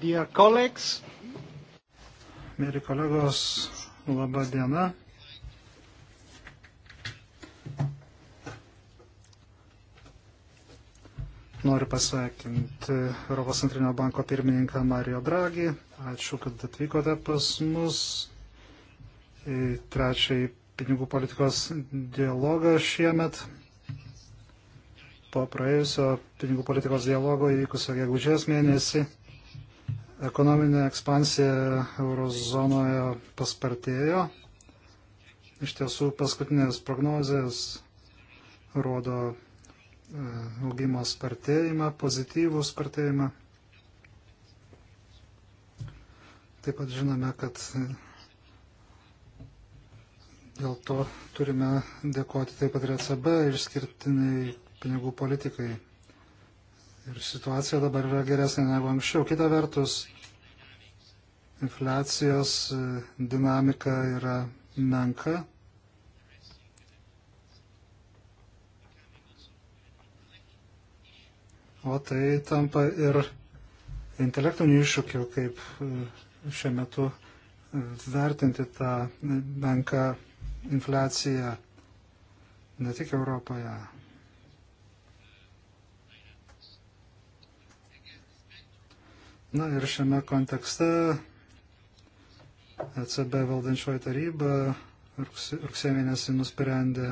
Dear colleagues. Mėly kolegos, laba diena. Noriu pasveikinti Europos centrinio banko pirmininką Mario Draghi. Ačiū, kad atvykote pas mus į trečiąjį pinigų politikos dialogą šiemet po praėjusio pinigų politikos dialogo įvykusio gegužės mėnesį Ekonominė ekspansija eurozonoje paspartėjo. Iš tiesų, paskutinės prognozijas rodo e, augimo spartėjimą, pozityvų spartėjimą. Taip pat žinome, kad dėl to turime dėkoti taip pat ir ECB išskirtiniai pinigų politikai ir situacija dabar yra geresnė negu anksčiau. Kita vertus, infliacijos e, dinamika yra menka. O tai tampa ir intelektinių iššūkių, kaip e, šiuo metu e, vertinti tą menką infliaciją ne tik Europoje. Na ir šiame kontekste ECB valdančioji taryba rugsėjo mėnesį nusprendė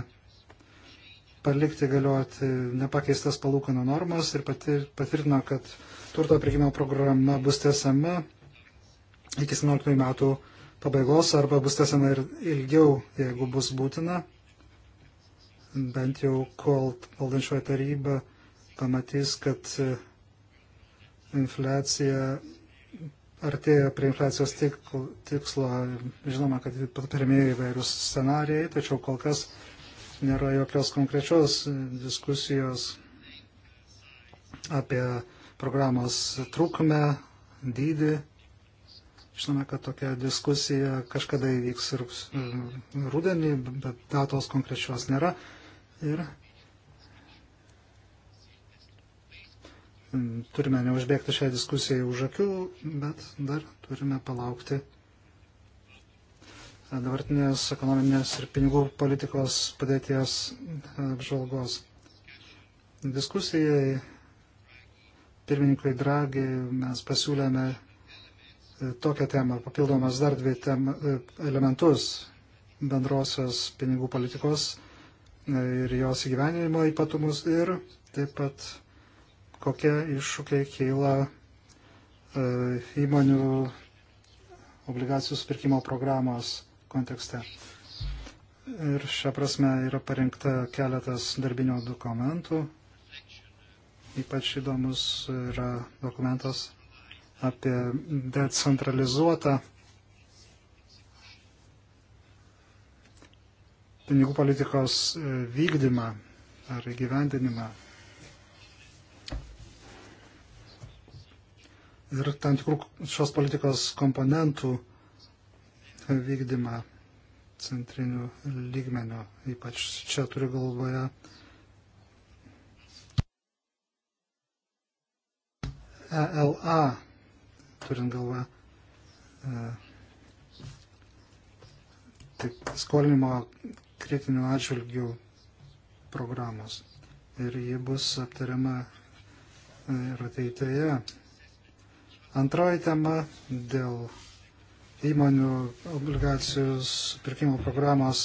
palikti galioti nepakeistas palūkanų normas ir patvirtino, kad turto prigimimo programa bus tiesama iki 17 metų pabaigos arba bus tiesama ir ilgiau, jeigu bus būtina, bent jau kol valdančioji taryba pamatys, kad infliacija artėja prie infliacijos tikslo. Žinoma, kad pirmieji įvairius scenarijai, tačiau kol kas nėra jokios konkrečios diskusijos apie programos trukmę, dydį. Žinome, kad tokia diskusija kažkada įvyks ir rudenį, bet datos konkrečios nėra. Ir Mm, turime neužbėgti šią diskusiją už akių, bet dar turime palaukti dabartinės ekonominės ir pinigų politikos padėties apžvalgos. Diskusijai pirmininkui Dragi mes pasiūlėme e, tokią temą, papildomas dar dvi tem, e, elementus bendrosios pinigų politikos e, ir jos įgyvenimo ypatumus ir taip pat kokie iššūkiai keila e, įmonių obligacijų supirkimo programos kontekste. Ir šią prasme yra parinkta keletas darbinio dokumentų. Ypač įdomus yra dokumentas apie decentralizuotą pinigų politikos e, vykdymą ar įgyvendinimą ir tam tikrų šios politikos komponentų vykdymą centrinių lygmenių. Ypač čia turiu galvoje ELA, turint galvoje e, taip, skolinimo kritinių atžvilgių programos. Ir ji bus aptariama ir ateitėje Antroji tema dėl įmonių obligacijų pirkimų programos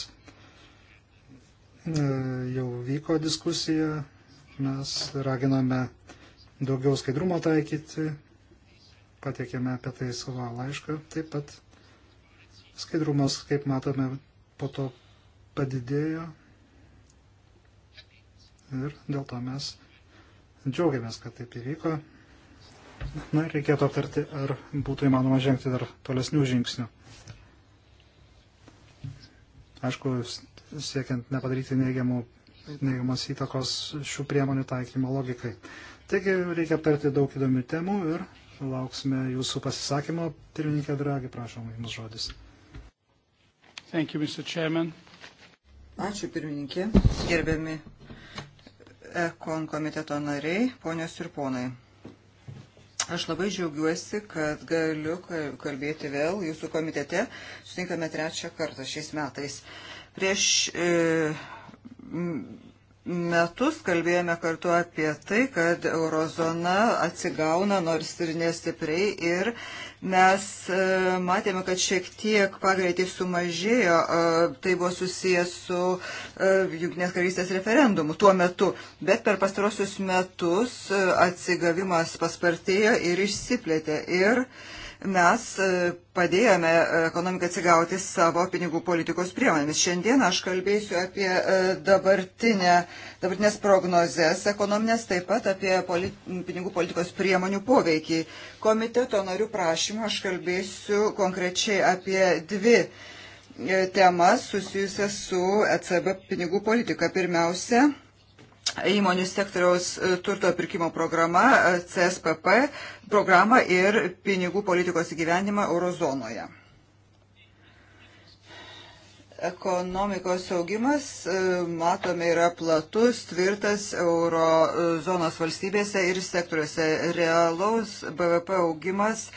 e, jau vyko diskusija. Mes raginome daugiau skaidrumo taikyti, pateikėme apie tai savo laišką. Taip pat skaidrumas, kaip matome, po to padidėjo. Ir dėl to mes džiaugiamės, kad taip įvyko. Na, reikėtų aptarti, ar būtų įmanoma žengti dar tolesnių žingsnių. Aišku, siekiant nepadaryti neigiamų, neigiamas įtakos šių priemonių taikymo logikai. Taigi reikia aptarti daug įdomių temų ir lauksime jūsų pasisakymo. Pirmininkė Dragi, prašom, jums žodis. Thank you, Mr. Chairman. Ačiū pirmininkė, gerbiami ekon komiteto nariai, ponios ir ponai. Aš labai džiaugiuosi, kad galiu kalbėti vėl jūsų komitete. Sutinkame trečią kartą šiais metais. Prieš e, metus kalbėjome kartu apie tai, kad eurozona atsigauna nors ir nestipriai ir Mes e, matėme, kad šiek tiek pagreitai sumažėjo, e, tai buvo susijęs su e, Junktinės karalystės referendumu tuo metu, bet per pastarosius metus atsigavimas paspartėjo ir išsiplėtė. Ir mes e, padėjome e, ekonomiką atsigauti savo pinigų politikos priemonėmis. Šiandien aš kalbėsiu apie e, dabartinę, dabartinės prognozes ekonominės, taip pat apie polit, pinigų politikos priemonių poveikį. Komiteto narių prašymą aš kalbėsiu konkrečiai apie dvi temas susijusias su ECB pinigų politika. Pirmiausia, įmonių sektoriaus e, turto pirkimo programa, e, CSPP programa ir pinigų politikos įgyvendimą eurozonoje. Ekonomikos augimas, e, matome, yra platus, tvirtas eurozonos valstybėse ir sektoriuose. Realaus BVP augimas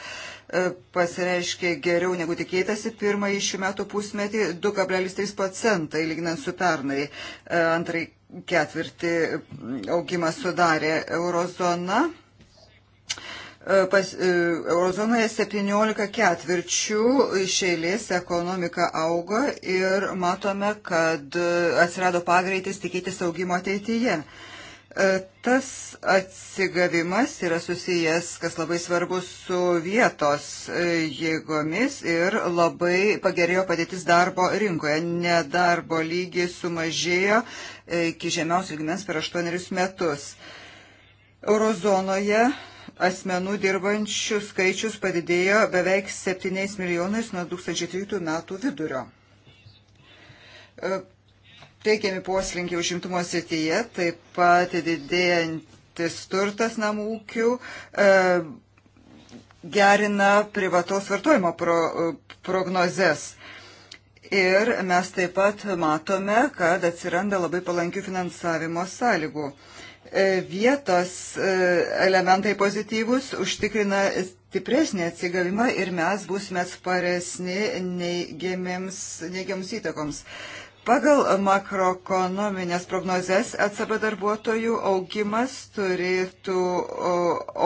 pasireiškė geriau negu tikėtasi pirmąjį šių metų pusmetį 2,3 procentai, lyginant su pernai. Antrai ketvirtį augimą sudarė eurozona. E, pas, e, eurozonoje 17 ketvirčių iš eilės ekonomika auga ir matome, kad e, atsirado pagreitis tikėtis augimo ateityje. Tas atsigavimas yra susijęs, kas labai svarbus, su vietos jėgomis ir labai pagerėjo padėtis darbo rinkoje. Nedarbo lygiai sumažėjo iki žemiausio lygmens per aštuonerius metus. Eurozonoje asmenų dirbančių skaičius padidėjo beveik 7 milijonais nuo 2003 metų vidurio. E, teikiami poslinkiai užimtumo srityje, taip pat didėjantis turtas namų ūkių e, gerina privatos vartojimo pro, e, prognozes. Ir mes taip pat matome, kad atsiranda labai palankių finansavimo sąlygų. E, vietos e, elementai pozityvus užtikrina stipresnį atsigavimą ir mes būsime atsparesni neigiams įtakoms. Pagal makroekonominės prognozes ECB darbuotojų augimas turėtų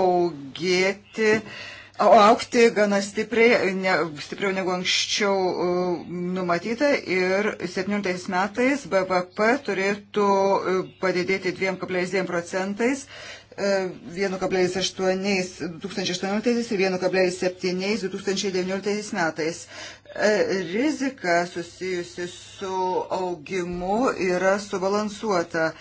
augėti. Mm aukti gana stipriai, ne, stipriau negu anksčiau numatyta ir 17 metais BVP turėtų padidėti 2,2 procentais 1,8 e, 2018 ir 1,7 2019 metais. E, rizika susijusi su augimu yra subalansuota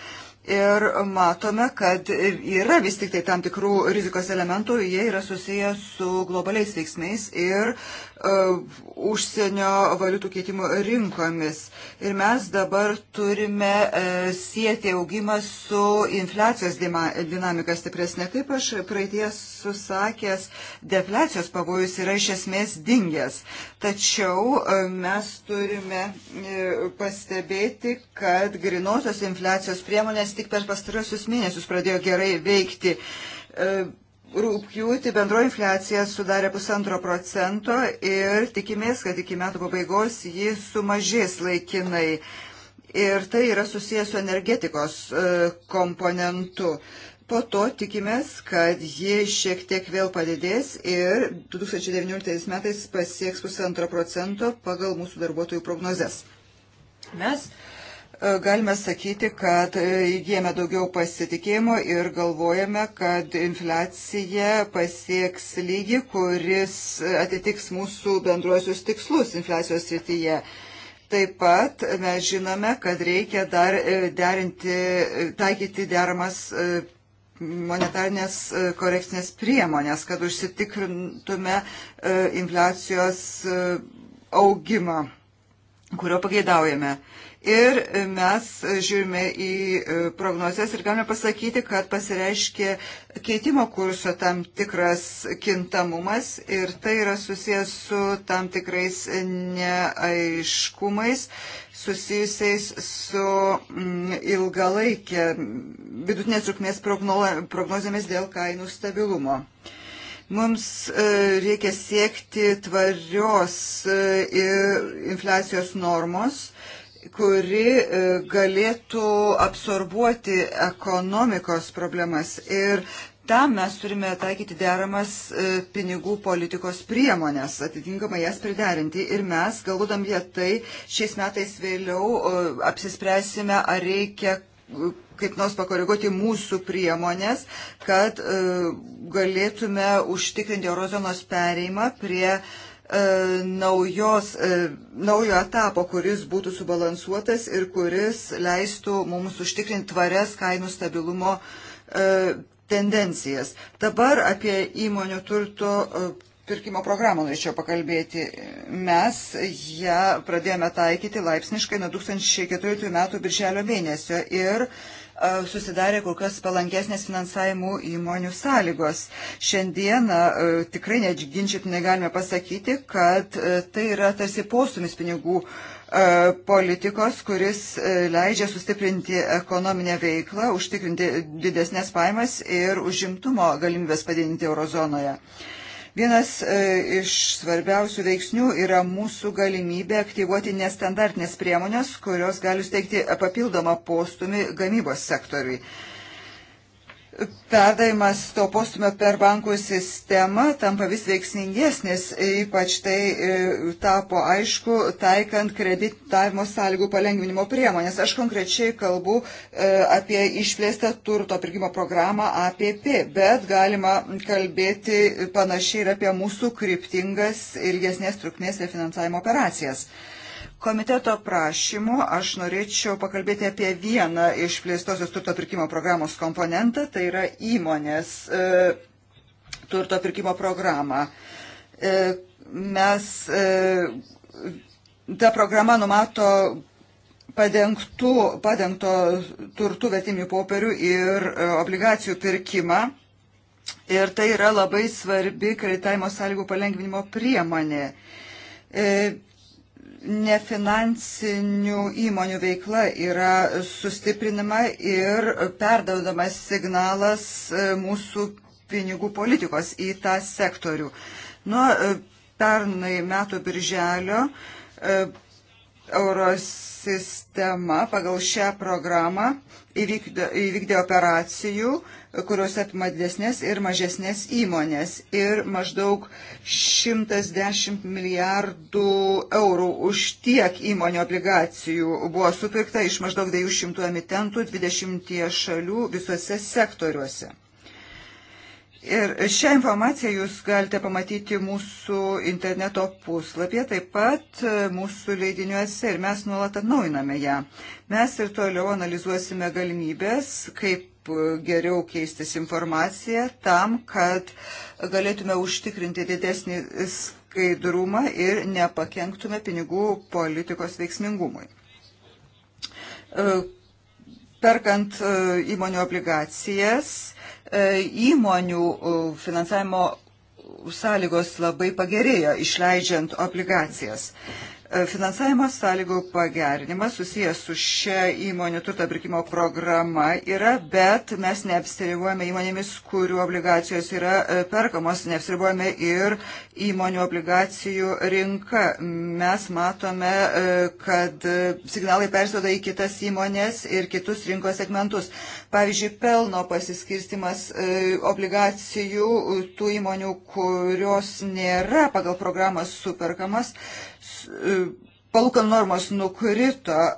ir matome, kad yra vis tik tai tam tikrų rizikos elementų, jie yra susiję su globaliais veiksmais ir E, užsienio valiutų keitimo rinkomis. Ir mes dabar turime e, sieti augimą su infliacijos dinamika stipresnė. Kaip aš praeities susakęs, defliacijos pavojus yra iš esmės dingęs. Tačiau e, mes turime pastebėti, kad grinosios infliacijos priemonės tik per pastarosius mėnesius pradėjo gerai veikti rūpjūti bendroji infliacija sudarė pusantro procento ir tikimės, kad iki metų pabaigos ji sumažės laikinai. Ir tai yra susijęs su energetikos e, komponentu. Po to tikimės, kad ji šiek tiek vėl padidės ir 2019 metais pasieks pusantro procento pagal mūsų darbuotojų prognozes. Mes uh, E, galime sakyti, kad e, įgėme daugiau pasitikėjimo ir galvojame, kad infliacija pasieks lygį, kuris atitiks mūsų bendruosius tikslus infliacijos srityje. Taip pat mes žinome, kad reikia dar e, derinti, taikyti deramas monetarnės korekcinės priemonės, kad užsitikrintume infliacijos augimą, kurio pageidaujame. Ir mes žiūrime į e, prognozes ir galime pasakyti, kad pasireiškia keitimo kurso tam tikras kintamumas ir tai yra susijęs su tam tikrais neaiškumais susijusiais su mm, ilgalaikė vidutinės trukmės prognozėmis dėl kainų stabilumo. Mums e, reikia siekti tvarios e, infliacijos normos kuri e, galėtų absorbuoti ekonomikos problemas. Ir tam mes turime taikyti deramas e, pinigų politikos priemonės, atitinkamai jas priderinti. Ir mes, galvodami apie tai, šiais metais vėliau e, apsispręsime, ar reikia kaip nors pakoreguoti mūsų priemonės, kad galėtume užtikrinti eurozonos pereimą prie uh, E, naujos, e, naujo etapo, kuris būtų subalansuotas ir kuris leistų mums užtikrinti tvarias kainų stabilumo e, tendencijas. Dabar apie įmonių turto pirkimo programą norėčiau pakalbėti. Mes ją pradėjome taikyti laipsniškai nuo 2014 metų birželio mėnesio ir uh, susidarė kur kas palankesnės finansavimų įmonių sąlygos. Šiandieną tikrai neginčytinai galime pasakyti, kad tai yra tarsi postumis pinigų politikos, kuris leidžia sustiprinti ekonominę veiklą, užtikrinti didesnės paimas ir užimtumo galimybės padidinti eurozonoje. Uh, Vienas e, iš svarbiausių veiksnių yra mūsų galimybė aktyvuoti nestandartinės priemonės, kurios gali steigti papildomą postumį gamybos sektoriui. E, perdavimas to postumio per bankų sistemą tampa vis veiksmingesnis, ypač tai e, tapo aišku, taikant kreditavimo sąlygų palengvinimo priemonės. Aš konkrečiai kalbu e, apie išplėstą turto pirkimo programą APP, bet galima kalbėti panašiai ir apie mūsų kryptingas ilgesnės trukmės refinansavimo operacijas. Komiteto prašymu aš norėčiau pakalbėti apie vieną iš plėstosios turto pirkimo programos komponentą, tai yra įmonės e, turto pirkimo programą. E, mes, e, ta programa numato padengtų, padengto turtų vertimių popierių ir e, obligacijų pirkimą. Ir tai yra labai svarbi kreditavimo sąlygų palengvinimo priemonė. E, nefinansinių įmonių veikla yra sustiprinama ir perdaudamas signalas e, mūsų pinigų politikos į tą sektorių. Nuo e, pernai metų birželio e, eurosistema pagal šią programą įvykdė, įvykdė operacijų, kurios apima didesnės ir mažesnės įmonės. Ir maždaug 110 milijardų eurų už tiek įmonių obligacijų buvo supirkta iš maždaug 200 emitentų 20 šalių visose sektoriuose. Ir šią informaciją jūs galite pamatyti mūsų interneto puslapyje, taip pat mūsų leidiniuose ir mes nuolat atnaujiname ją. Mes ir toliau analizuosime galimybės, kaip geriau keistis informaciją tam, kad galėtume užtikrinti didesnį skaidrumą ir nepakenktume pinigų politikos veiksmingumui perkant e, įmonių obligacijas, E, įmonių e, finansavimo sąlygos labai pagerėjo išleidžiant obligacijas. E, finansavimo sąlygų pagerinimas susijęs su šia įmonių turto pirkimo programa yra, bet mes neapsiribuojame įmonėmis, kurių obligacijos yra e, perkamos, neapsiribuojame ir įmonių obligacijų rinka. Mes matome, e, kad signalai persidoda į kitas įmonės ir kitus rinkos segmentus. Pavyzdžiui, pelno pasiskirstimas obligacijų tų įmonių, kurios nėra pagal programą superkamas E, palūkanų normos nukrito e,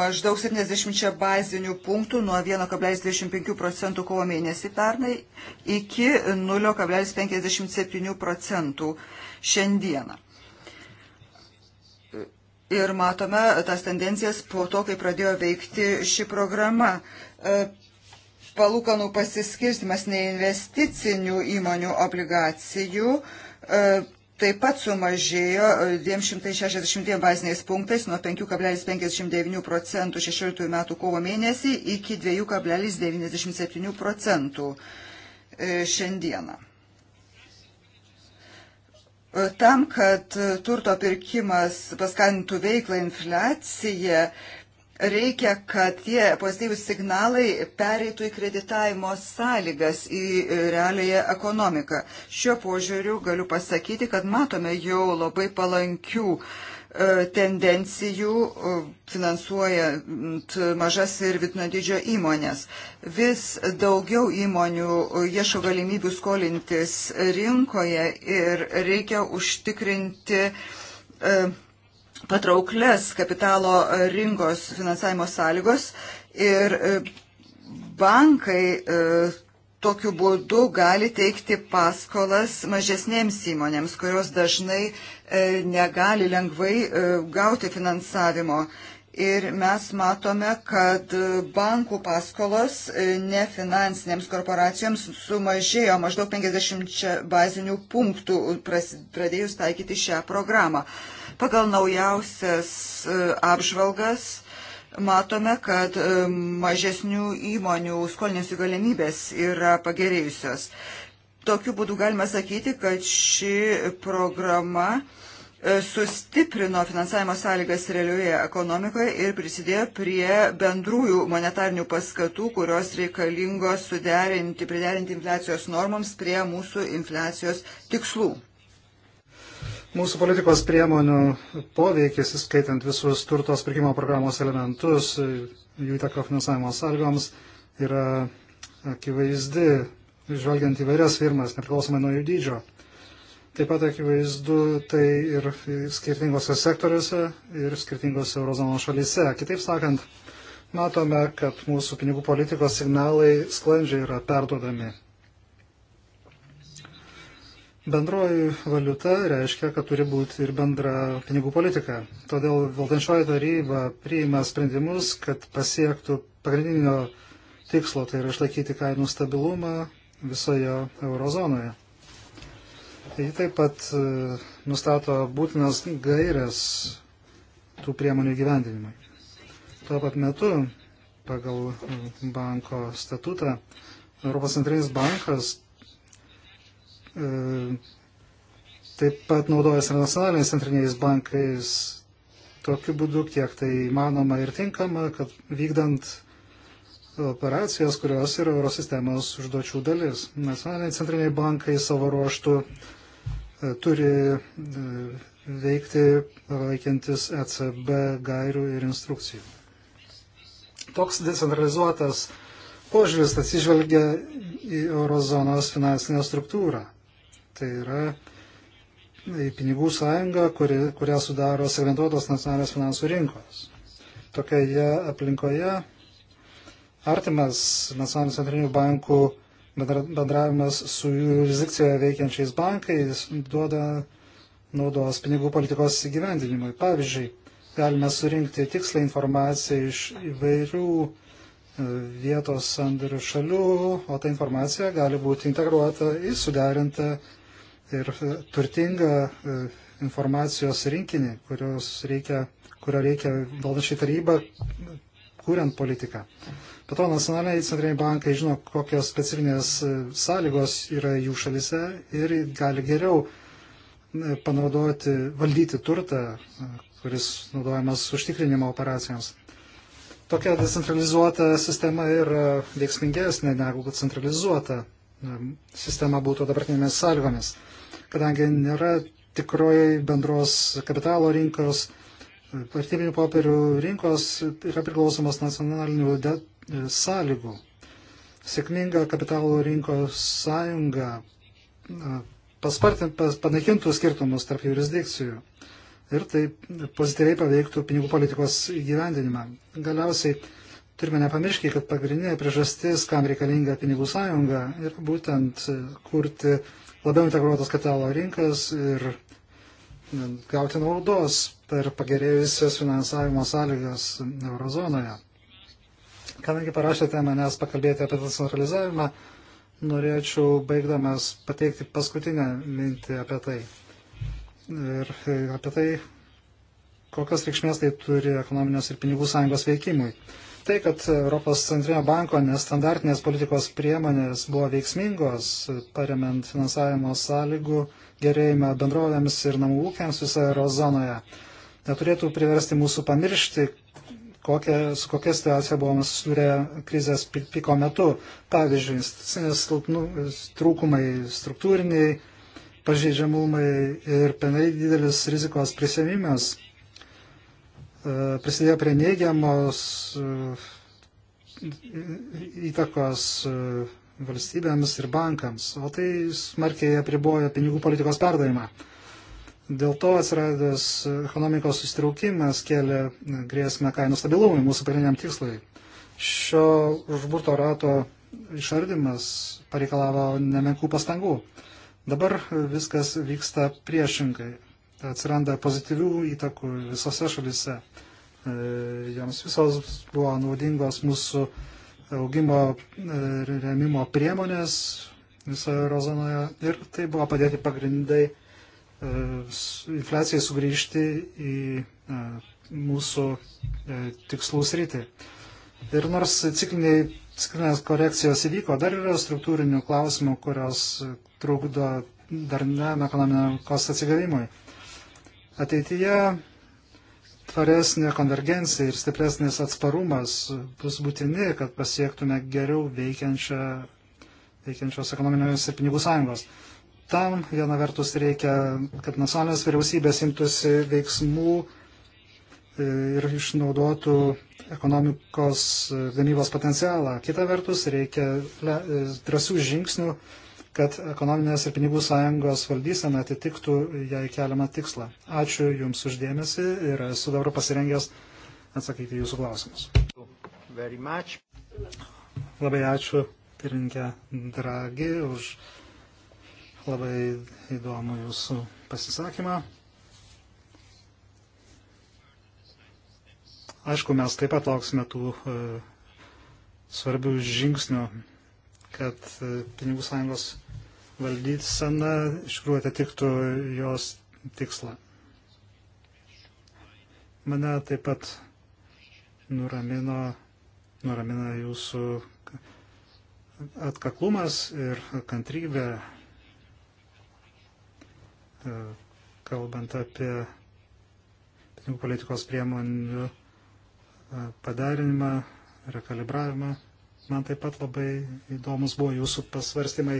maždaug 70 bazinių punktų nuo 1,25 procentų kovo mėnesį pernai iki 0,57 procentų šiandieną. Ir matome tas tendencijas po to, kai pradėjo veikti ši programa. E, palūkanų pasiskirstimas neinvesticinių įmonių obligacijų taip pat sumažėjo 262 e, baziniais punktais nuo 5,59 procentų 16 metų kovo mėnesį iki 2,97 procentų e, šiandieną. E, tam, kad turto pirkimas paskanintų veiklą infliaciją, reikia, kad tie pozityvūs signalai pereitų į kreditavimo sąlygas, į realiąją ekonomiką. Šiuo požiūriu galiu pasakyti, kad matome jau labai palankių e, tendencijų e, finansuojant mažas ir vidutinio dydžio įmonės. Vis daugiau įmonių ieško galimybių skolintis rinkoje ir reikia užtikrinti uh, patrauklias kapitalo rinkos finansavimo sąlygos ir e, bankai e, tokiu būdu gali teikti paskolas mažesnėms įmonėms, kurios dažnai e, negali lengvai gauti finansavimo. Ir mes matome, kad bankų paskolos nefinansinėms korporacijoms sumažėjo maždaug 50 bazinių punktų pradėjus taikyti šią programą. Pagal naujausias e, apžvalgas matome, kad e, mažesnių įmonių skolinėsių galimybės yra pagerėjusios. Tokiu būdu galima sakyti, kad ši programa e, sustiprino finansavimo sąlygas realioje ekonomikoje ir prisidėjo prie bendrųjų monetarinių paskatų, kurios reikalingos suderinti, priderinti infliacijos normoms prie mūsų infliacijos tikslų. Mūsų politikos priemonių poveikis, skaitant visus turtos pirkimo programos elementus, jų įtaka finansavimo sąlygoms, yra akivaizdi, žvelgiant įvairias firmas, nepriklausomai nuo jų dydžio. Taip pat akivaizdu tai ir skirtingose sektoriuose ir skirtingose eurozono šalyse. Kitaip sakant, matome, kad mūsų pinigų politikos signalai sklandžiai yra perduodami Bendroji valiuta reiškia, kad turi būti ir bendra pinigų politika. Todėl valdančioji taryba priima sprendimus, kad pasiektų pagrindinio tikslo, tai yra išlaikyti kainų stabilumą visoje eurozonoje. Ji taip pat e, nustato būtinas gairias tų priemonių gyvendinimui. Tuo pat metu, pagal e, banko statutą, Europos centrinis bankas E, taip pat naudojasi nacionaliniais centriniais bankais tokiu būdu, kiek tai įmanoma ir tinkama, kad vykdant operacijas, kurios yra eurosistemos užduočių dalis. Nacionaliniai centriniai bankai savo ruoštų e, turi e, veikti laikintis ECB gairių ir instrukcijų. Toks decentralizuotas požiūris atsižvelgia į eurozonos finansinę struktūrą. Tai yra pinigų sąjunga, kuri, kurią sudaro segmentuotos nacionalinės finansų rinkos. Tokioje aplinkoje artimas nacionalinių centrinių bankų bendravimas su jurisdikcijoje veikiančiais bankais duoda naudos pinigų politikos įgyvendinimui. Pavyzdžiui, galime surinkti tikslę informaciją iš įvairių e, vietos sandarių šalių, o ta informacija gali būti integruota į suderintą ir e, turtingą e, informacijos rinkinį, reikia, kurio reikia valdančiai taryba, kuriant politiką. Be to, nacionaliniai centriniai bankai žino, kokios specifinės e, sąlygos yra jų šalise ir gali geriau panaudoti, valdyti turtą, kuris naudojamas užtikrinimo operacijoms. Tokia decentralizuota sistema yra veiksmingesnė negu centralizuota sistema būtų dabartinėmis sąlygomis kadangi nėra tikroji bendros kapitalo rinkos, vertybinių popierių rinkos yra priklausomas nacionalinių e, sąlygų. Sėkminga kapitalo rinkos sąjunga e, paspartint, pas, panaikintų skirtumus tarp jurisdikcijų ir tai pozityviai paveiktų pinigų politikos įgyvendinimą. Galiausiai turime nepamiršti, kad pagrindinė priežastis, kam reikalinga pinigų sąjunga, yra būtent kurti uh, labiau integruotas kapitalo rinkas ir gauti naudos per pagerėjusias finansavimo sąlygas eurozonoje. Kadangi parašėte manęs pakalbėti apie decentralizavimą, norėčiau baigdamas pateikti paskutinę mintį apie tai. Ir apie tai, kokias reikšmės tai turi ekonominės ir pinigų sąjungos veikimui tai, kad Europos centrinio banko nestandartinės politikos priemonės buvo veiksmingos, paremant finansavimo sąlygų gerėjimą bendrovėms ir namų ūkiams visoje eurozonoje, neturėtų priversti mūsų pamiršti, kokia, su kokia situacija buvome susidūrę krizės piko metu. Pavyzdžiui, institucinės nu, trūkumai struktūriniai, pažeidžiamumai ir penai didelis rizikos prisėmimas prisidėjo prie neigiamos e, įtakos e, valstybėms ir bankams, o tai smarkiai apribojo pinigų politikos perdavimą. Dėl to atsiradęs ekonomikos sustraukimas kėlė grėsmę kainų stabilumui mūsų pagrindiniam tikslui. Šio užburto rato išardimas pareikalavo nemenkų pastangų. Dabar viskas vyksta priešingai atsiranda pozityvių įtakų visose šalise. E, joms visos buvo naudingos mūsų augimo e, remimo priemonės visoje eurozonoje ir tai buvo padėti pagrindai e, infliacijai sugrįžti į mūsų tikslų sritį. Ir nors cikliniai, ciklinės korekcijos įvyko, dar yra struktūrinių klausimų, kurios trukdo dar ne ekonomikos atsigavimui. Ateityje tvaresnė konvergencija ir stipresnis atsparumas bus būtini, kad pasiektume geriau veikiančią, veikiančios ekonominės ir pinigų sąjungos. Tam viena vertus reikia, kad nacionalinės vyriausybės imtųsi veiksmų e, ir išnaudotų ekonomikos gamybos potencialą. Kita vertus reikia e, drąsių žingsnių kad ekonominės ir pinigų sąjungos valdysena atitiktų jai keliamą tikslą. Ačiū Jums uždėmesi ir esu dabar pasirengęs atsakyti Jūsų klausimus. Labai ačiū, pirmininkė Dragi, už labai įdomų Jūsų pasisakymą. Aišku, mes taip pat lauksime tų e, svarbių žingsnių, kad e, pinigų sąjungos valdysena iš tikrųjų atitiktų jos tikslą. Mane taip pat nuramino, nuramina jūsų atkaklumas ir kantrybė, e, kalbant apie pinigų politikos priemonių e, padarinimą, rekalibravimą. Man taip pat labai įdomus buvo jūsų pasvarstymai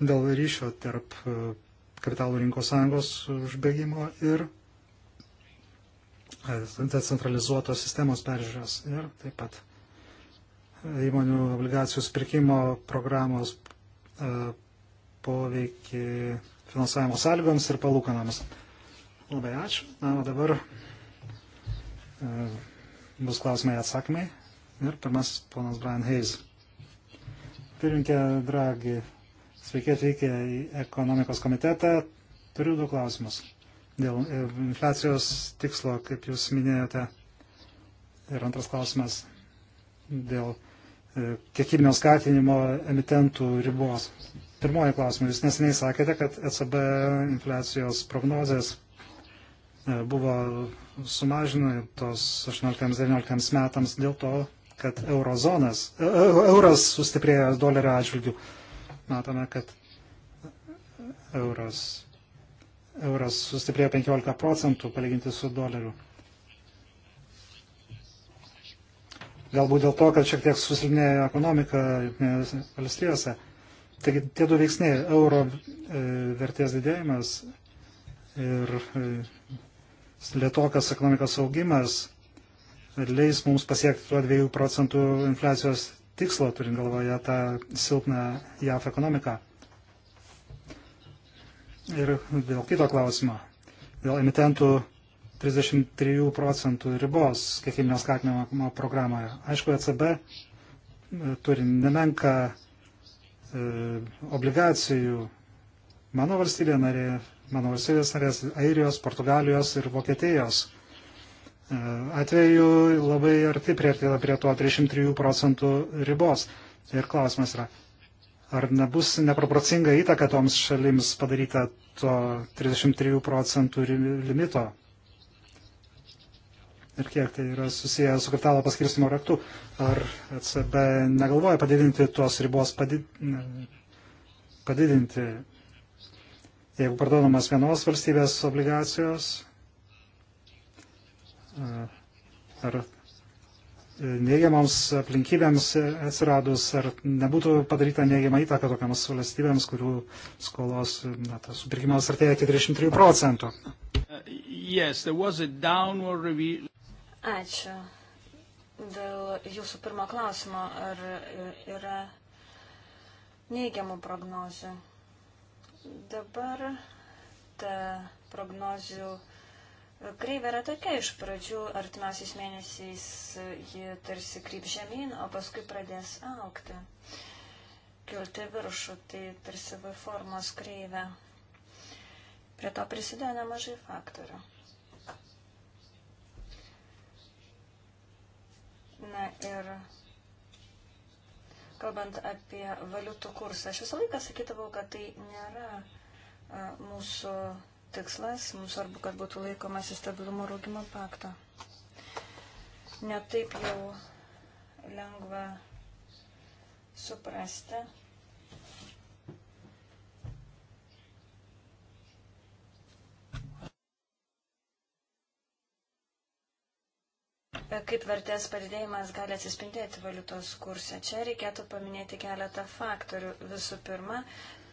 dėl ryšio tarp e, kapitalų rinkos sąjungos užbėgimo ir e, decentralizuotos sistemos peržiūros ir taip pat e, įmonių obligacijų pirkimo programos poveikį finansavimo sąlygoms ir palūkanams. Labai ačiū. Na, o dabar bus klausimai atsakymai. Ir pirmasis ponas Brian Hayes. Pirinkė Dragi Sveiki atvykę į ekonomikos komitetą. Turiu du klausimus. Dėl e, infliacijos tikslo, kaip jūs minėjote. Ir antras klausimas dėl e, kiekybinio skatinimo emitentų ribos. Pirmoji klausimai. Jūs nesiniai sakėte, kad ECB infliacijos prognozės e, buvo sumažintos 18-19 metams dėl to, kad eurozonas, euras sustiprėjo dolerio atžvilgių matome, kad euras, euras sustiprėjo 15 procentų palyginti su doleriu. Galbūt dėl to, kad šiek tiek susilpnėjo ekonomika valstijose. Taigi tie du veiksniai - euro e, vertės didėjimas ir e, lietokas ekonomikos augimas leis mums pasiekti tuo 2 procentų infliacijos tikslą, turint galvoje tą silpną JAF ekonomiką. Ir dėl kito klausimo, dėl emitentų 33 procentų ribos kiekiminio skatinimo programoje. Aišku, ECB e, turi nemenką e, obligacijų mano valstybė narė, mano valstybės narės Airijos, Portugalijos ir Vokietijos atveju labai arti prieartėta prie to 303 procentų ribos. Ir klausimas yra, ar nebus neproporcinga įtaka toms šalims padaryta to 33 procentų limito? Ir kiek tai yra susiję su kapitalo paskirstimo raktu? Ar ECB negalvoja padidinti tos ribos, padi... padidinti, jeigu parduodamos vienos valstybės obligacijos, ar neigiamams aplinkybėms atsiradus, ar nebūtų padaryta neigiama įtaka tokiams valstybėms, kurių skolos na, supirkimas artėja iki 33 procentų. Yes, Ačiū. Dėl jūsų pirmo klausimo, ar yra neigiamų prognozių. Dabar ta prognozių Kreivė yra tokia iš pradžių, artimiausiais mėnesiais ji tarsi kryp žemyn, o paskui pradės aukti, kilti viršų, tai tarsi V formos kreivė. Prie to prisidėjo nemažai faktorių. Na ir kalbant apie valiutų kursą, aš visą laiką sakydavau, kad tai nėra a, mūsų tikslas, mums svarbu, kad būtų laikomasi stabilumo ir augimo pakto. Netaip jau lengva suprasti, kaip vertės padidėjimas gali atsispindėti valiutos kurse. Čia reikėtų paminėti keletą faktorių. Visų pirma,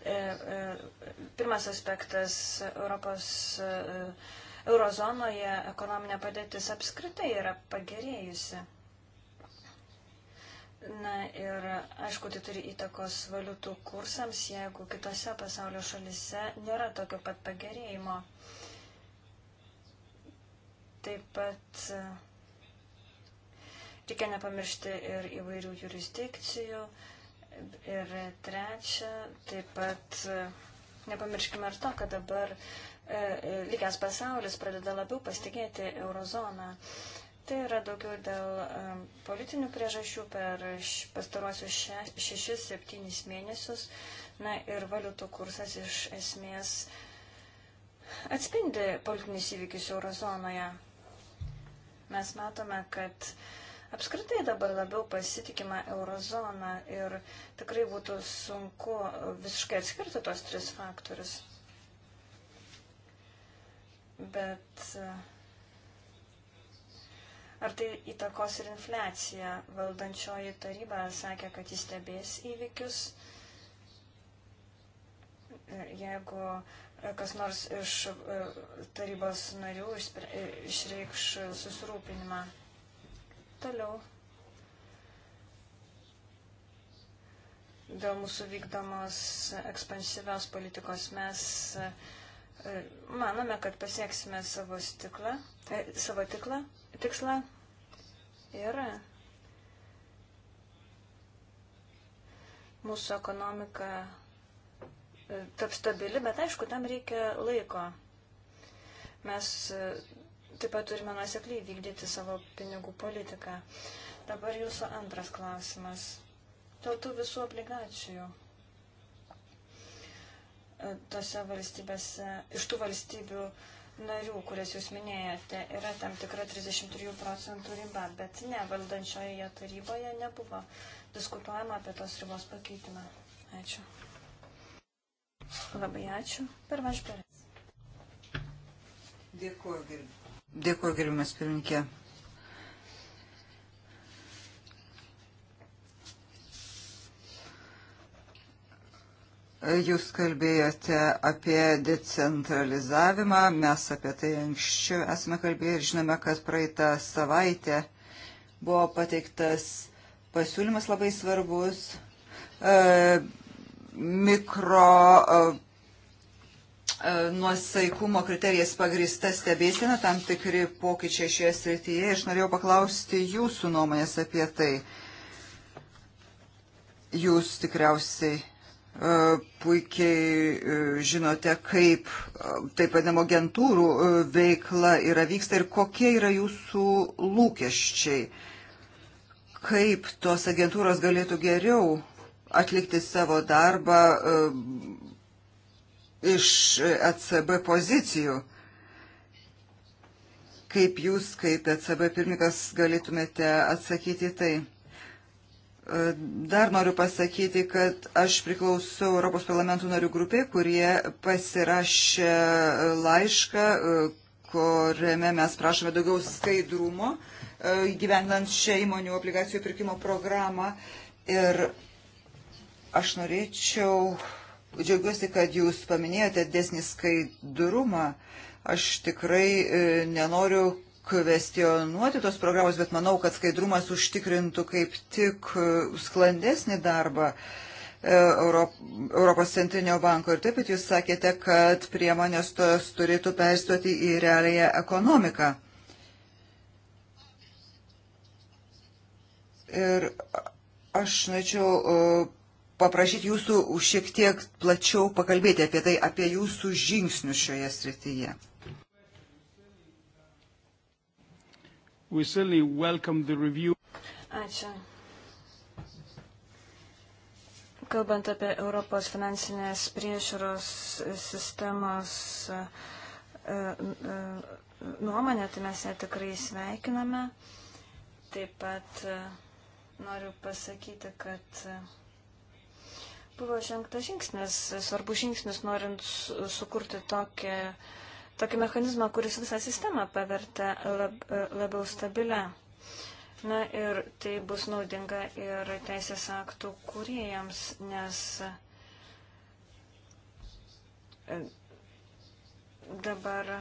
E, e, pirmas aspektas Europos e, eurozonoje ekonominė padėtis apskritai yra pagerėjusi. Na ir aišku, tai turi įtakos valiutų kursams, jeigu kitose pasaulio šalise nėra tokio pat pagerėjimo. Taip pat reikia nepamiršti ir įvairių jurisdikcijų, uh, Ir trečia, taip pat e, nepamirškime ir to, kad dabar e, e, likęs pasaulis pradeda labiau pasitikėti eurozoną. Tai yra daugiau dėl e, politinių priežasčių per pastaruosius 6-7 še, mėnesius. Na ir valiutų kursas iš esmės atspindi politinius įvykius eurozonoje. Mes matome, kad e, Apskritai dabar labiau pasitikima eurozona ir tikrai būtų sunku visiškai atskirti tos tris faktorius. Bet eh, ar tai įtakos ir infliacija? Valdančioji taryba sakė, kad jis stebės įvykius. Jeigu eh, kas nors iš eh, tarybos narių išreikš susirūpinimą Toliau. Dėl mūsų vykdomos ekspansyvios politikos mes e, manome, kad pasieksime savo, stiklą, e, savo tiklą, tikslą ir mūsų ekonomika e, taps stabili, bet aišku, tam reikia laiko. Mes e, Taip pat turime nusekliai vykdyti savo pinigų politiką. Dabar jūsų antras klausimas. Dėl tų visų obligacijų. E, tose valstybėse, iš tų valstybių narių, kurias jūs minėjote, yra tam tikra 33 procentų riba, bet ne, valdančioje taryboje nebuvo diskutuojama apie tos ribos pakeitimą. Ačiū. Labai ačiū. Per važperės. Dėkuoju, gerbiu. Dėkuoju, gerbimas pirminkė. Jūs kalbėjote apie decentralizavimą, mes apie tai anksčiau esame kalbėję ir žinome, kad praeitą savaitę buvo pateiktas pasiūlymas labai svarbus e, mikro e, E, nuosaikumo kriterijais pagrįsta stebėsena, tam tikri pokyčiai šioje srityje. Aš norėjau paklausti jūsų nuomonės apie tai. Jūs tikriausiai e, puikiai e, žinote, kaip taip vadinamo agentūrų veikla yra vyksta ir kokie yra jūsų lūkesčiai, kaip tos agentūros galėtų geriau atlikti savo darbą, iš ECB pozicijų. Kaip jūs, kaip ECB pirmininkas, galėtumėte atsakyti tai? E, dar noriu pasakyti, kad aš priklausau Europos parlamentų narių grupė, kurie pasirašė laišką, e, kuriame mes prašome daugiau skaidrumo e, įgyvendant šią įmonių obligacijų pirkimo programą. Ir aš norėčiau Džiaugiuosi, kad jūs paminėjote desnį skaidrumą. Aš tikrai e, nenoriu kvestionuoti tos programos, bet manau, kad skaidrumas užtikrintų kaip tik e, sklandesnį darbą. E, Europos centrinio banko ir taip pat jūs sakėte, kad priemonės tos turėtų perstoti į realiją ekonomiką. Ir aš norėčiau paprašyti jūsų šiek tiek plačiau pakalbėti apie tai, apie jūsų žingsnius šioje srityje. Ačiū. Kalbant apie Europos finansinės priežiūros sistemos e, e, nuomonę, tai mes ją tikrai sveikiname. Taip pat e, noriu pasakyti, kad buvo žengtas žingsnis, svarbus žingsnis, norint sukurti tokį, tokį mechanizmą, kuris visą sistemą pavertė lab, labiau stabilę. Na ir tai bus naudinga ir teisės aktų kūrėjams, nes e, dabar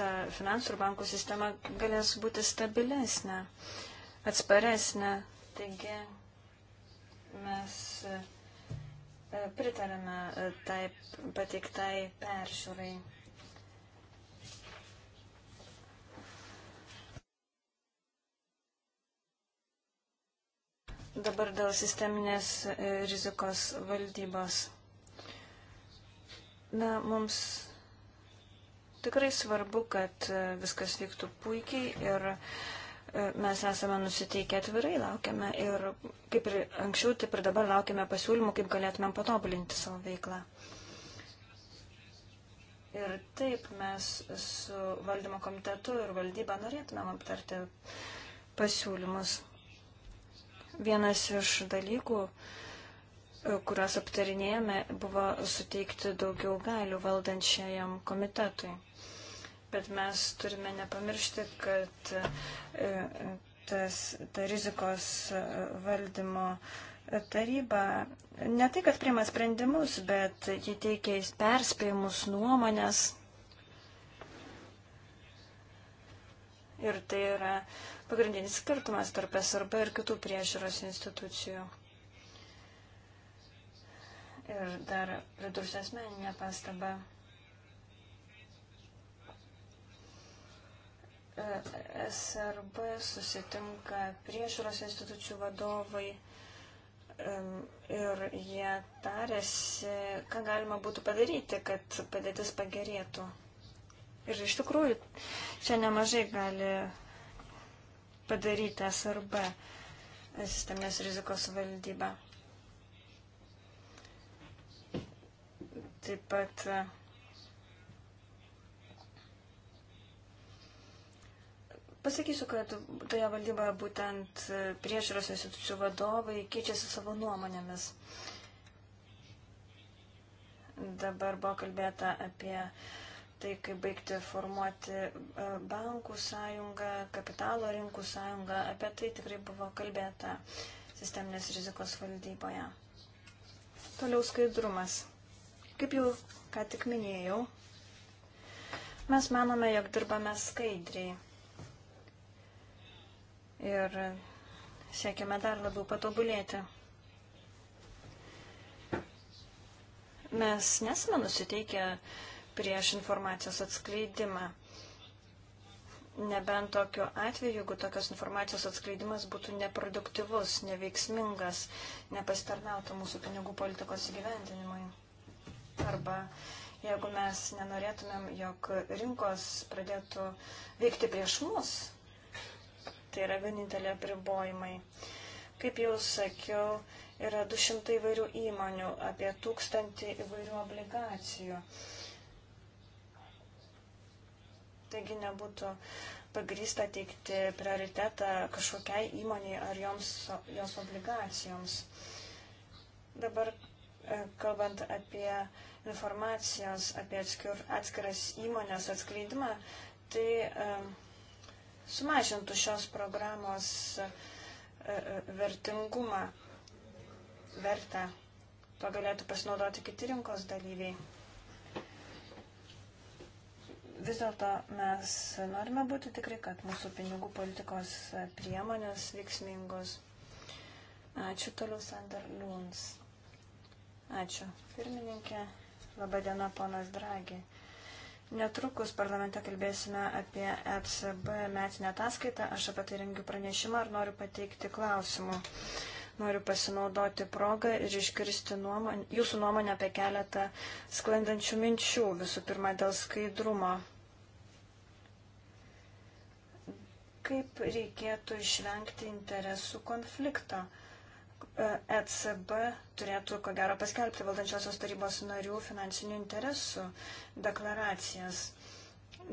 ta finansų ir bankų sistema galės būti stabilesnė, atsparesnė. Taigi Mes e, pritarėme e, tai pateiktai peržiūrai. Dabar dėl sisteminės e, rizikos valdybos. Na, mums tikrai svarbu, kad viskas vyktų puikiai ir uh, mes esame nusiteikę atvirai, laukiame ir kaip ir anksčiau, taip ir dabar laukiame pasiūlymų, kaip galėtumėm patobulinti savo veiklą. Ir taip mes su valdymo komitetu ir valdyba norėtumėm aptarti pasiūlymus. Vienas iš dalykų, kuriuos aptarinėjame, buvo suteikti daugiau galių valdančiajam komitetui bet mes turime nepamiršti, kad e, e, tas, ta rizikos e, valdymo taryba ne tai, kad priima sprendimus, bet jie teikia perspėjimus nuomonės. Ir tai yra pagrindinis skirtumas tarp SRB ir kitų priežiūros institucijų. Ir dar pridursiu asmeninę pastabą. E SRB susitinka priežiūros institucijų vadovai ir jie tarėsi, ką galima būtų padaryti, kad padėtis pagerėtų. Ir iš tikrųjų, čia nemažai gali padaryti SRB sisteminės rizikos valdyba. Taip pat Pasakysiu, kad toje valdyboje būtent priežiūros institucijų vadovai keičiasi savo nuomonėmis. Dabar buvo kalbėta apie tai, kaip baigti formuoti e, bankų sąjungą, kapitalo rinkų sąjungą. Apie tai tikrai buvo kalbėta sisteminės rizikos valdyboje. Toliau skaidrumas. Kaip jau ką tik minėjau, mes manome, jog dirbame skaidriai ir siekiame dar labiau patobulėti. Mes nesame nusiteikę prieš informacijos atskleidimą. Nebent tokiu atveju, jeigu tokios informacijos atskleidimas būtų neproduktyvus, neveiksmingas, nepasitarnautų mūsų pinigų politikos įgyvendinimui. Arba jeigu mes nenorėtumėm, jog rinkos pradėtų veikti prieš mus, Tai yra vienintelė pribojimai. Kaip jau sakiau, yra 200 įvairių įmonių, apie 1000 įvairių obligacijų. Taigi nebūtų pagrįsta teikti prioritetą kažkokiai įmoniai ar joms, jos obligacijoms. Dabar e, kalbant apie informacijos, apie atskir, atskiras įmonės atskleidimą, tai e, sumažintų šios programos e, e, vertingumą, vertę. Tuo galėtų pasinaudoti kiti rinkos dalyviai. Vis dėlto mes norime būti tikri, kad mūsų pinigų politikos priemonės veiksmingos. Ačiū toliau, Sander Liūns. Ačiū, pirmininkė. Labadiena, ponas Dragi. Netrukus parlamente kalbėsime apie ECB metinę ataskaitą. Aš apie tai rengiu pranešimą ir noriu pateikti klausimų. Noriu pasinaudoti progą ir iškirsti nuomonę, jūsų nuomonę apie keletą sklandančių minčių. Visų pirma, dėl skaidrumo. Kaip reikėtų išvengti interesų konflikto? ECB turėtų, ko gero, paskelbti valdančiosios tarybos narių finansinių interesų deklaracijas.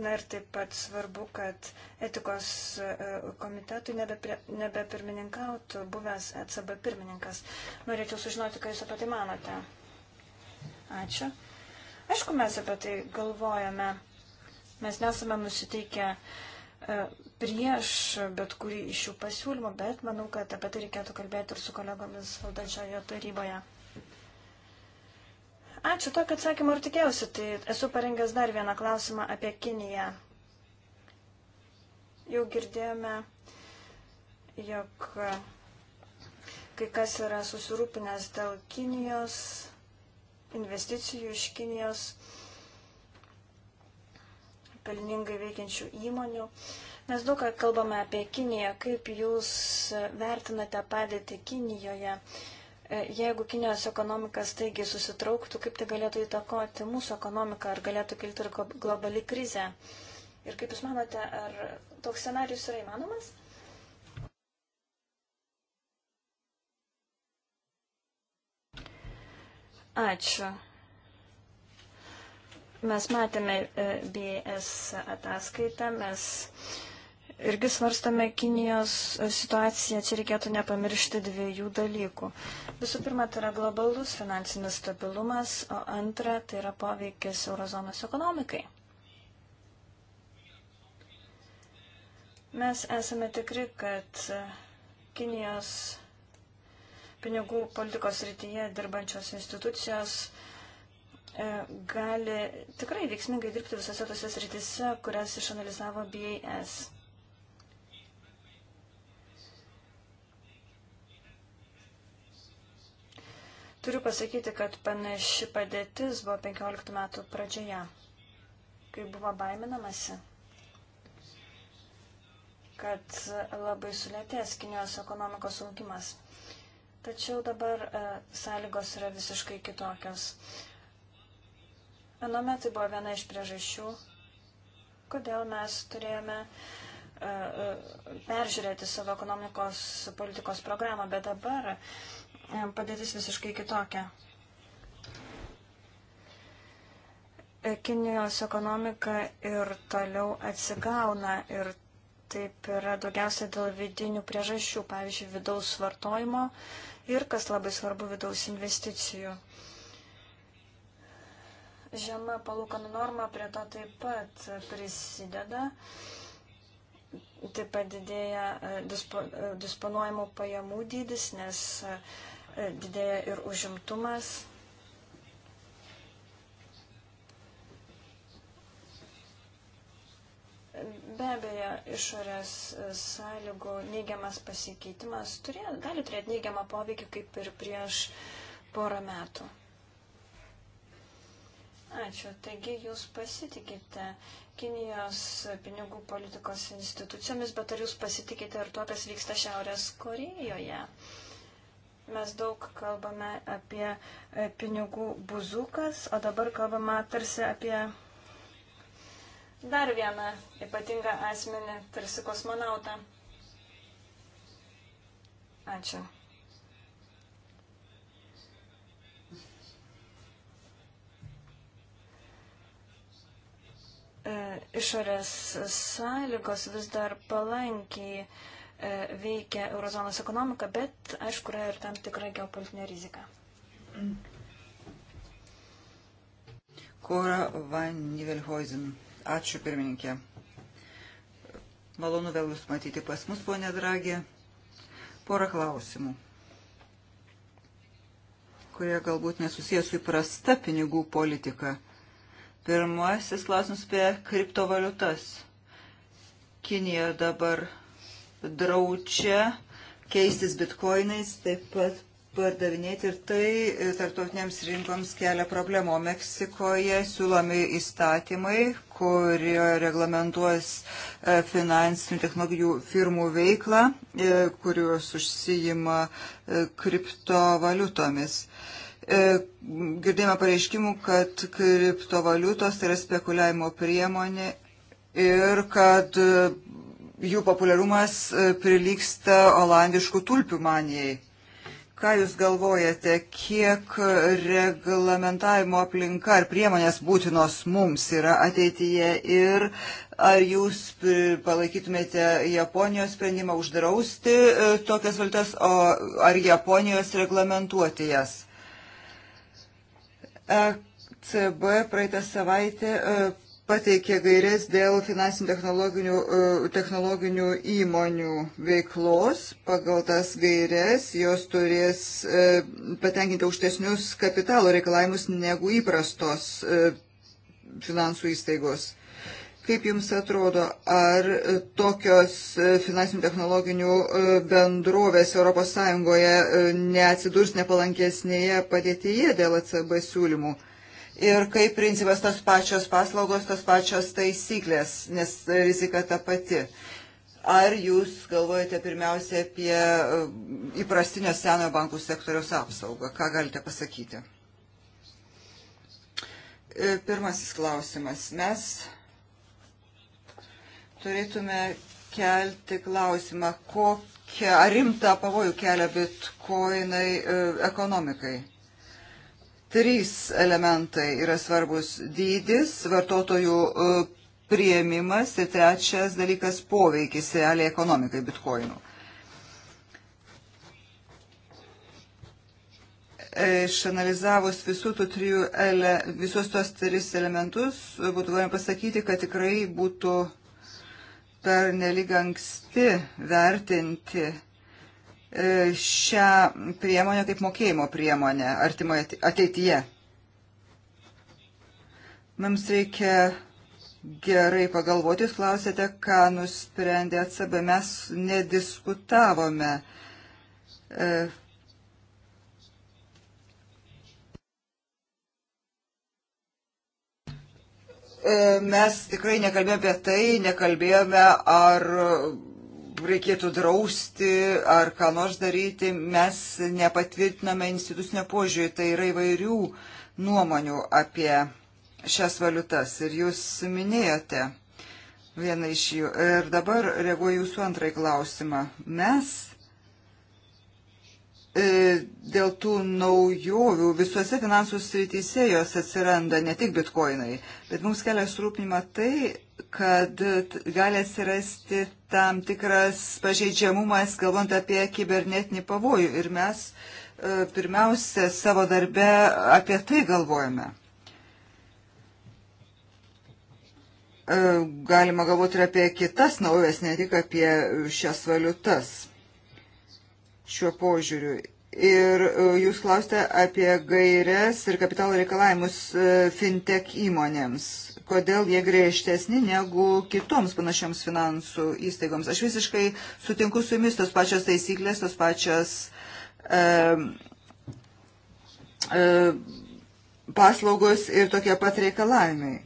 Na ir taip pat svarbu, kad etikos e, komitetui nebepirmininkautų nebe buvęs ECB pirmininkas. Norėčiau sužinoti, ką Jūs apie tai manote. Ačiū. Aišku, mes apie tai galvojame. Mes nesame nusiteikę uh, E, prieš bet kurį iš šių pasiūlymų, bet manau, kad apie tai reikėtų kalbėti ir su kolegomis valdančioje taryboje. Ačiū, tokio atsakymo ir tikėjausi. Tai esu parengęs dar vieną klausimą apie Kiniją. Jau girdėjome, jog kai kas yra susirūpinęs dėl Kinijos, investicijų iš Kinijos pelningai veikiančių įmonių. Mes daug ką kalbame apie Kiniją. Kaip Jūs vertinate padėtį Kinijoje? E, jeigu Kinijos ekonomika staigiai susitrauktų, kaip tai galėtų įtakoti mūsų ekonomiką, ar galėtų kilti ir globali krizė? Ir kaip Jūs manote, ar toks scenarius yra įmanomas? Ačiū. Mes matėme e, BS ataskaitą, mes irgi svarstame Kinijos e, situaciją, čia reikėtų nepamiršti dviejų dalykų. Visų pirma, tai yra globalus finansinis stabilumas, o antra, tai yra poveikis eurozonos ekonomikai. Mes esame tikri, kad Kinijos pinigų politikos rytyje dirbančios institucijos E, gali tikrai veiksmingai dirbti visose tose sritise, kurias išanalizavo BAS. Turiu pasakyti, kad panaši padėtis buvo 15 metų pradžioje, kai buvo baiminamasi, kad labai sulėtės Kinijos ekonomikos augimas. Tačiau dabar e, sąlygos yra visiškai kitokios. Anuomet tai buvo viena iš priežasčių, kodėl mes turėjome e, e, peržiūrėti savo ekonomikos politikos programą, bet dabar e, padėtis visiškai kitokia. Kinijos ekonomika ir toliau atsigauna ir taip yra daugiausia dėl vidinių priežasčių, pavyzdžiui, vidaus vartojimo ir, kas labai svarbu, vidaus investicijų žema palūkanų norma prie to taip pat prisideda. Taip pat didėja e, dispo, e, disponuojamų pajamų dydis, nes e, didėja ir užimtumas. Be abejo, išorės sąlygų neigiamas pasikeitimas turė, gali turėti neigiamą poveikį kaip ir prieš porą metų. Ačiū. Taigi jūs pasitikite Kinijos pinigų politikos institucijomis, bet ar jūs pasitikite ir tuo, kas vyksta Šiaurės Korejoje? Mes daug kalbame apie e, pinigų buzukas, o dabar kalbame tarsi apie dar vieną ypatingą asmenį, tarsi kosmonautą. Ačiū. išorės sąlygos vis dar palankiai e, veikia eurozonos ekonomiką, bet aišku, yra ir tam tikra geopolitinė rizika. Kora Van Nivelhoizen. Ačiū pirmininkė. Malonu vėl Jūs matyti pas mus, ponė Dragė. Porą klausimų, kurie galbūt nesusijęs su įprasta pinigų politika – Pirmasis klausimas apie kriptovaliutas. Kinija dabar draučia keistis bitkoinais, taip pat pardavinėti ir tai tarptautiniams rinkoms kelia problemų. Meksikoje siūlomi įstatymai, kurie reglamentuos e, finansinių technologijų firmų veiklą, e, kurios užsijima e, kriptovaliutomis. E, girdėjome pareiškimų, kad kriptovaliutos tai yra spekuliavimo priemonė ir kad e, jų populiarumas e, prilyksta olandiškų tulpių manijai. Ką Jūs galvojate, kiek reglamentavimo aplinka ar priemonės būtinos mums yra ateityje ir ar Jūs palaikytumėte Japonijos sprendimą uždrausti tokias valtas, ar Japonijos reglamentuoti jas? ECB praeitą savaitę e, pateikė gairės dėl finansinių technologinių, e, technologinių įmonių veiklos. Pagal tas gairės jos turės e, patenkinti aukštesnius kapitalo reikalavimus negu įprastos finansų įstaigos. Kaip Jums atrodo, ar tokios e, finansinių technologinių e, bendrovės ES e, neatsidurs nepalankesnėje padėtyje dėl ACB siūlymų? Ir kaip principas tos pačios paslaugos, tos pačios taisyklės, nes rizika ta pati. Ar jūs galvojate pirmiausia apie įprastinio senojo bankų sektoriaus apsaugą? Ką galite pasakyti? Pirmasis klausimas. Mes turėtume kelti klausimą, kokią ar rimtą pavojų kelia bitkoinai e, ekonomikai. Trys elementai yra svarbus - dydis, vartotojų e, prieimimas ir trečias dalykas - poveikis realiai ekonomikai bitkoinų. išanalizavus visų tų trijų ele, visus tos tris elementus, būtų galima pasakyti, kad tikrai būtų per nelig anksti vertinti e, šią priemonę kaip mokėjimo priemonę artimoje ateityje. Mums reikia gerai pagalvoti, jūs klausėte, ką nusprendė ECB. Mes nediskutavome e, E, mes tikrai nekalbėjome apie tai, nekalbėjome ar reikėtų drausti ar ką nors daryti, mes nepatvirtiname institucinio požiūrį, tai yra įvairių nuomonių apie šias valiutas ir jūs minėjote vieną iš jų. Ir dabar reaguoju jūsų antrąjį klausimą. Mes E, dėl tų naujovių visuose finansų srityse jos atsiranda, ne tik bitkoinai, bet mums kelia surūpnimą tai, kad gali atsirasti tam tikras pažeidžiamumas, kalbant apie kibernetinį pavojų. Ir mes e, pirmiausia savo darbe apie tai galvojame. E, galima galvoti ir apie kitas naujas, ne tik apie šias valiutas šiuo požiūriu. Ir e, jūs klausite apie gairias ir kapitalo reikalavimus e, fintech įmonėms. Kodėl jie griežtesni negu kitoms panašioms finansų įstaigoms? Aš visiškai sutinku su jumis tos pačios taisyklės, tos pačios e, e, paslaugos ir tokie pat reikalavimai.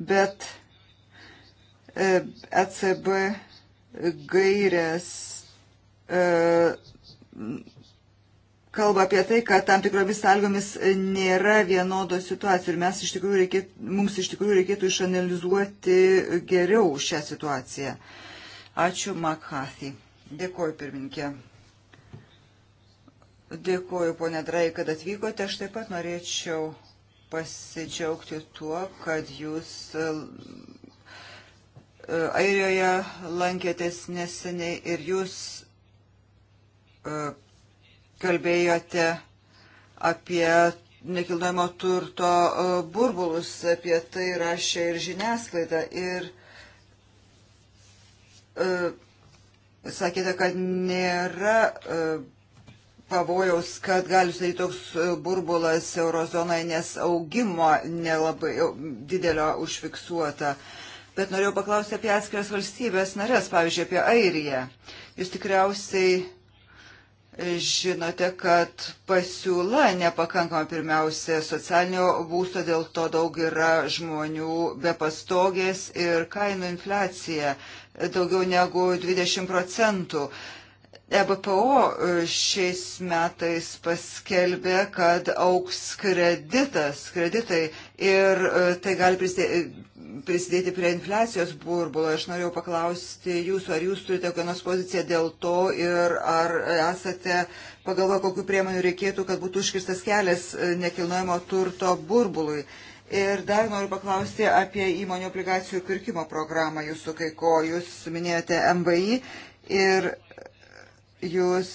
Bet ECB e gairės kalba apie tai, kad tam tikromis sąlygomis nėra vienodos situacijos ir mes iš tikrųjų reikėtų, mums iš tikrųjų reikėtų išanalizuoti geriau šią situaciją. Ačiū, Makhathi. Dėkuoju, pirminkė. Dėkuoju, ponė Drai, kad atvykote. Aš taip pat norėčiau pasidžiaugti tuo, kad jūs e, Airijoje lankėtės neseniai ir jūs E, kalbėjote apie nekilnojamo turto e, burbulus, apie tai rašė ir žiniasklaida. Ir e, sakėte, kad nėra pavojaus, kad gali sudaryti toks burbulas eurozonoje, nes augimo nelabai didelio užfiksuota. Bet norėjau paklausti apie atskiras valstybės narės, pavyzdžiui, apie Airiją. Jūs tikriausiai Žinote, kad pasiūla nepakankama pirmiausia socialinio būsto, dėl to daug yra žmonių be pastogės ir kainų infliacija daugiau negu 20 procentų. EBPO e, šiais metais paskelbė, kad auks kreditas, kreditai ir e, tai gali e, prisidėti prie infliacijos burbulo. Aš norėjau paklausti jūsų, ar jūs turite kokią nors poziciją dėl to ir ar esate pagalvoję, kokiu priemonių reikėtų, kad būtų užkirstas kelias nekilnojamo turto burbului. Ir dar noriu paklausti apie įmonių obligacijų pirkimo programą jūsų, kai ko jūs minėjote MVI. Ir Jūs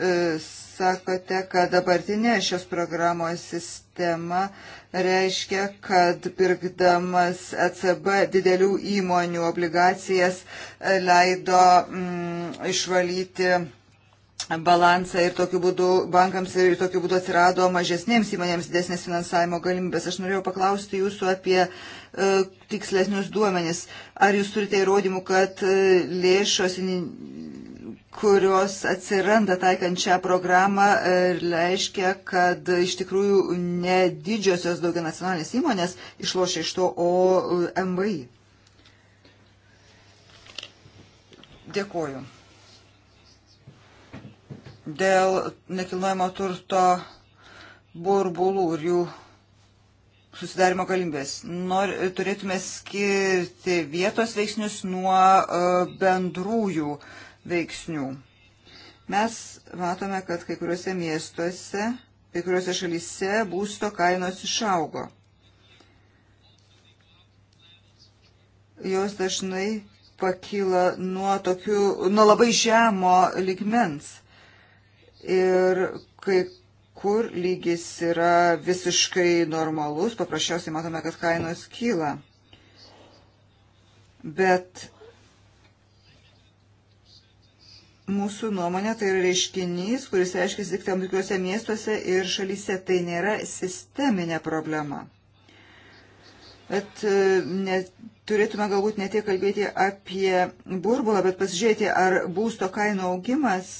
e, sakote, kad dabartinė šios programos sistema reiškia, kad pirkdamas ECB didelių įmonių obligacijas e, leido mm, išvalyti balansą ir tokiu būdu bankams ir tokiu būdu atsirado mažesnėms įmonėms didesnės finansavimo galimybės. Aš norėjau paklausti jūsų apie e, tikslesnius duomenis. Ar jūs turite įrodymų, kad lėšos kurios atsiranda taikant šią programą ir e, reiškia, kad iš tikrųjų ne didžiosios daugia nacionalinės įmonės išlošia iš to, o e, MVI. Dėkuoju. Dėl nekilnojamo turto burbulų ir jų susidarimo galimybės. Nor, turėtume skirti vietos veiksnius nuo uh, bendrųjų uh, veiksnių. Mes matome, kad kai kuriuose miestuose, kai kuriuose šalyse būsto kainos išaugo. Jos dažnai pakyla nuo, tokių, nuo labai žemo ligmens. Ir kai kur lygis yra visiškai normalus, paprasčiausiai matome, kad kainos kyla. Bet mūsų nuomonė tai yra reiškinys, kuris reiškia tik tam tikiuose miestuose ir šalyse. Tai nėra sisteminė problema. Bet e, ne, turėtume galbūt ne tiek kalbėti apie burbulą, bet pasižiūrėti, ar būsto kainų augimas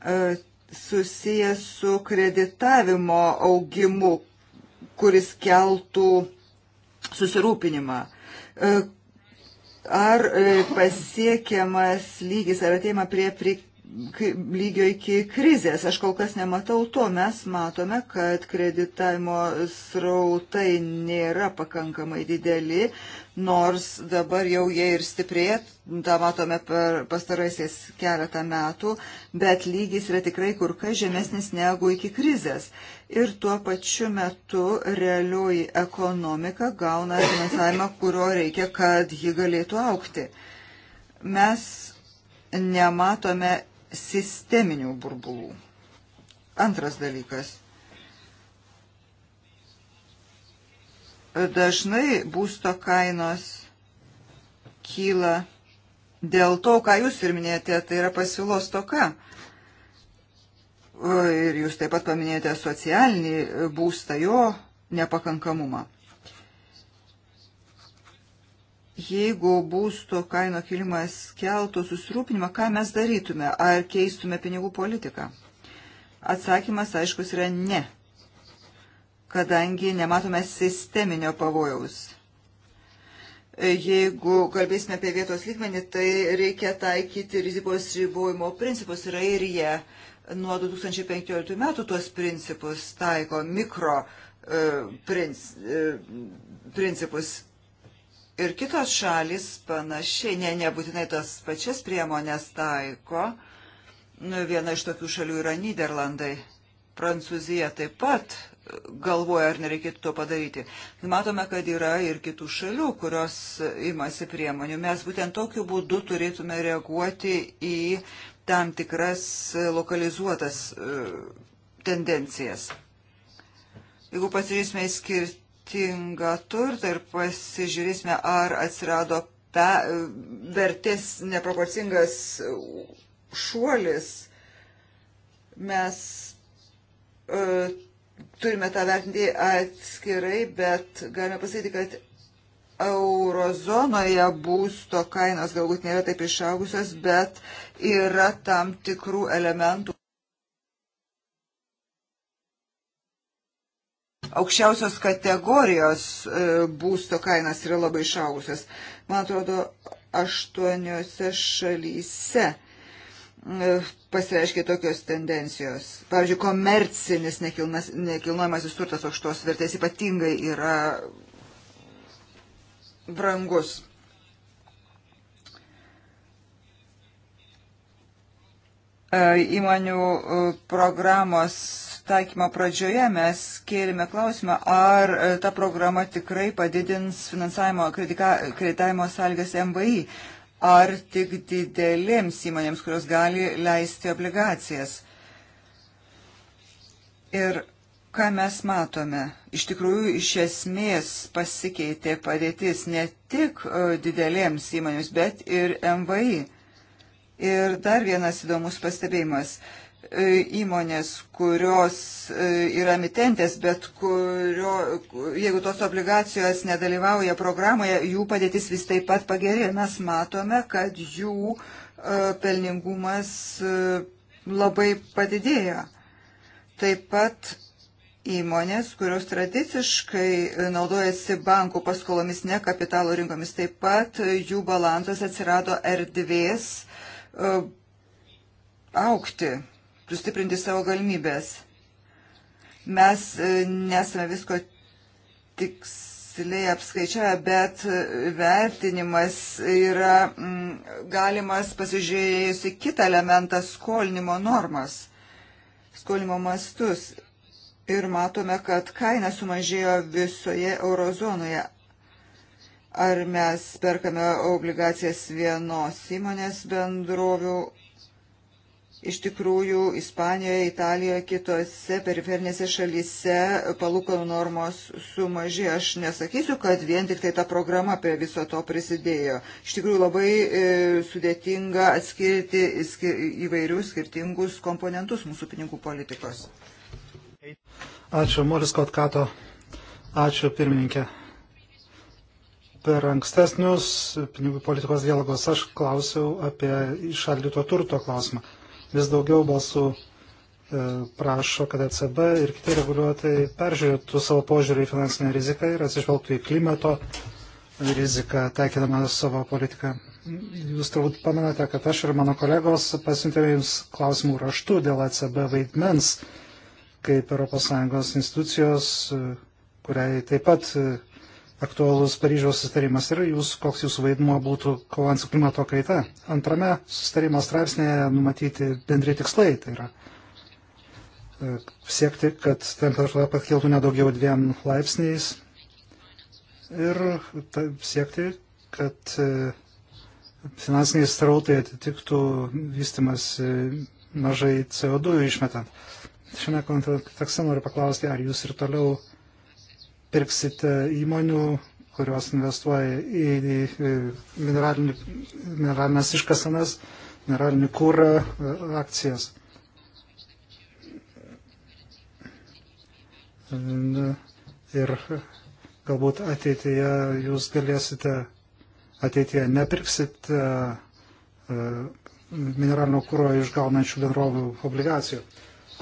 e, susijęs su kreditavimo augimu, kuris keltų susirūpinimą. E, ar e, pasiekiamas lygis, ar ateima prie prikėlimo lygio iki krizės. Aš kol kas nematau to. Mes matome, kad kreditavimo srautai nėra pakankamai dideli, nors dabar jau jie ir stiprėja, tą matome per pastaraisiais keletą metų, bet lygis yra tikrai kur kas žemesnis negu iki krizės. Ir tuo pačiu metu realioji ekonomika gauna finansavimą, kurio reikia, kad ji galėtų aukti. Mes nematome sisteminių burbulų. Antras dalykas. Dažnai būsto kainos kyla dėl to, ką jūs ir minėjote, tai yra pasiūlos toka. Ir jūs taip pat paminėjote socialinį būstą, jo nepakankamumą jeigu būsto kaino kilimas keltų susirūpinimą, ką mes darytume? Ar keistume pinigų politiką? Atsakymas, aiškus, yra ne, kadangi nematome sisteminio pavojaus. Jeigu kalbėsime apie vietos lygmenį, tai reikia taikyti rizikos ribojimo principus ir airija nuo 2015 metų tuos principus taiko mikro e, princ, e, principus ir kitos šalis panašiai, ne, nebūtinai tas pačias priemonės taiko. Nu, viena iš tokių šalių yra Niderlandai. Prancūzija taip pat galvoja, ar nereikėtų to padaryti. Matome, kad yra ir kitų šalių, kurios imasi priemonių. Mes būtent tokiu būdu turėtume reaguoti į tam tikras lokalizuotas e, tendencijas. Jeigu pasižiūrėsime į skirtį, vertingą turtą ir pasižiūrėsime, ar atsirado pe, vertės neproporcingas šuolis. Mes e, turime tą vertinti atskirai, bet galime pasakyti, kad eurozonoje būsto kainos galbūt nėra taip išaugusios, bet yra tam tikrų elementų aukščiausios kategorijos e, būsto kainas yra labai išaugusios. Man atrodo, aštuoniuose šalyse e, pasireiškia tokios tendencijos. Pavyzdžiui, komercinis nekilnas, nekilnojamasis turtas aukštos vertės ypatingai yra brangus. E, įmonių programos taikymo pradžioje mes kėlėme klausimą, ar e, ta programa tikrai padidins finansavimo kreditavimo sąlygas MVI, ar tik didelėms įmonėms, kurios gali leisti obligacijas. Ir ką mes matome? Iš tikrųjų, iš esmės pasikeitė padėtis ne tik e, didelėms įmonėms, bet ir MVI. Ir dar vienas įdomus pastebėjimas. E, įmonės, kurios e, yra mitentės, bet kurio, jeigu tos obligacijos nedalyvauja programoje, jų padėtis vis taip pat pagerė. Mes matome, kad jų e, pelningumas labai padidėjo. Taip pat įmonės, kurios tradiciškai naudojasi bankų paskolomis, ne kapitalo rinkomis, taip pat jų balansas atsirado erdvės aukti sustiprinti savo galimybės. Mes e, nesame visko tiksliai apskaičiavę, bet e, vertinimas yra mm, galimas pasižiūrėjus į kitą elementą skolinimo normas, skolinimo mastus. Ir matome, kad kaina sumažėjo visoje eurozonoje ar mes perkame obligacijas vienos įmonės bendrovių, Iš tikrųjų, Ispanijoje, Italijoje, kitose periferinėse šalyse palūkanų normos sumažė. Aš nesakysiu, kad vien tik tai ta programa prie viso to prisidėjo. Iš tikrųjų, labai e, sudėtinga atskirti skir, įvairius skirtingus komponentus mūsų pinigų politikos. Ačiū, Moris Kotkato. Ačiū, pirmininkė. Per ankstesnius pinigų politikos dialogos aš klausiau apie išaldyto turto klausimą. Vis daugiau balsų e, prašo, kad ECB ir kiti reguliuotojai peržiūrėtų savo požiūrį į finansinę riziką ir atsižvelgtų į klimato riziką, taikydama savo politiką. Jūs turbūt pamenate, kad aš ir mano kolegos pasiuntėme jums klausimų raštų dėl ECB vaidmens kaip ES institucijos, e, kuriai taip pat e, aktualus Paryžiaus sustarimas ir jūs, koks jūsų vaidmuo būtų kovant su klimato kaita. Antrame sustarimo straipsnėje numatyti bendri tikslai, tai yra e, siekti, kad temperatūra pakiltų nedaugiau dviem laipsniais ir siekti, kad e, finansiniai strautai atitiktų vystimas e, mažai CO2 išmetant. Šiame kontekste noriu paklausti, ar jūs ir toliau pirksite įmonių, kurios investuoja į mineralinės iškasanas, mineralinį kūrą, e, akcijas. Ir galbūt ateityje jūs galėsite, ateityje nepirksit e, e, mineralinio kūro išgaunančių bendrovių obligacijų.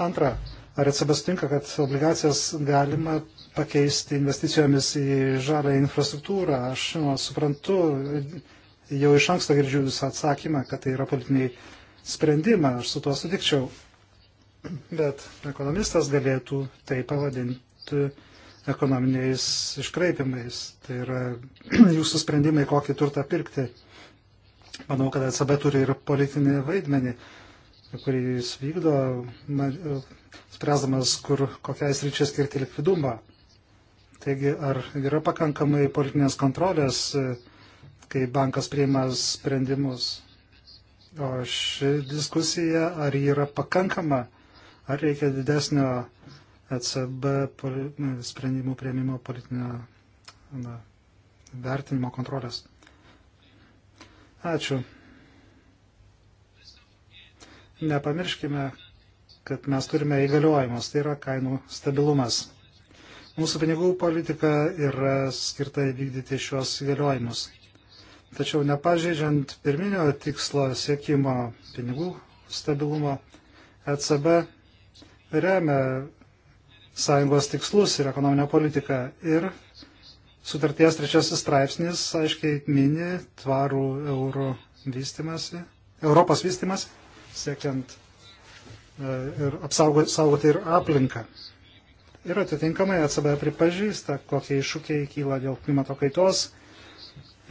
Antra, ar ECB sutinka, kad obligacijas galima pakeisti investicijomis į žalę infrastruktūrą. Aš nu, suprantu, jau iš anksto girdžiu visą atsakymą, kad tai yra politiniai sprendimai, aš su tuo sutikčiau. Bet ekonomistas galėtų tai pavadinti ekonominiais iškraipimais. Tai yra jūsų sprendimai, kokį turtą pirkti. Manau, kad ECB turi ir politinį vaidmenį, kurį jis vykdo, spręsdamas, kur kokiais ryčiai skirti likvidumą. Taigi, ar yra pakankamai politinės kontrolės, kai bankas priima sprendimus? O ši diskusija, ar yra pakankama, ar reikia didesnio ECB poli, sprendimų prieimimo politinio na, vertinimo kontrolės. Ačiū. Nepamirškime, kad mes turime įgaliojimus, tai yra kainų stabilumas. Mūsų pinigų politika yra skirta įvykdyti šios įgaliojimus. Tačiau nepažeidžiant pirminio tikslo siekimo pinigų stabilumo, ECB remia sąjungos tikslus ir ekonominę politiką. Ir sutarties trečiasis straipsnis aiškiai mini tvarų euro vystimasi, Europos vystimas, siekiant e, ir apsaugoti ir aplinką. Ir atitinkamai ECB pripažįsta, kokie iššūkiai kyla dėl klimato kaitos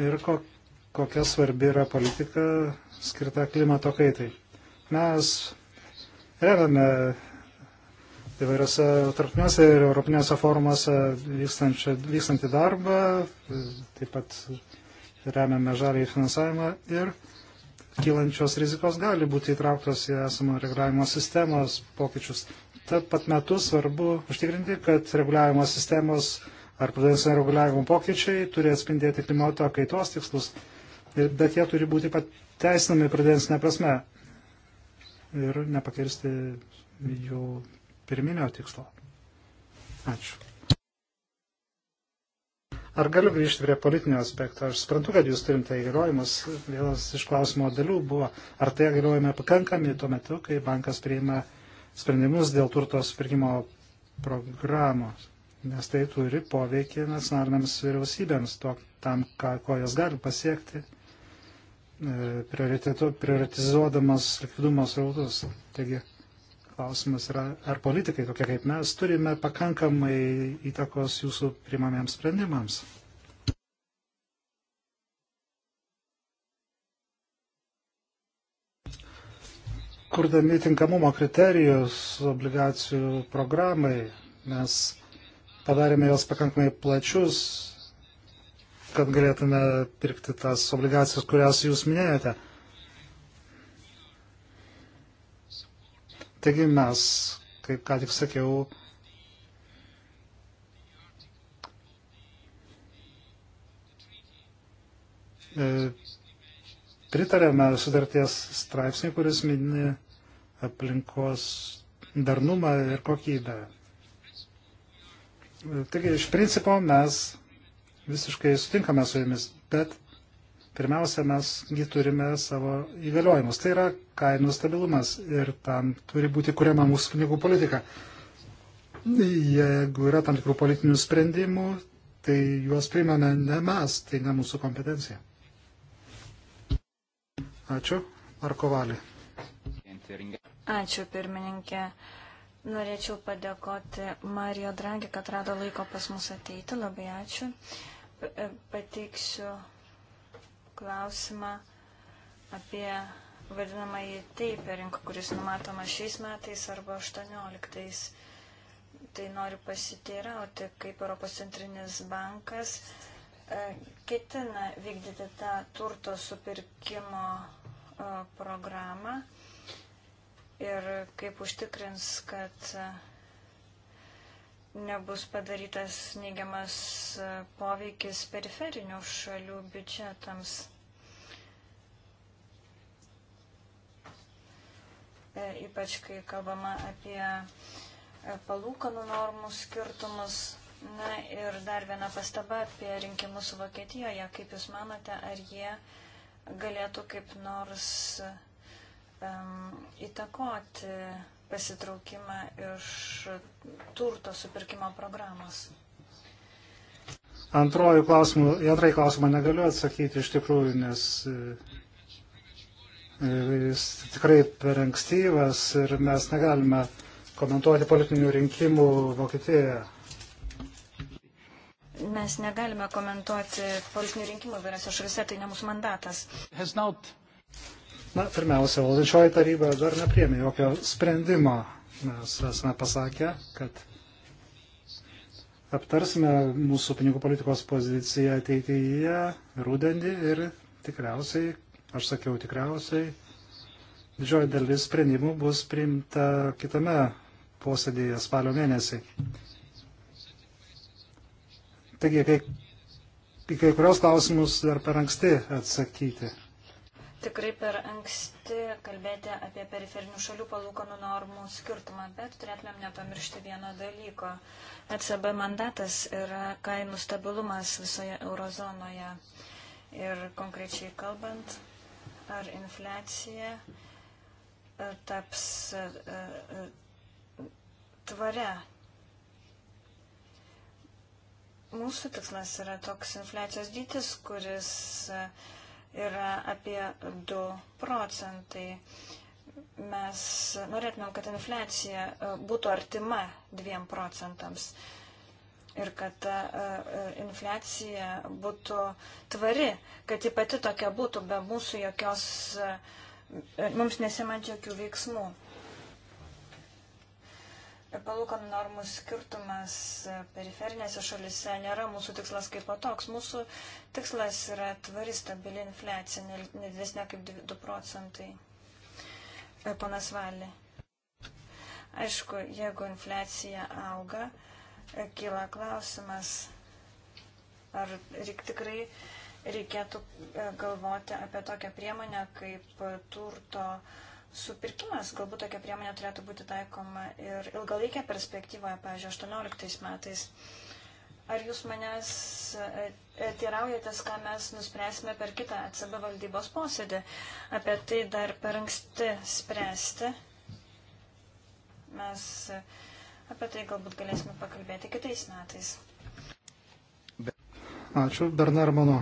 ir ko, kokia svarbi yra politika skirta klimato kaitai. Mes remiame įvairiose tarpiniuose ir europinėse forumuose vykstantį darbą, taip pat remiame žalį finansavimą ir kylančios rizikos gali būti įtrauktos į esamą reguliavimo sistemos pokyčius. Taip pat metu svarbu užtikrinti, kad reguliavimo sistemos ar prudensinio reguliavimo pokyčiai turi atspindėti klimato kaitos tikslus, bet jie turi būti pateisinami prudensinė prasme ir nepakirsti jų pirminio tikslo. Ačiū. Ar galiu grįžti prie politinio aspekto? Aš suprantu, kad jūs turite įgaliojimus. Vienas iš klausimo dalių buvo, ar tai įgaliojimai pakankami tuo metu, kai bankas priima sprendimus dėl turto supirkimo programos, nes tai turi poveikį nacionalinėms vyriausybėms, to, tam, ką, ko jos gali pasiekti, e, prioritizuodamas likvidumo srautus. Taigi, klausimas yra, ar politikai tokie kaip mes turime pakankamai įtakos jūsų primamiems sprendimams. kurdami tinkamumo kriterijus obligacijų programai, mes padarėme jos pakankamai plačius, kad galėtume pirkti tas obligacijas, kurias jūs minėjote. Taigi mes, kaip ką tik sakiau, e, pritarėme sudarties straipsnį, kuris mini aplinkos darnumą ir kokybę. Taigi, iš principo mes visiškai sutinkame su jumis, bet pirmiausia, mes turime savo įgaliojimus. Tai yra kainų stabilumas ir tam turi būti kuriama mūsų pinigų politika. Jeigu yra tam tikrų politinių sprendimų, tai juos priimame ne mes, tai ne mūsų kompetencija. Ačiū. Ar kovalį? Ačiū, pirmininkė. Norėčiau padėkoti Marijo Dragi, kad rado laiko pas mus ateiti. Labai ačiū. E, pateiksiu klausimą apie vadinamąjį tapering, kuris numatoma šiais metais arba 18. Tai noriu pasiteirauti, kaip Europos centrinis bankas E, ketina vykdyti tą turto supirkimo e, programą ir kaip užtikrins, kad e, nebus padarytas neigiamas poveikis periferinių šalių biudžetams. Ypač kai kalbama apie palūkanų normų skirtumus. Na ir dar viena pastaba apie rinkimus Vokietijoje. Kaip Jūs manote, ar jie galėtų kaip nors um, įtakoti pasitraukimą iš turto supirkimo programos? Antroji klausimų, į antrąjį klausimą negaliu atsakyti iš tikrųjų, nes e, e, jis tikrai per ankstyvas ir mes negalime komentuoti politinių rinkimų Vokietijoje. Mes negalime komentuoti politinių rinkimų vairiose šalise, tai ne mūsų mandatas. Na, pirmiausia, valdančioji taryba dar nepriemė jokio sprendimo. Mes esame pasakę, kad aptarsime mūsų pinigų politikos poziciją ateityje, rūdendį ir tikriausiai, aš sakiau tikriausiai, didžioji dalis sprendimų bus priimta kitame posėdėje spalio mėnesį. Taigi, kai, į kai kurios klausimus dar per anksti atsakyti. Tikrai per anksti kalbėti apie periferinių šalių palūkanų normų skirtumą, bet turėtumėm nepamiršti vieno dalyko. ECB mandatas yra kainų stabilumas visoje eurozonoje. Ir konkrečiai kalbant, ar infliacija e, taps e, e, tvaria Mūsų tikslas yra toks infliacijos dydis, kuris e, yra apie 2 procentai. Mes norėtumėm, kad infliacija e, būtų artima 2 procentams ir kad ta e, infliacija būtų tvari, kad ji pati tokia būtų be mūsų jokios, mums nesimant jokių veiksmų palūkanų normų skirtumas periferinėse šalise nėra mūsų tikslas kaip patoks. Mūsų tikslas yra tvari stabili infliacija, nedidesnė kaip 2 procentai. E, Panas Valė. Aišku, jeigu infliacija auga, e, kyla klausimas, ar reik tikrai reikėtų e, galvoti apie tokią priemonę kaip turto uh, supirkimas. Galbūt tokia priemonė turėtų būti taikoma ir ilgalaikė perspektyvoje, pavyzdžiui, 18 metais. Ar jūs manęs e, e, tyraujatės, ką mes nuspręsime per kitą ECB valdybos posėdį? Apie tai dar per anksti spręsti. Mes e, apie tai galbūt galėsime pakalbėti kitais metais. Ačiū, Bernard Mano.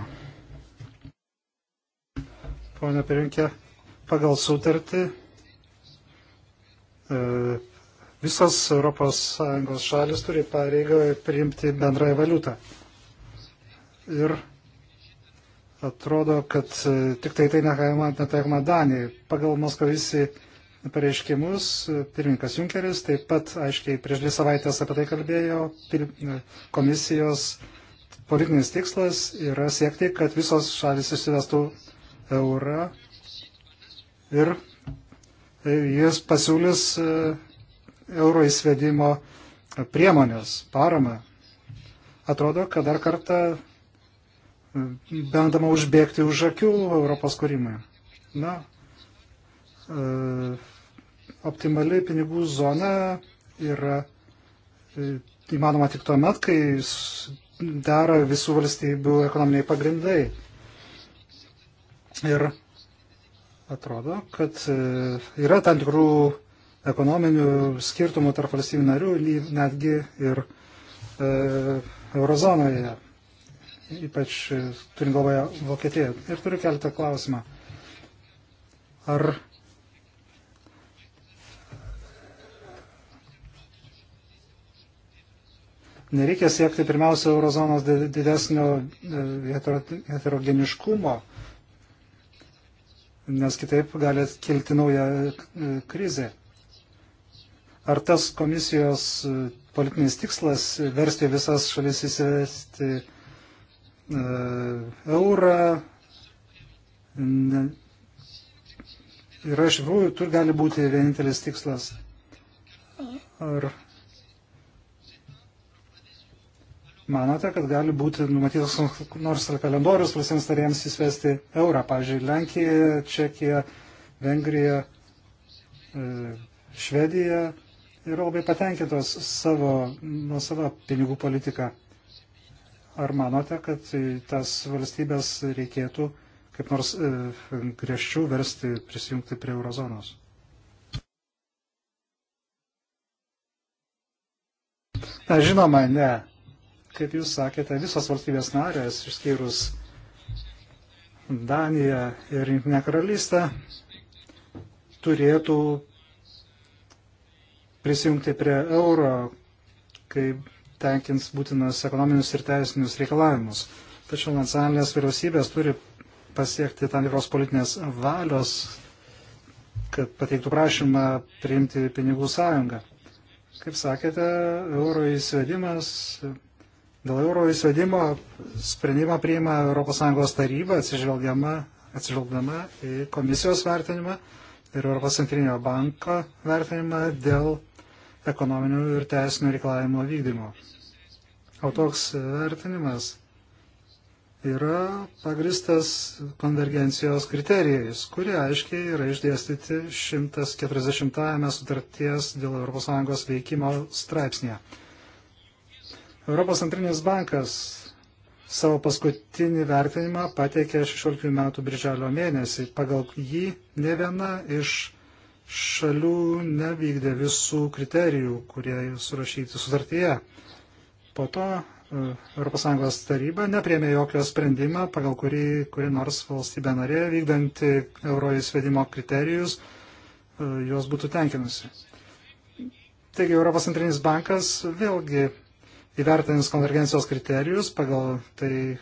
Pone Pirinkė, pagal sutartį e, visos ES šalis turi pareigą priimti bendrąją valiutą. Ir atrodo, kad e, tik tai tai netaikoma Danijai. Pagal Moskovisi pareiškimus e, pirmininkas Junkeris taip pat aiškiai prieš dvi savaitės apie tai kalbėjo. Komisijos politinis tikslas yra siekti, kad visos šalis išsivestų eurą ir jis pasiūlys e, euro įsvedimo priemonės, paramą. Atrodo, kad dar kartą e, bandama užbėgti už akių Europos kūrimui. Na, e, optimali pinigų zona yra įmanoma tik tuo met, kai dera visų valstybių ekonominiai pagrindai. Ir Atrodo, kad e, yra tam tikrų ekonominių skirtumų tarp valstybių narių, netgi ir e, eurozonoje, ypač e, turint galvoje Vokietiją. Ir turiu keletą klausimą. Ar nereikia siekti pirmiausia eurozonos didesnio e, heterogeniškumo? nes kitaip gali kilti nauja e, krizė. Ar tas komisijos e, politinis tikslas versti visas šalis įsivesti e, eurą yra iš tikrųjų, tur gali būti vienintelis tikslas. Ar manote, kad gali būti numatytas nors ir kalendorius visiems tarėjams įsivesti eurą? Pavyzdžiui, Lenkija, Čekija, Vengrija, e, Švedija yra labai patenkintos savo, nuo savo pinigų politiką. Ar manote, kad tas valstybės reikėtų kaip nors e, griežčiau versti prisijungti prie eurozonos? Na, žinoma, ne. Kaip jūs sakėte, visos valstybės narės, išskyrus Daniją ir Rinktinę karalystę, turėtų prisijungti prie euro, kai tenkins būtinas ekonominius ir teisinius reikalavimus. Tačiau nacionalinės vyriausybės turi pasiekti tam tikros politinės valios, kad pateiktų prašymą priimti pinigų sąjungą. Kaip sakėte, euro įsivedimas Dėl euro įsvedimo sprendimą priima ES taryba atsižvelgdama į komisijos vertinimą ir ES banko vertinimą dėl ekonominių ir teisinių reikalavimo vykdymo. O toks vertinimas yra pagristas konvergencijos kriterijais, kurie aiškiai yra išdėstyti 140-ame sutarties dėl ES veikimo straipsnėje. Europos centrinis bankas savo paskutinį vertinimą pateikė 16 metų birželio mėnesį. Pagal jį ne viena iš šalių nevykdė visų kriterijų, kurie surašyti sutartyje. Po to ES taryba neprėmė jokio sprendimą, pagal kurį kuri nors valstybė narė vykdanti euro įsvedimo kriterijus e, juos būtų tenkinusi. Taigi Europos centrinis bankas vėlgi įvertinus konvergencijos kriterijus pagal tai,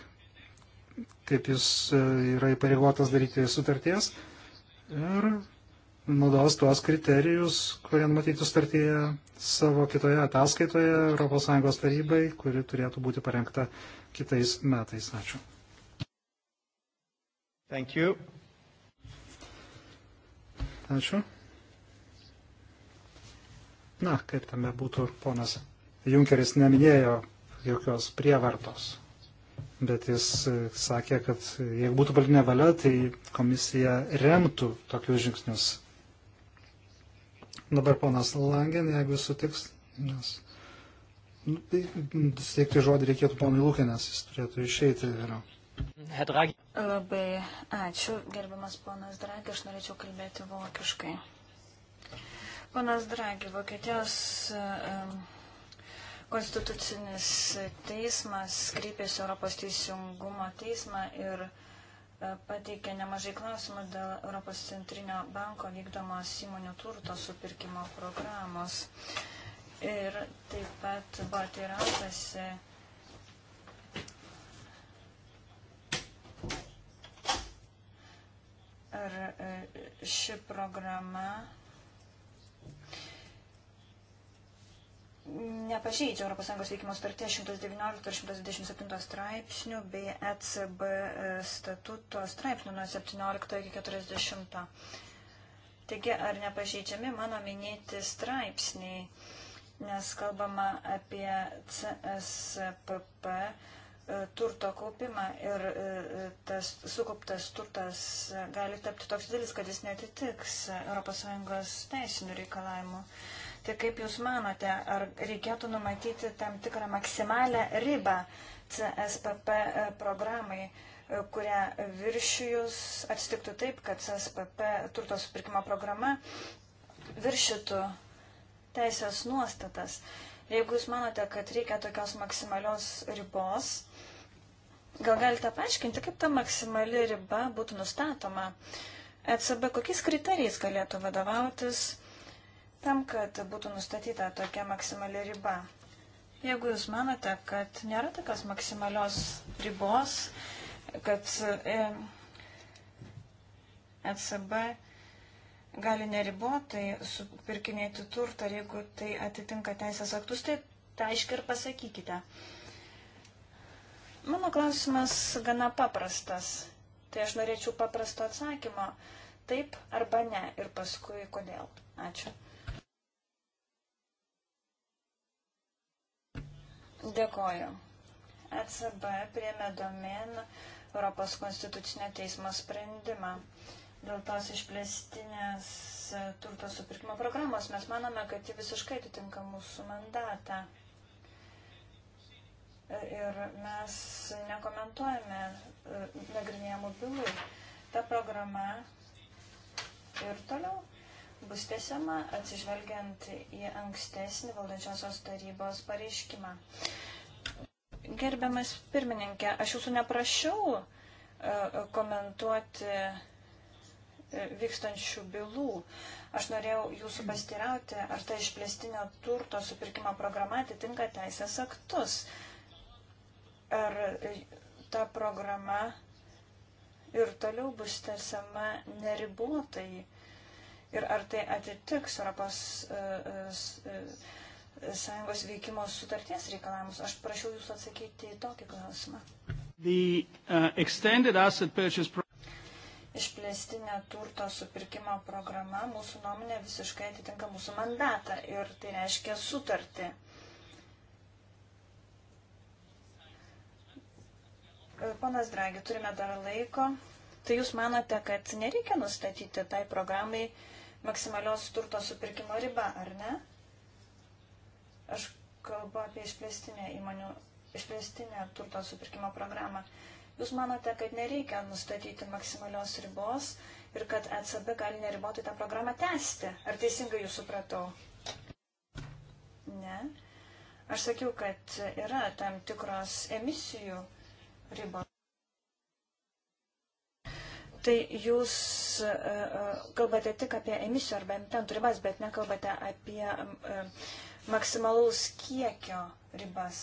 kaip jis e, yra įpareigotas daryti sutarties ir naudos tuos kriterijus, kurie numatyti sutartyje savo kitoje ataskaitoje ES tarybai, kuri turėtų būti parengta kitais metais. Ačiū. Thank you. Ačiū. Na, kaip tame būtų, ponas Junkeris neminėjo jokios prievartos, bet jis e, sakė, kad jeigu būtų politinė valia, tai komisija remtų tokius žingsnius. Dabar ponas Langen, jeigu sutiks, nes nu, tai Steigti žodį reikėtų ponui Lūkenės, jis turėtų išeiti vėliau. Labai ačiū, gerbiamas ponas Dragi, aš norėčiau kalbėti vokiškai. Ponas Dragi, Vokietijos e, Konstitucinis teismas kreipėsi Europos teisingumo teismą ir e, pateikė nemažai klausimų dėl Europos centrinio banko vykdomos įmonių turto supirkimo programos. Ir taip pat buvo teirautasi ar e, ši programa nepažeidžia ES veikimo starties 119 ir 127 straipsnių bei ECB e, statuto straipsnių nuo 17 iki 40. Taigi, ar nepažeidžiami mano minėti straipsniai, nes kalbama apie CSPP e, turto kaupimą ir e, tas sukauptas turtas gali tapti toks didelis, kad jis netitiks ES teisinių reikalavimų. Tai kaip Jūs manote, ar reikėtų numatyti tam tikrą maksimalę ribą CSPP e, programai, e, kurią viršijus atsitiktų taip, kad CSPP turto supirkimo programa viršytų teisės nuostatas. Jeigu Jūs manote, kad reikia tokios maksimalios ribos, gal galite paaiškinti, kaip ta maksimali riba būtų nustatoma? ECB kokiais kriterijais galėtų vadovautis? tam, kad būtų nustatyta tokia maksimali riba. Jeigu jūs manote, kad nėra tokios maksimalios ribos, kad ECB e gali neribotai supirkinėti turtą, jeigu tai atitinka teisės aktus, tai tą aiškiai ir pasakykite. Mano klausimas gana paprastas. Tai aš norėčiau paprasto atsakymo. Taip arba ne ir paskui kodėl. Ačiū. Dėkoju. ECB priemė domen Europos konstitucinio teismo sprendimą. Dėl tos išplėstinės turto supirkimo programos mes manome, kad ji visiškai atitinka mūsų mandatą. Ir mes nekomentuojame e, nagrinėjamų bylų. Ta programa ir toliau bus tęsiama atsižvelgiant į ankstesnį valdančiosios tarybos pareiškimą. Gerbiamas pirmininkė, aš jūsų neprašiau e, komentuoti e, vykstančių bylų. Aš norėjau jūsų pastirauti, ar ta išplėstinio turto supirkimo programa atitinka teisės aktus. Ar e, ta programa ir toliau bus tęsiama neribotai ir ar tai atitiks Europos e, e, e, Sąjungos veikimo sutarties reikalavimus. Aš prašiau Jūsų atsakyti į tokį klausimą. The, uh, Išplėstinė turto supirkimo programa mūsų nuomonė visiškai atitinka mūsų mandatą ir tai reiškia sutartį. Ponas Dragi, turime dar laiko. Tai jūs manote, kad nereikia nustatyti tai programai uh, maksimalios turto supirkimo riba, ar ne? Aš kalbu apie išplėstinę įmonių, išplėstinę turto supirkimo programą. Jūs manote, kad nereikia nustatyti maksimalios ribos ir kad ECB gali neriboti tą programą tęsti. Ar teisingai jūs supratau? Ne. Aš sakiau, kad yra tam tikros emisijų ribos tai jūs e, e, kalbate tik apie emisijų arba emitentų ribas, bet nekalbate apie e, maksimalaus kiekio ribas.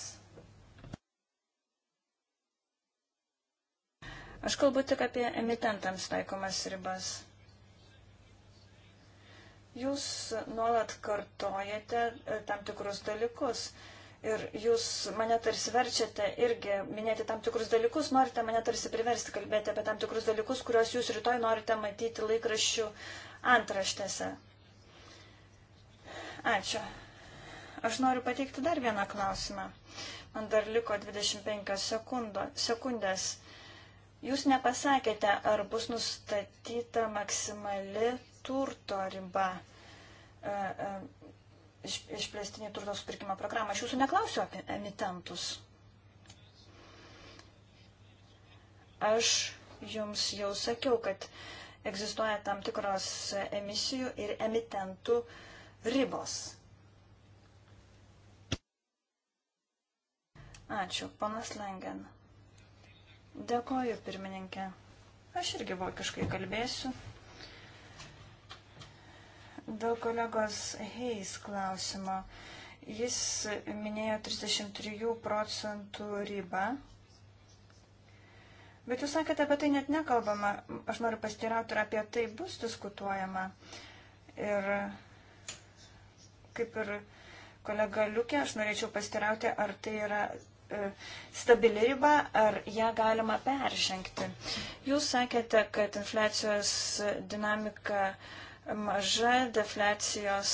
Aš kalbu tik apie emitentams taikomas ribas. Jūs nuolat kartojate tam tikrus dalykus. Uh, ir jūs mane tarsi verčiate irgi minėti tam tikrus dalykus, norite mane tarsi priversti kalbėti apie tam tikrus dalykus, kuriuos jūs rytoj norite matyti laikraščių antraštėse. Ačiū. Aš noriu pateikti dar vieną klausimą. Man dar liko 25 sekundo, sekundės. Jūs nepasakėte, ar bus nustatyta maksimali turto riba e, e, išplėstinį turto supirkimo programą. Aš jūsų neklausiu apie emitentus. Aš jums jau sakiau, kad egzistuoja tam tikros emisijų ir emitentų ribos. Ačiū, panas Lengen. Dėkoju, pirmininkė. Aš irgi vokiškai kalbėsiu. Dėl kolegos Heis klausimo. Jis minėjo 33 procentų ribą. Bet jūs sakėte, apie tai net nekalbama. Aš noriu pastirauti, ar apie tai bus diskutuojama. Ir kaip ir kolega Liukė, aš norėčiau pastirauti, ar tai yra e, stabili riba, ar ją galima peržengti. Jūs sakėte, kad infliacijos dinamika uh, maža, deflecijos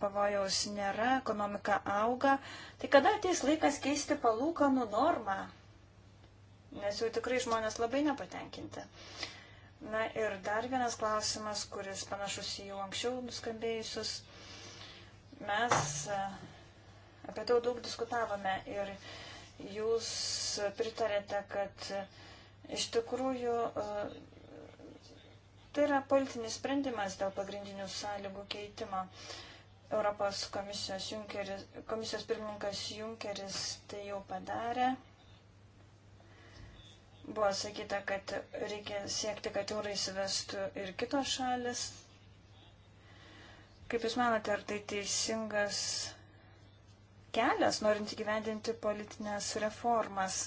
pavojaus nėra, ekonomika auga. Tai kada ateis laikas keisti palūkanų normą? Nes jau tikrai žmonės labai nepatenkinti. Na ir dar vienas klausimas, kuris panašus į jau anksčiau nuskambėjusius. Mes e, apie tai daug diskutavome ir jūs pritarėte, kad e, iš tikrųjų e, Tai yra politinis sprendimas dėl pagrindinių sąlygų keitimo. Europos komisijos, Junkeris, komisijos pirmininkas Junkeris tai jau padarė. Buvo sakyta, kad reikia siekti, kad eurą įsivestų ir kitos šalis. Kaip Jūs manote, ar tai teisingas kelias, norint įgyvendinti politinės reformas?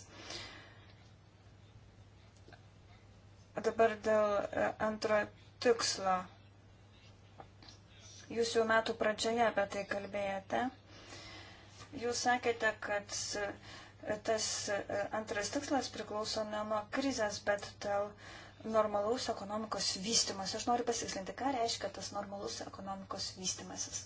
Dabar dėl e, antrojo tikslo. Jūs jau metų pradžioje apie tai kalbėjote. Jūs sakėte, kad e, tas e, antras tikslas priklauso ne nuo krizės, bet dėl normalaus ekonomikos vystimas. Aš noriu pasislinti, ką reiškia tas normalus ekonomikos vystimasis.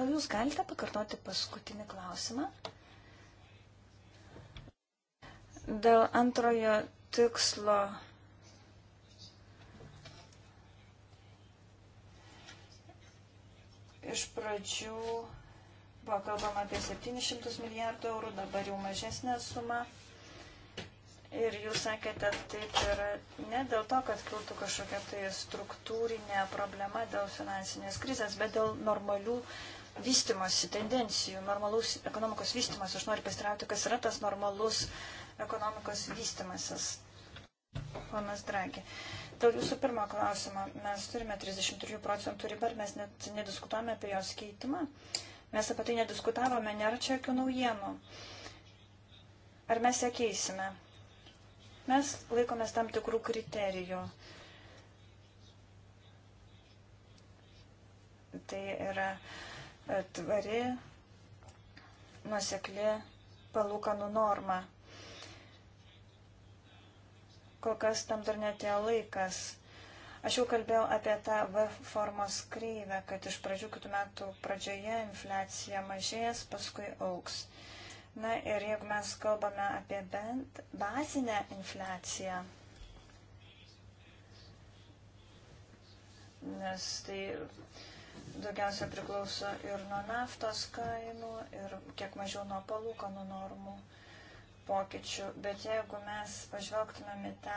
Gal jūs galite pakartoti paskutinį klausimą? Dėl antrojo tikslo iš pradžių buvo kalbama apie 700 milijardų eurų, dabar jau mažesnė suma. Ir jūs sakėte, taip yra ne dėl to, kad kiltų kažkokia tai struktūrinė problema dėl finansinės krizės, bet dėl normalių vystimosi tendencijų, normalaus ekonomikos vystimas. Aš noriu pasitraukti, kas yra tas normalus uh, ekonomikos vystimasis. Ponas Dragi, dėl jūsų pirmo klausimo, mes turime 33 procentų ribą ir mes net nediskutuojame apie jos keitimą. Mes apie tai nediskutavome, nėra čia jokių naujienų. Ar mes ją keisime? Mes laikomės tam tikrų kriterijų. Tai yra e, tvari, nuosekli palūkanų norma kol kas tam dar netėjo laikas. Aš jau kalbėjau apie tą V formos kreivę, kad iš pradžių kitų metų pradžioje infliacija mažės, paskui auks. Na ir jeigu mes kalbame apie bent bazinę infliaciją, nes tai daugiausia priklauso ir nuo naftos kainų, ir kiek mažiau nuo palūkanų normų. Nu, pokyčių, bet jeigu mes pažvelgtumėm į tą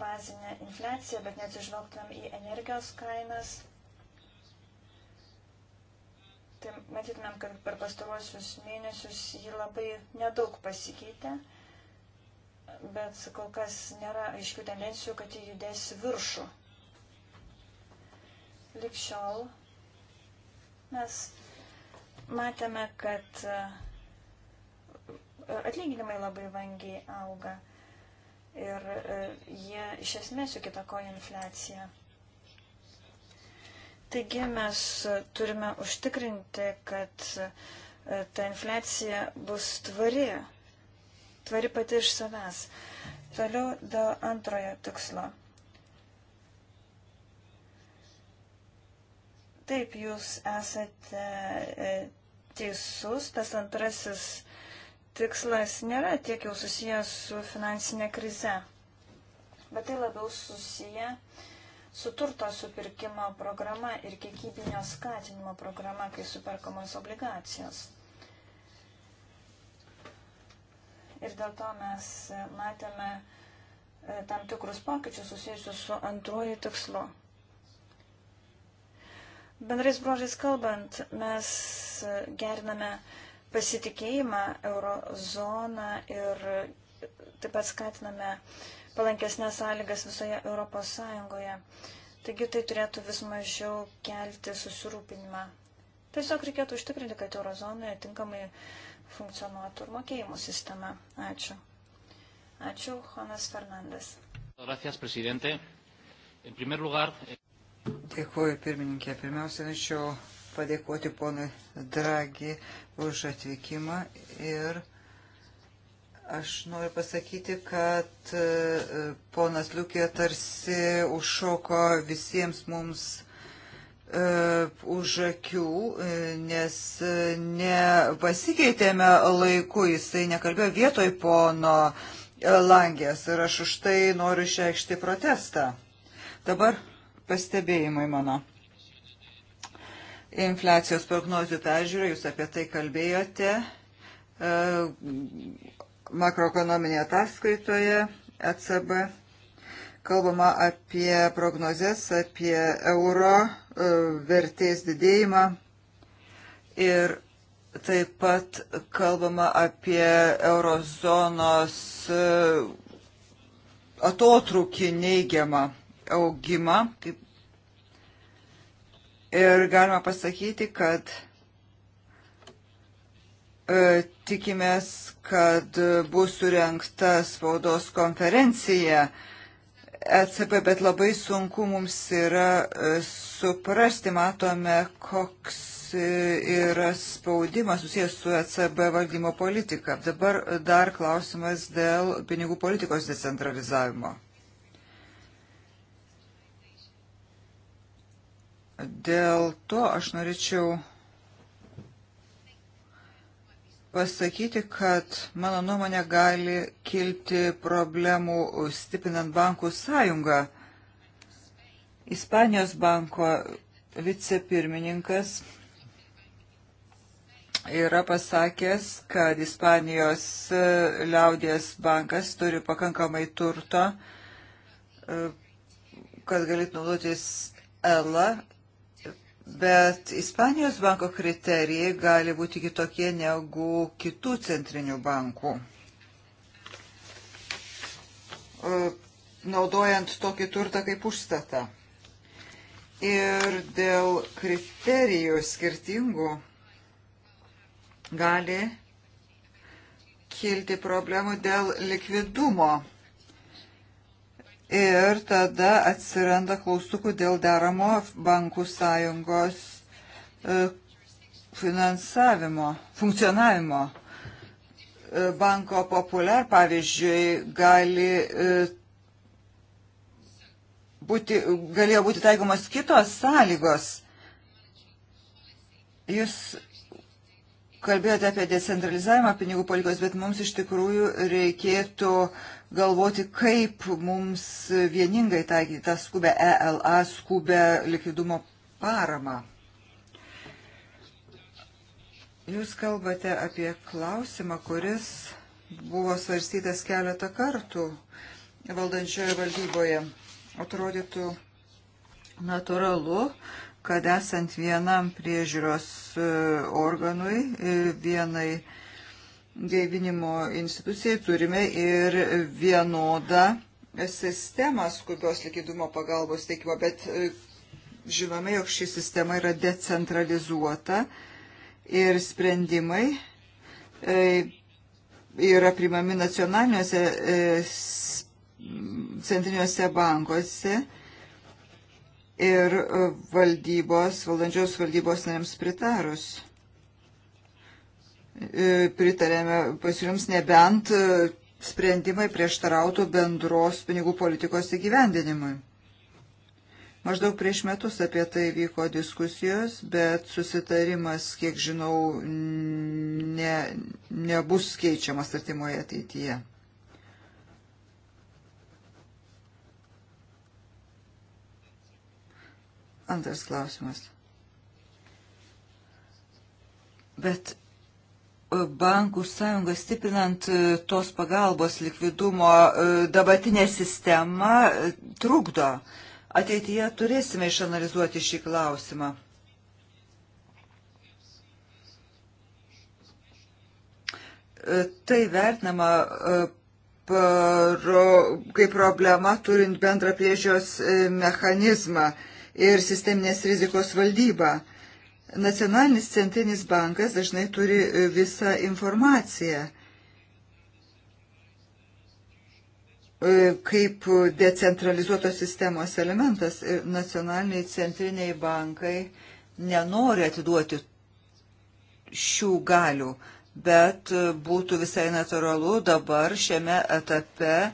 bazinę infliaciją, bet neatsižvelgtumėm į energijos kainas, tai matytumėm, kad per pastaruosius mėnesius ji labai nedaug pasikeitė, bet kol kas nėra aiškių tendencijų, kad ji judės viršų. Likščiol mes matėme, kad uh, atlyginimai labai vangiai auga ir e, jie iš esmės juk įtakoja infliaciją. Taigi mes turime užtikrinti, kad e, ta infliacija bus tvari, tvari pati iš savęs. Toliau dėl antrojo tikslo. Taip, jūs esate e, teisus, tas antrasis tikslas nėra tiek jau susijęs su finansinė krize, bet tai labiau susiję su turto supirkimo programa ir kiekybinio skatinimo programa, kai superkamos obligacijos. Ir dėl to mes matėme e, tam tikrus pokyčius susijusius su antruoju tikslu. Bendrais bruožais kalbant, mes geriname uh, pasitikėjimą eurozoną ir taip pat skatiname palankesnės sąlygas visoje Europos Sąjungoje. Taigi tai turėtų vis mažiau kelti susirūpinimą. Tiesiog reikėtų užtikrinti, kad eurozonoje tinkamai funkcionuotų ir mokėjimų sistema. Ačiū. Ačiū, Jonas Fernandas. Gracias, presidente. En primer lugar. Eh, Dėkuoju, pirmininkė. Pirmiausia, norėčiau padėkoti ponui Dragi už atvykimą ir aš noriu pasakyti, kad e, ponas Liukė tarsi užšoko visiems mums e, už akių, e, nes nepasikeitėme laiku, jisai nekalbėjo vietoj pono langės ir aš už tai noriu išreikšti protestą. Dabar pastebėjimai mano infliacijos prognozių peržiūrą, jūs apie tai kalbėjote e, makroekonominėje ataskaitoje ECB. Kalbama apie prognozes, apie euro e, vertės didėjimą ir taip pat kalbama apie eurozonos e, atotrukį neigiamą augimą, kaip Ir galima pasakyti, kad e, tikimės, kad bus surenkta spaudos konferencija ECB, bet labai sunku mums yra e, suprasti, matome, koks e, yra spaudimas susijęs su ECB valdymo politika. Dabar dar klausimas dėl pinigų politikos decentralizavimo. Dėl to aš norėčiau pasakyti, kad mano nuomonė gali kilti problemų stiprinant bankų sąjungą. Ispanijos banko vicepirmininkas yra pasakęs, kad Ispanijos liaudės bankas turi pakankamai turto, kad galėtų naudotis ELA Bet Ispanijos banko kriterijai gali būti kitokie negu kitų centrinių bankų. Naudojant tokį turtą kaip užstatą. Ir dėl kriterijų skirtingų gali kilti problemų dėl likvidumo ir tada atsiranda klaustukų dėl deramo bankų sąjungos e, finansavimo, funkcionavimo. E, Banko populiar, pavyzdžiui, gali e, būti, galėjo būti taikomos kitos sąlygos. Jūs kalbėjote apie decentralizavimą pinigų politikos, bet mums iš tikrųjų reikėtų uh, galvoti, kaip mums vieningai taikyti tą skubę ELA, skubę likvidumo paramą. Jūs kalbate apie klausimą, kuris buvo svarstytas keletą kartų valdančioje valdyboje. Atrodytų natūralu, kad esant vienam priežiūros e, organui, e, vienai gaivinimo institucijai turime ir vienodą sistemą skubios likvidumo pagalbos teikimo, bet e, žinome, jog ši sistema yra decentralizuota ir sprendimai e, yra primami nacionaliniuose e, centriniuose bankuose ir valdybos, valdančios valdybos nariams pritarus. E, pritarėme pasiūlyms nebent e, sprendimai prieštarautų bendros pinigų politikos įgyvendinimui. Maždaug prieš metus apie tai vyko diskusijos, bet susitarimas, kiek žinau, ne, nebus keičiamas artimoje ateityje. Antras klausimas. Bet bankų sąjungą stiprinant e, tos pagalbos likvidumo e, dabartinė sistema e, trukdo. Ateityje turėsime išanalizuoti šį klausimą. Tai vertinama kaip problema turint bendrą priežios mechanizmą ir sisteminės rizikos valdybą. Nacionalinis centrinis bankas dažnai turi e, visą informaciją. E, kaip decentralizuotos sistemos elementas ir e, nacionaliniai centriniai bankai nenori atiduoti šių galių, bet būtų visai natūralu dabar šiame etape e,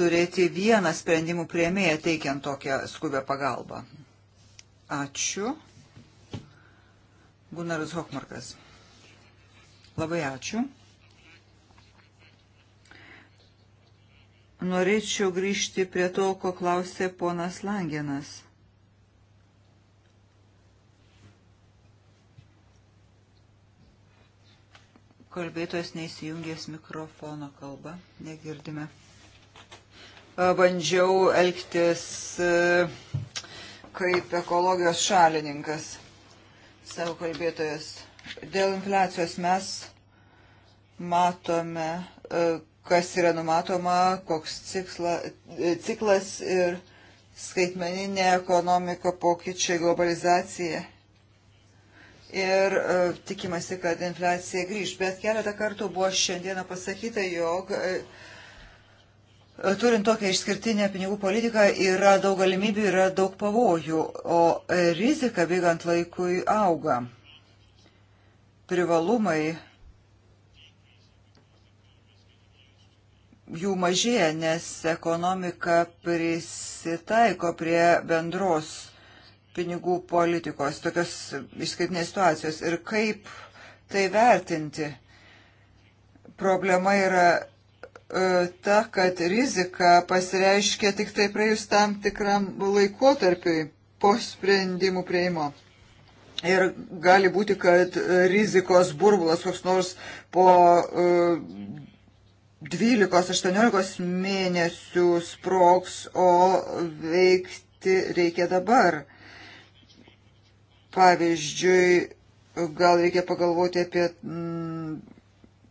turėti vieną sprendimų prieimėją teikiant tokią skubę pagalbą. Ačiū. Gunaras Hokmarkas. Labai ačiū. Norėčiau grįžti prie to, ko klausė ponas Langenas. Kalbėtojas neįsijungęs mikrofono kalbą, negirdime. Bandžiau elgtis e, kaip ekologijos šalininkas savo kalbėtojas. Dėl infliacijos mes matome, e, kas yra numatoma, koks cikla, e, ciklas ir skaitmeninė ekonomika, pokyčiai, globalizacija. Ir e, tikimasi, kad infliacija grįž. Bet keletą kartų buvo šiandieną pasakyta, jog E, turint tokią išskirtinę pinigų politiką yra daug galimybių, yra daug pavojų, o e, rizika bėgant laikui auga. Privalumai jų mažėja, nes ekonomika prisitaiko prie bendros pinigų politikos, tokios išskirtinės situacijos. Ir kaip tai vertinti? Problema yra E, ta, kad rizika pasireiškia tik tai praėjus tam tikram laikotarpiui po sprendimų prieimo. Ir gali būti, kad rizikos burbulas koks nors po 12-18 e, mėnesių sproks, o veikti reikia dabar. Pavyzdžiui, gal reikia pagalvoti apie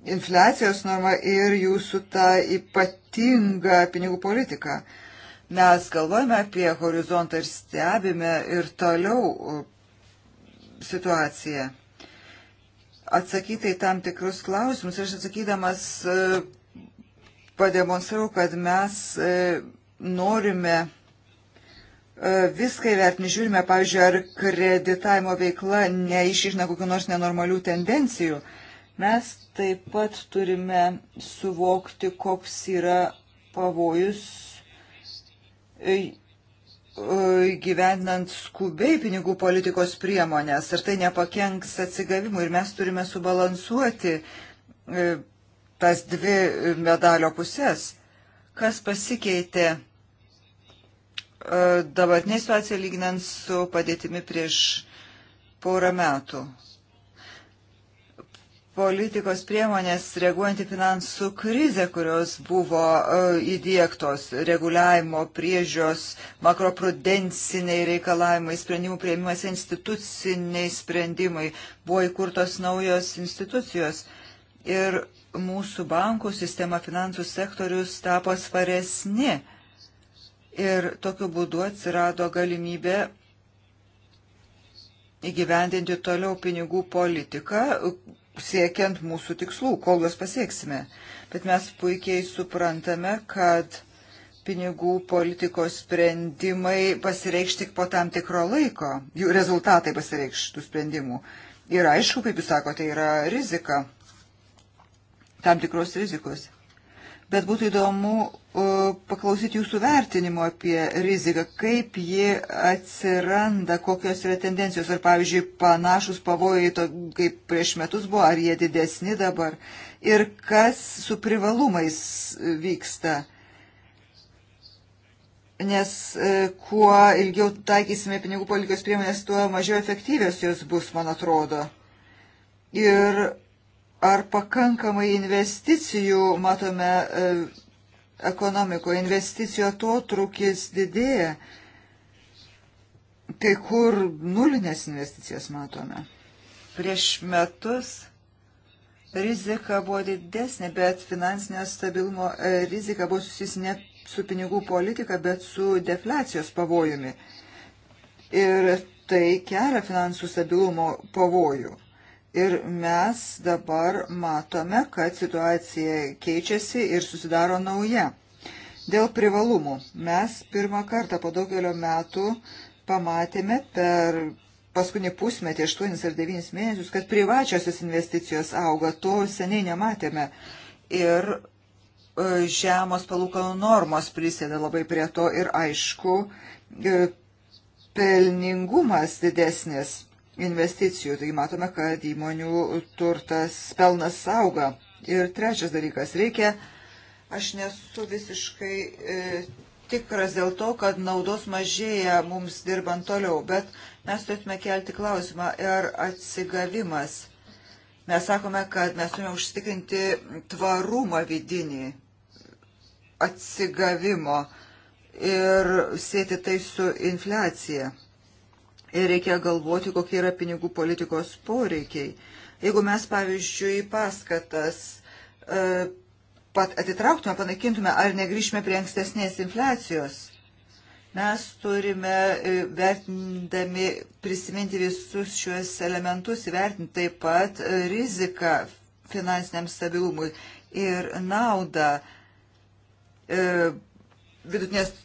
infliacijos norma ir jūsų tą ypatingą pinigų politiką. Mes galvojame apie horizontą ir stebime ir toliau uh, situaciją. Atsakyti į tam tikrus klausimus, aš atsakydamas uh, pademonstravau, kad mes uh, norime viską įvertinti, žiūrime, pavyzdžiui, ar kreditavimo veikla neišišna kokiu nors nenormalių tendencijų. Mes Taip pat turime suvokti, koks yra pavojus e, e, gyvenant skubiai pinigų politikos priemonės ir tai nepakenks atsigavimui ir mes turime subalansuoti e, tas dvi medalio pusės. Kas pasikeitė dabartinė situacija lyginant su padėtimi prieš porą metų? politikos priemonės reaguojant į finansų krizę, kurios buvo e, įdėktos reguliavimo priežios, makroprudenciniai reikalavimai, sprendimų prieimimas, instituciniai sprendimai, buvo įkurtos naujos institucijos. Ir mūsų bankų sistema finansų sektorius tapo svaresni. Ir tokiu būdu atsirado galimybė įgyvendinti toliau pinigų politiką, siekiant mūsų tikslų, kol juos pasieksime. Bet mes puikiai suprantame, kad pinigų politikos sprendimai pasireikš tik po tam tikro laiko, jų rezultatai pasireikš tų sprendimų. Ir aišku, kaip jūs sakote, tai yra rizika, tam tikros rizikos bet būtų įdomu e, paklausyti jūsų vertinimo apie riziką, kaip ji atsiranda, kokios yra tendencijos, ar pavyzdžiui panašus pavojai, to, kaip prieš metus buvo, ar jie didesni dabar, ir kas su privalumais vyksta. Nes e, kuo ilgiau taikysime pinigų politikos priemonės, tuo mažiau efektyvios jos bus, man atrodo. Ir ar pakankamai investicijų matome e, ekonomikoje, investicijų atotrukis didėja, kai kur nulinės investicijas matome. Prieš metus rizika buvo didesnė, bet finansinio stabilumo e, rizika buvo susijusi ne su pinigų politika, bet su defliacijos pavojumi. Ir tai kelia finansų stabilumo pavojų. Ir mes dabar matome, kad situacija keičiasi ir susidaro nauja. Dėl privalumų. Mes pirmą kartą po daugelio metų pamatėme per paskutinį pusmetį, 8 ar 9 mėnesius, kad privačiosios investicijos auga. To seniai nematėme. Ir e, žemos palūkanų normos prisėda labai prie to ir aišku, e, pelningumas didesnis investicijų. Taigi matome, kad įmonių turtas pelnas auga. Ir trečias dalykas, reikia, aš nesu visiškai e, tikras dėl to, kad naudos mažėja mums dirbant toliau, bet mes turėtume kelti klausimą, ar atsigavimas. Mes sakome, kad mes turime užtikrinti tvarumą vidinį atsigavimo ir sėti tai su infliacija ir reikia galvoti, kokie yra pinigų politikos poreikiai. Jeigu mes, pavyzdžiui, paskatas e, pat atitrauktume, panaikintume ar negrįžtume prie ankstesnės infliacijos, mes turime e, vertindami prisiminti visus šiuos elementus, įvertinti taip pat e, riziką finansiniam stabilumui ir naudą e, vidutinės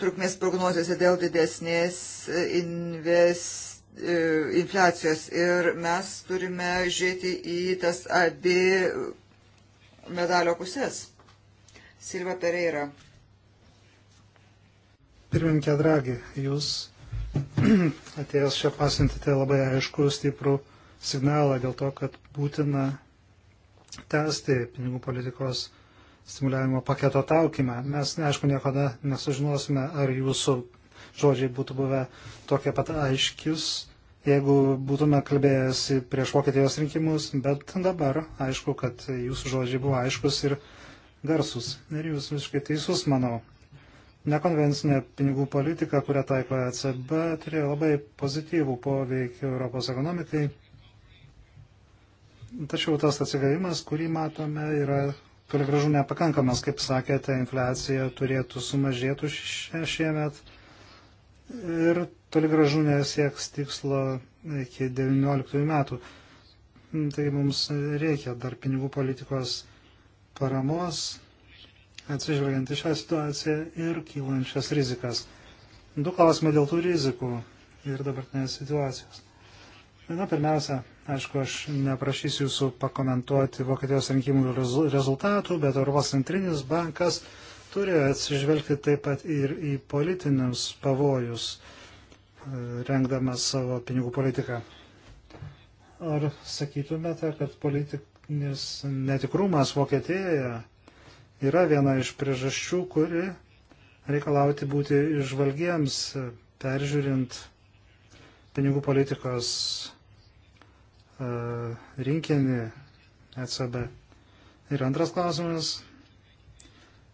trukmės prognozijose dėl didesnės e, investicijos e, infliacijos ir mes turime žiūrėti į tas abi medalio pusės. Silva Pereira. Pirmininkė Dragi, jūs atėjęs čia pasintite labai aišku stiprų signalą dėl to, kad būtina tęsti pinigų politikos stimuliavimo paketo taukymą. Mes, neaišku, niekada nesužinosime, ar jūsų žodžiai būtų buvę tokie pat aiškius, jeigu būtume kalbėjęs prieš Vokietijos rinkimus, bet dabar aišku, kad jūsų žodžiai buvo aiškus ir garsus. Ir jūs visiškai teisus, manau. Nekonvencinė pinigų politika, kurią taiko ECB, turėjo labai pozityvų poveikį Europos ekonomikai. Tačiau tas atsigavimas, kurį matome, yra toli gražu nepakankamas, kaip sakėte, infliacija turėtų sumažėtų šiemet ir toli gražu nesieks tikslo iki 19 metų. Tai mums reikia dar pinigų politikos paramos, atsižvelgiant į šią situaciją ir kylančias rizikas. Du klausimai dėl tų rizikų ir dabartinės situacijos. Na, pirmiausia, Aišku, aš neprašysiu jūsų pakomentuoti Vokietijos rinkimų rezultatų, bet Europos centrinis bankas turi atsižvelgti taip pat ir į politinius pavojus, e, rengdamas savo pinigų politiką. Ar sakytumėte, kad politinis netikrumas Vokietijoje yra viena iš priežasčių, kuri reikalauti būti išvalgiems, peržiūrint pinigų politikos E, rinkinį ECB. Ir antras klausimas.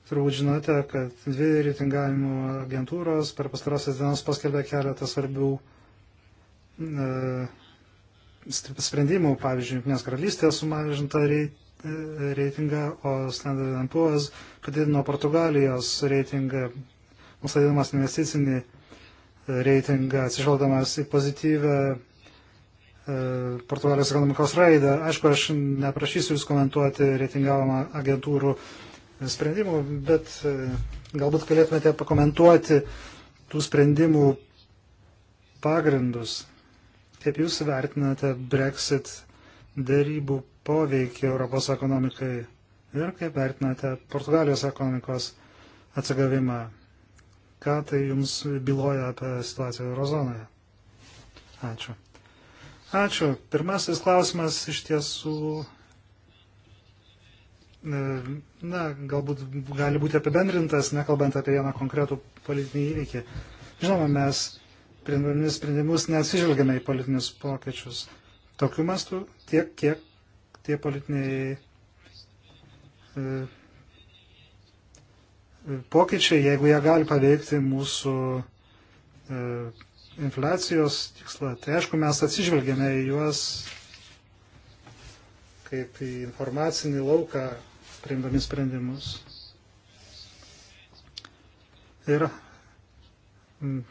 Turbūt žinote, kad dvi reitingavimo agentūros per pastarosias dienas paskelbė keletą svarbių e, sprendimų. Pavyzdžiui, Junktinės karalystės sumažinta e, reitingą, o Standard Poor's padidino Portugalijos reitingą, nustatydamas investicinį reitingą, atsižvelgdamas į pozityvę E, Portugalijos ekonomikos raidą. Aišku, aš neprašysiu Jūs komentuoti reitingavimą agentūrų sprendimų, bet e, galbūt galėtumėte pakomentuoti tų sprendimų pagrindus. Kaip Jūs vertinate Brexit dėrybų poveikį Europos ekonomikai ir kaip vertinate Portugalijos ekonomikos atsigavimą? Ką tai Jums byloja apie situaciją Eurozonoje? Ačiū. Ačiū. Pirmasis klausimas iš tiesų, e, na, galbūt gali būti apibendrintas, nekalbant apie vieną konkretų politinį įvykį. Žinoma, mes priimdami sprendimus nesižvelgiame į politinius pokyčius. Tokiu mastu tiek, kiek tie politiniai e, pokyčiai, jeigu jie gali paveikti mūsų e, infliacijos tikslą, tai aišku, mes atsižvelgėme į juos kaip į informacinį lauką, priimdami sprendimus. Ir mm,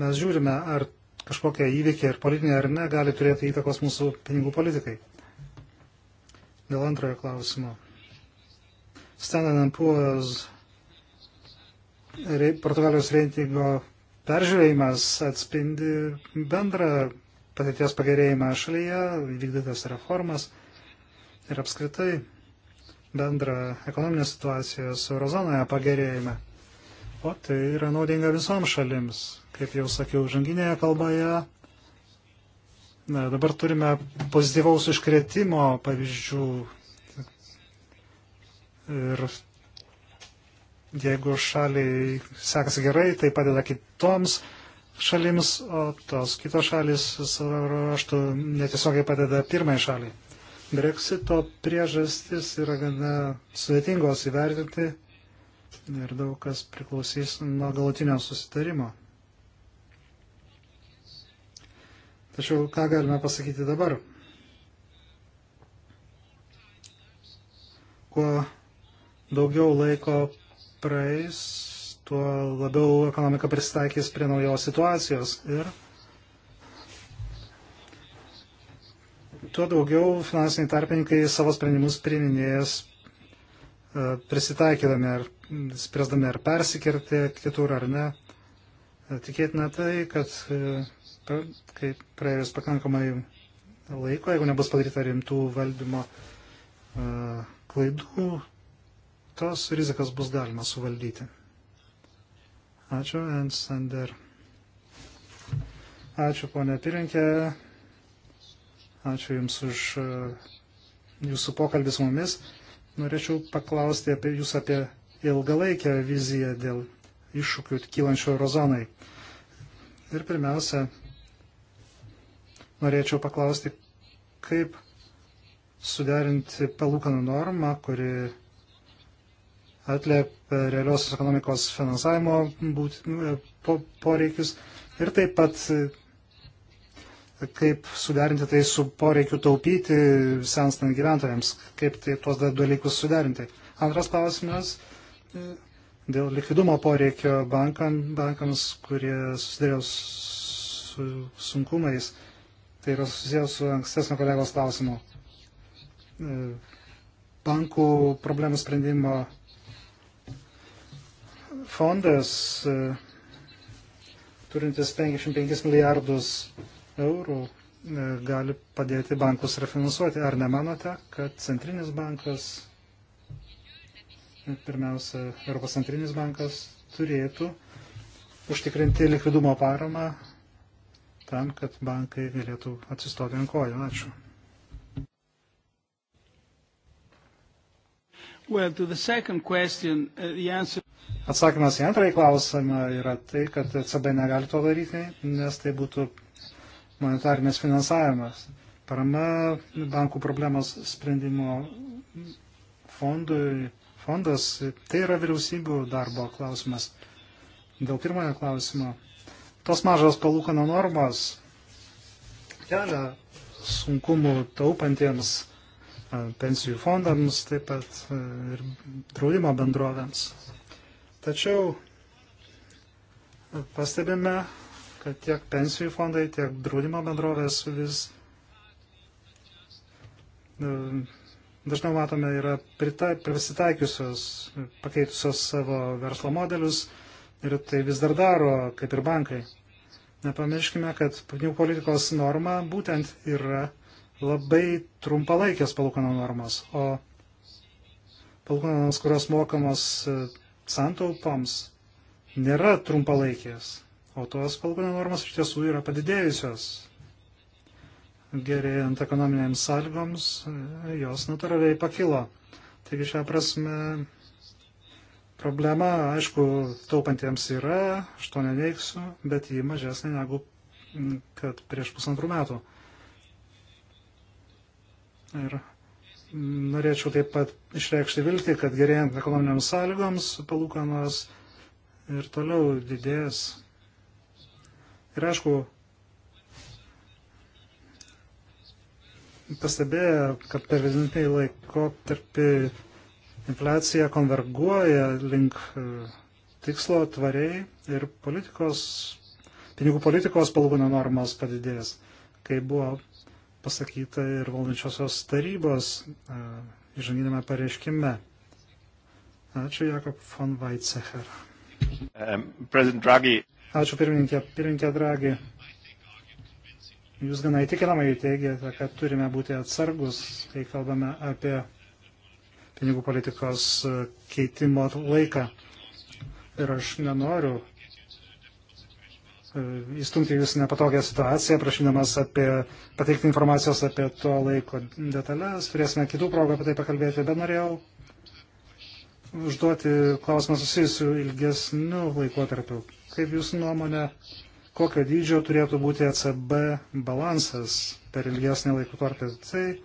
mes žiūrime, ar kažkokie įvykiai, ar politiniai ar ne, gali turėti įtakos mūsų pinigų politikai. Dėl antrojo klausimo. Standard Poor's Portugalijos reitingo peržiūrėjimas atspindi bendrą patirties pagerėjimą šalyje, vykdytas reformas ir apskritai bendrą ekonominės situacijos eurozonoje pagerėjimą. O tai yra naudinga visoms šalims, kaip jau sakiau, žanginėje kalboje. Na, dabar turime pozityvaus iškretimo pavyzdžių ir Jeigu šaliai sekasi gerai, tai padeda kitoms šalims, o tos kitos šalis savo ruoštų netiesiogiai padeda pirmai šaliai. Brexito priežastis yra gana sudėtingos įvertinti ir daug kas priklausys nuo galutinio susitarimo. Tačiau ką galime pasakyti dabar? Kuo daugiau laiko praeis, tuo labiau ekonomika pristaikys prie naujos situacijos ir tuo daugiau finansiniai tarpininkai savo sprendimus priminėjęs e, prisitaikydami ar spręsdami ar persikirti kitur ar ne. E, tikėtina tai, kad e, kai praėjus pakankamai laiko, jeigu nebus padaryta rimtų valdymo klaidų, tos rizikas bus galima suvaldyti. Ačiū, Ensander. Ačiū, ponė Pirinkė. Ačiū Jums už uh, Jūsų pokalbį su mumis. Norėčiau paklausti apie Jūs apie ilgalaikę viziją dėl iššūkių kylančių eurozonai. Ir pirmiausia, norėčiau paklausti, kaip suderinti palūkanų normą, kuri atliepia realiosios ekonomikos finansavimo būt, e, po, poreikius ir taip pat e, kaip suderinti tai su poreikiu taupyti senstant gyventojams, kaip tai tuos dalykus suderinti. Antras klausimas e, dėl likvidumo poreikio bankam, bankams, kurie susidėjo su sunkumais. Tai yra susijęs su ankstesnio kolegos klausimu. Bankų problemų sprendimo fondas, e, turintis 55 milijardus eurų, e, gali padėti bankus refinansuoti. Ar nemanote, kad centrinis bankas, e, pirmiausia, Europos centrinis bankas turėtų užtikrinti likvidumo paramą tam, kad bankai galėtų atsistoti ant kojų. Ačiū. Well, to the second question, uh, the answer... Atsakymas į antrąjį klausimą yra tai, kad ECB negali to daryti, nes tai būtų monetarinis finansavimas. Parama bankų problemos sprendimo fondui, fondas, tai yra vyriausybių darbo klausimas. Dėl pirmojo klausimo. Tos mažos palūkanų normos kelia sunkumų taupantiems e, pensijų fondams, taip pat e, ir draudimo bendrovėms. Tačiau pastebime, kad tiek pensijų fondai, tiek draudimo bendrovės vis e, dažniau matome yra prisitaikiusios, pakeitusios savo verslo modelius ir tai vis dar daro, kaip ir bankai. Nepamirškime, kad pinigų politikos norma būtent yra labai trumpalaikės palūkanų normos, o palūkanos, kurios mokamos e, santaupoms nėra trumpalaikės, o tos palūkanų normos iš tiesų yra padidėjusios. Gerėjant ekonominėms sąlygoms, jos natūraliai pakilo. Taigi šią prasme problema, aišku, taupantiems yra, aš to neneiksiu, bet ji mažesnė negu kad prieš pusantrų metų. Ir norėčiau taip pat išreikšti viltį, kad gerėjant ekonominiams sąlygoms palūkanos ir toliau didės. Ir aišku, pastebėjo, kad per vidutinį laikotarpį infliacija konverguoja link e, tikslo tvariai ir politikos, pinigų politikos palūkanų normos padidės, kai buvo pasakyta ir valdančiosios tarybos e, įžanginėme pareiškime. Ačiū, Jakob von Weizsäcker. Um, Ačiū pirmininkė, pirmininkė Dragi. Jūs gana įtikinamai teigiate, kad turime būti atsargus, kai kalbame apie pinigų politikos e, keitimo laiką. Ir aš nenoriu E, įstumti jūs nepatogią situaciją, prašydamas apie, pateikti informacijos apie to laiko detalės. Turėsime kitų progų apie tai pakalbėti, bet norėjau užduoti klausimą susijusiu ilgesniu laikotarpiu. Kaip jūs nuomonė, kokio dydžio turėtų būti ECB balansas per ilgesnį laikotarpį? Tai e,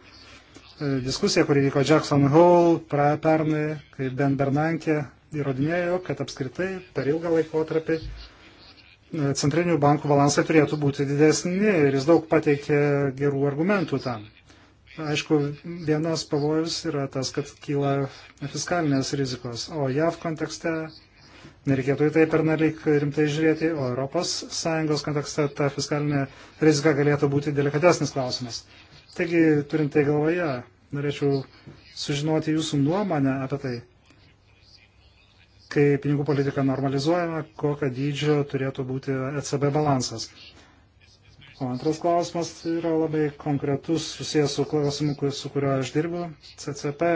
diskusija, kuri vyko Jackson Hole pernai, kai Ben Bernankė įrodinėjo, kad apskritai per ilgą laikotarpį centrinių bankų balansai turėtų būti didesni ir jis daug pateikė gerų argumentų tam. Aišku, vienas pavojus yra tas, kad kyla fiskalinės rizikos, o JAV kontekste nereikėtų į tai pernelyg rimtai žiūrėti, o ES kontekste ta fiskalinė rizika galėtų būti delikatesnis klausimas. Taigi, turint tai galvoje, norėčiau sužinoti jūsų nuomonę apie tai kai pinigų politika normalizuojama, kokio dydžio turėtų būti ECB balansas. O antras klausimas yra labai konkretus, susijęs su klausimu, su kuriuo aš dirbu. CCP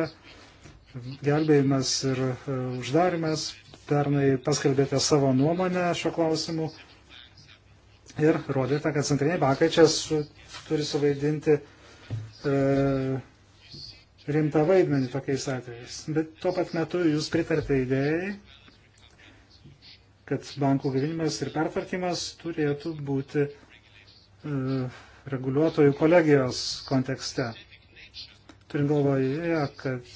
gelbėjimas ir e, uždarimas. Pernai paskelbėte savo nuomonę šio klausimu ir rodėte, kad centriniai bankai čia su, turi suvaidinti e, rimtą vaidmenį tokiais atvejais. Bet tuo pat metu jūs pritartė idėjai, kad bankų gyvenimas ir pertvarkymas turėtų būti uh, reguliuotojų kolegijos kontekste. Turim galvoje, kad,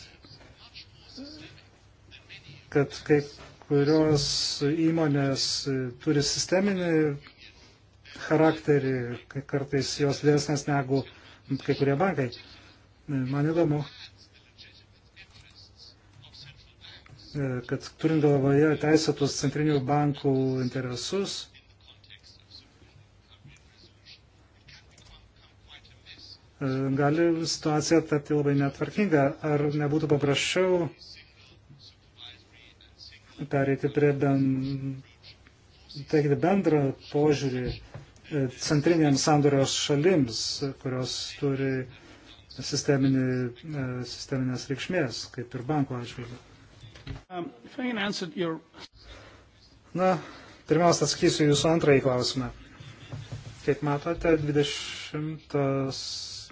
kad kai kurios įmonės turi sisteminį charakterį, kartais jos dėsnės negu kai kurie bankai. Man įdomu, E, kad turint galvoje teisėtus centrinių bankų interesus, e, gali situacija tapti labai netvarkinga. Ar nebūtų paprasčiau pereiti prie ben, teikti bendrą požiūrį e, centrinėms sandorios šalims, kurios turi sisteminės reikšmės, kaip ir banko atžvilgiu. Um, Na, pirmiausia, atsakysiu jūsų antrąjį klausimą. Kaip matote, 20,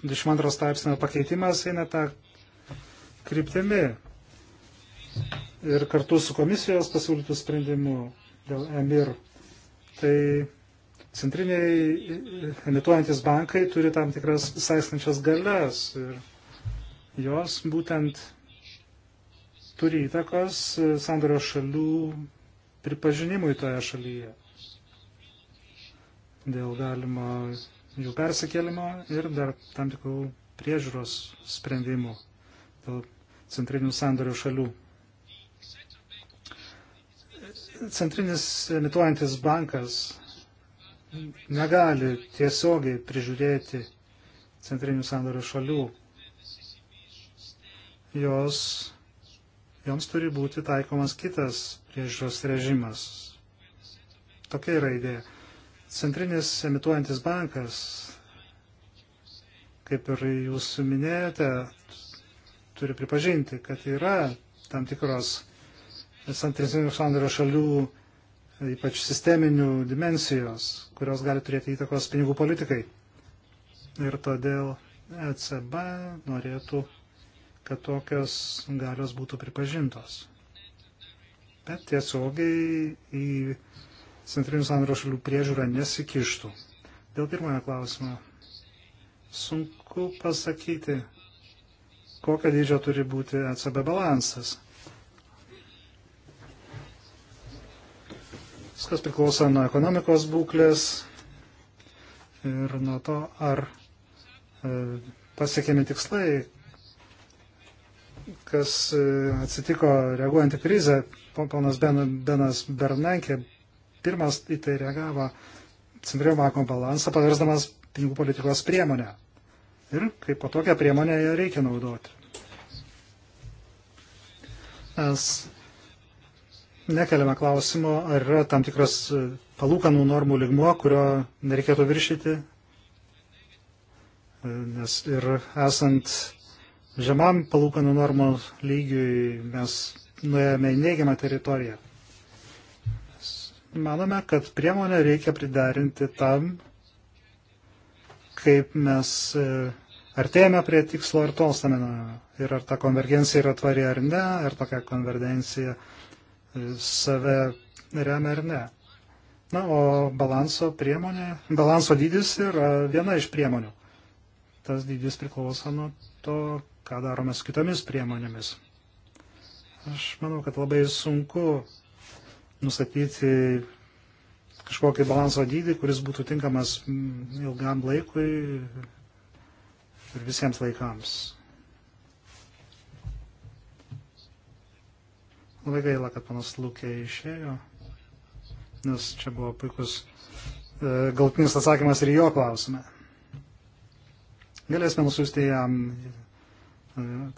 22 straipsnio pakeitimas eina tą kryptimi. Ir kartu su komisijos pasiūlytų sprendimų dėl EMIR. Tai centriniai emituojantis bankai turi tam tikras saistančias galias. Ir jos būtent turi įtakos e, sandorio šalių pripažinimui toje šalyje dėl galimo jų persikėlimo ir dar tam tikrų priežiūros sprendimų dėl centrinių sandorių šalių. Centrinis emituojantis bankas negali tiesiogiai prižiūrėti centrinių sandorių šalių. Jos joms turi būti taikomas kitas priežiūros režimas. Tokia yra idėja. Centrinis emituojantis bankas, kaip ir jūs minėjote, turi pripažinti, kad yra tam tikros centrinių sandario šalių, ypač sisteminių dimensijos, kurios gali turėti įtakos pinigų politikai. Ir todėl ECB norėtų kad tokios galios būtų pripažintos. Bet tiesiogiai į centrinių sandro šalių priežiūrą nesikištų. Dėl pirmojo klausimo. Sunku pasakyti, kokio dydžio turi būti ECB balansas. Viskas priklauso nuo ekonomikos būklės ir nuo to, ar e, pasiekėme tikslai, kas e, atsitiko reaguojant į krizę, ponas Benas Bernankė pirmas į tai reagavo centrinio banko balansą, paversdamas pinigų politikos priemonę. Ir kaip po tokią priemonę ją reikia naudoti. Mes nekeliame klausimo, ar yra tam tikras e, palūkanų normų ligmuo, kurio nereikėtų viršyti, e, nes ir esant žemam palūkanų normų lygiui mes nuėjome į neigiamą teritoriją. Mes manome, kad priemonę reikia pridarinti tam, kaip mes e, artėjame prie tikslo ir tolstame. Ir ar ta konvergencija yra tvari ar ne, ar tokia konvergencija e, save remia ar ne. Na, o balanso priemonė, balanso dydis yra viena iš priemonių. Tas dydis priklauso nuo to, ką darome su kitomis priemonėmis. Aš manau, kad labai sunku nustatyti kažkokį balanso dydį, kuris būtų tinkamas ilgam laikui ir visiems laikams. Labai gaila, kad panas Lūkė išėjo, nes čia buvo puikus e, galtinis atsakymas ir jo klausime. Galėsime nusiųsti jam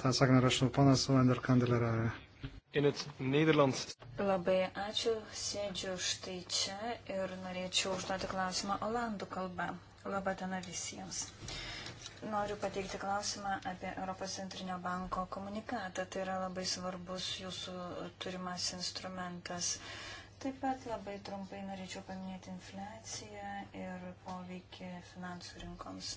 tą sakant rašau ponas Vanderkandelerą. In its Netherlands. Labai ačiū, sėdžiu štai čia ir norėčiau užduoti klausimą olandų kalba. Labą dieną visiems. Noriu pateikti klausimą apie Europos centrinio banko komunikatą. Tai yra labai svarbus jūsų turimas instrumentas. Taip pat labai trumpai norėčiau paminėti infliaciją ir poveikį finansų rinkoms.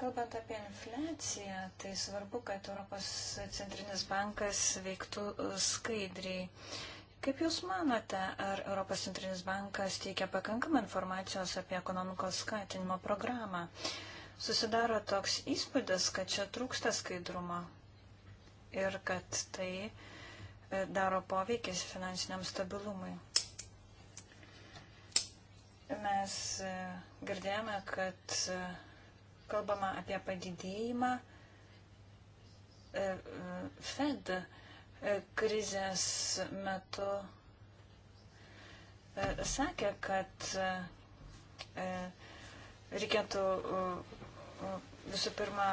Kalbant apie infliaciją, tai svarbu, kad Europos centrinis bankas veiktų e, skaidriai. Kaip Jūs manote, ar Europos centrinis bankas teikia pakankamą informacijos apie ekonomikos skatinimo programą? Susidaro toks įspūdis, kad čia trūksta skaidrumo ir kad tai e, daro poveikis finansiniam stabilumui. Mes e, girdėjome, kad kalbama apie padidėjimą e, e, Fed e, krizės metu sakė, kad reikėtų visų pirma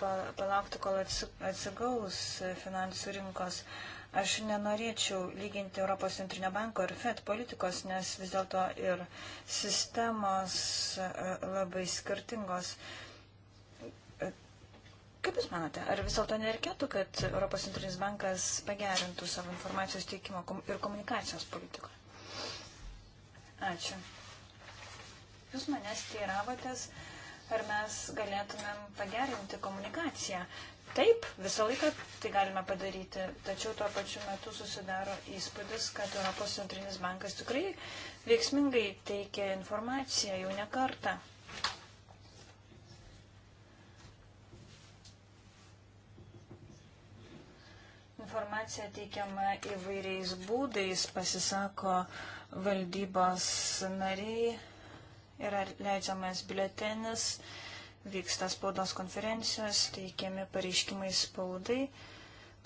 palaukti, kol atsigaus finansų rinkos. Aš nenorėčiau lyginti Europos centrinio banko ir FED politikos, nes vis dėlto ir sistemos labai skirtingos. Uh, Kaip Jūs manote, ar vis dėlto nereikėtų, kad Europos centrinis bankas pagerintų savo informacijos teikimo ir komunikacijos politiką? Ačiū. Jūs manęs teiravotės, ar mes galėtumėm pagerinti komunikaciją. Taip, visą laiką tai galime padaryti, tačiau tuo pačiu metu susidaro įspūdis, kad Europos centrinis bankas tikrai veiksmingai teikia informaciją jau ne kartą. Informacija teikiama įvairiais būdais, pasisako valdybos nariai, yra leidžiamas biuletenis, vyksta spaudos konferencijos, teikiami pareiškimai spaudai.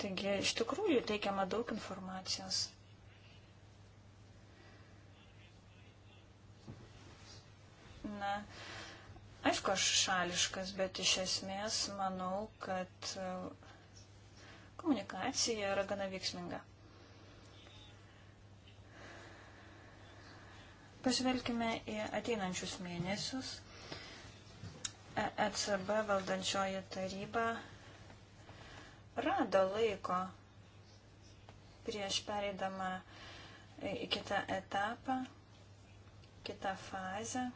Taigi iš tikrųjų teikiama daug informacijos. Na, aišku, aš šališkas, bet iš esmės manau, kad komunikacija yra gana veiksminga. Pažvelkime į ateinančius mėnesius. ECB e valdančioji taryba rado laiko prieš pereidama į kitą etapą, kitą fazę.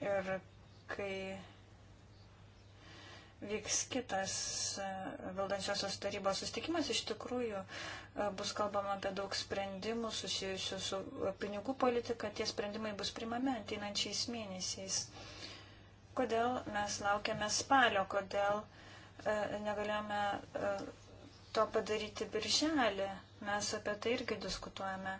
Ir kai vyks kitas e, valdančiosios tarybos sustikimas, iš tikrųjų e, bus kalbama apie daug sprendimų susijusių su e, pinigų politika, tie sprendimai bus primami ateinančiais mėnesiais. Kodėl mes laukiame spalio, kodėl negalėjome to padaryti birželį, mes apie tai irgi diskutuojame.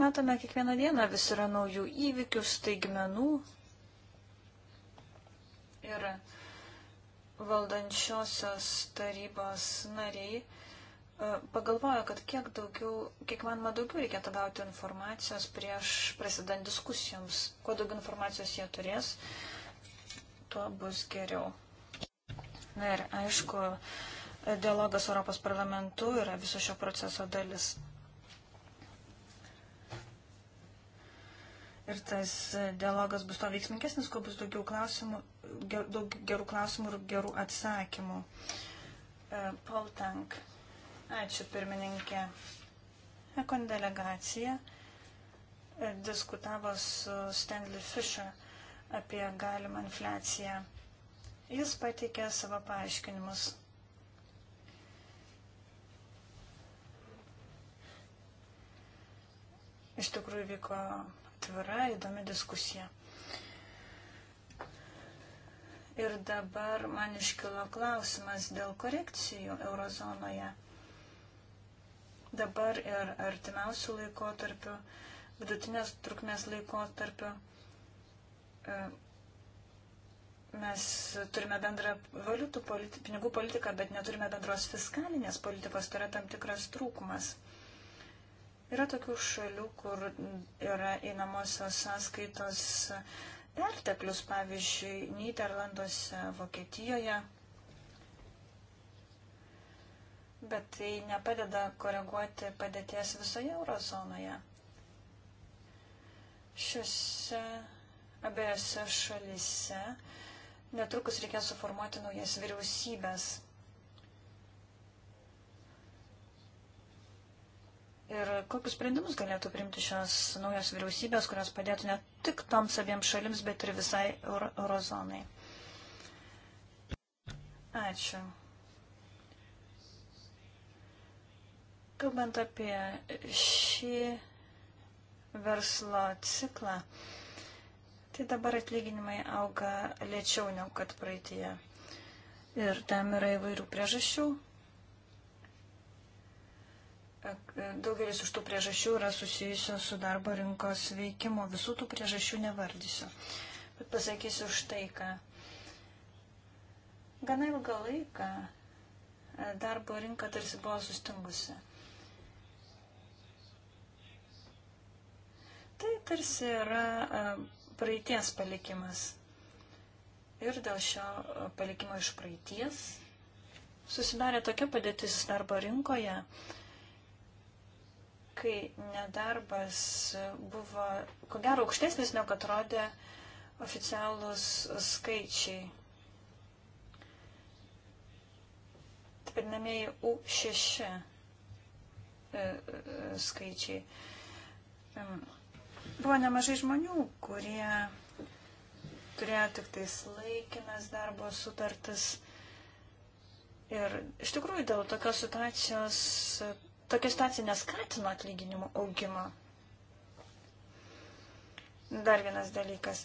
Matome kiekvieną dieną vis yra naujų įvykių, staigmenų, ir valdančiosios tarybos nariai e, pagalvojo, kad kiek daugiau, kiek manoma daugiau reikėtų gauti informacijos prieš prasidant diskusijoms. Kuo daugiau informacijos jie turės, tuo bus geriau. Na ir aišku, dialogas Europos parlamentu yra viso šio proceso dalis. Ir tas dialogas bus to veiksmingesnis, kuo bus daugiau klausimų, ger, daug gerų klausimų ir gerų atsakymų. E, Paul Tank. Ačiū pirmininkė. Ekon delegacija e, diskutavo su Stanley Fisher apie galimą infliaciją. Jis pateikė savo paaiškinimus. Iš tikrųjų vyko atvira, įdomi diskusija. Ir dabar man iškilo klausimas dėl korekcijų eurozonoje. Dabar ir artimiausių laikotarpių, vidutinės trukmės laikotarpių e, mes turime bendrą valiutų politi pinigų politiką, bet neturime bendros fiskalinės politikos, tai yra tam tikras trūkumas. Yra tokių šalių, kur yra įnamosios sąskaitos perteklius, pavyzdžiui, Niderlanduose, Vokietijoje. Bet tai nepadeda koreguoti padėties visoje eurozonoje. Šiuose abiejose šalise netrukus reikės suformuoti naujas vyriausybės. Ir kokius sprendimus galėtų priimti šios naujos vyriausybės, kurios padėtų ne tik toms abiems šalims, bet ir visai eurozonai. Ačiū. Kalbant apie šį verslo ciklą, tai dabar atlyginimai auga lėčiau negu kad praeitie. Ir tam yra įvairių priežasčių. E, daugelis iš tų priežasčių yra susijusios su darbo rinkos veikimo. Visų tų priežasčių nevardysiu. Bet pasakysiu štai ką. Gana ilgą laiką e, darbo rinka tarsi buvo sustingusi. Tai tarsi yra e, praeities palikimas. Ir dėl šio palikimo iš praeities susidarė tokia padėtis darbo rinkoje, kai nedarbas buvo, ko gero, aukštesnis, negu atrodė oficialūs skaičiai. Taip vadinamieji U6 e, e, skaičiai. Buvo nemažai žmonių, kurie turėjo tik tais laikinas darbo sutartis. Ir iš tikrųjų dėl tokios situacijos tokia situacija neskatino atlyginimų augimo. Dar vienas dalykas.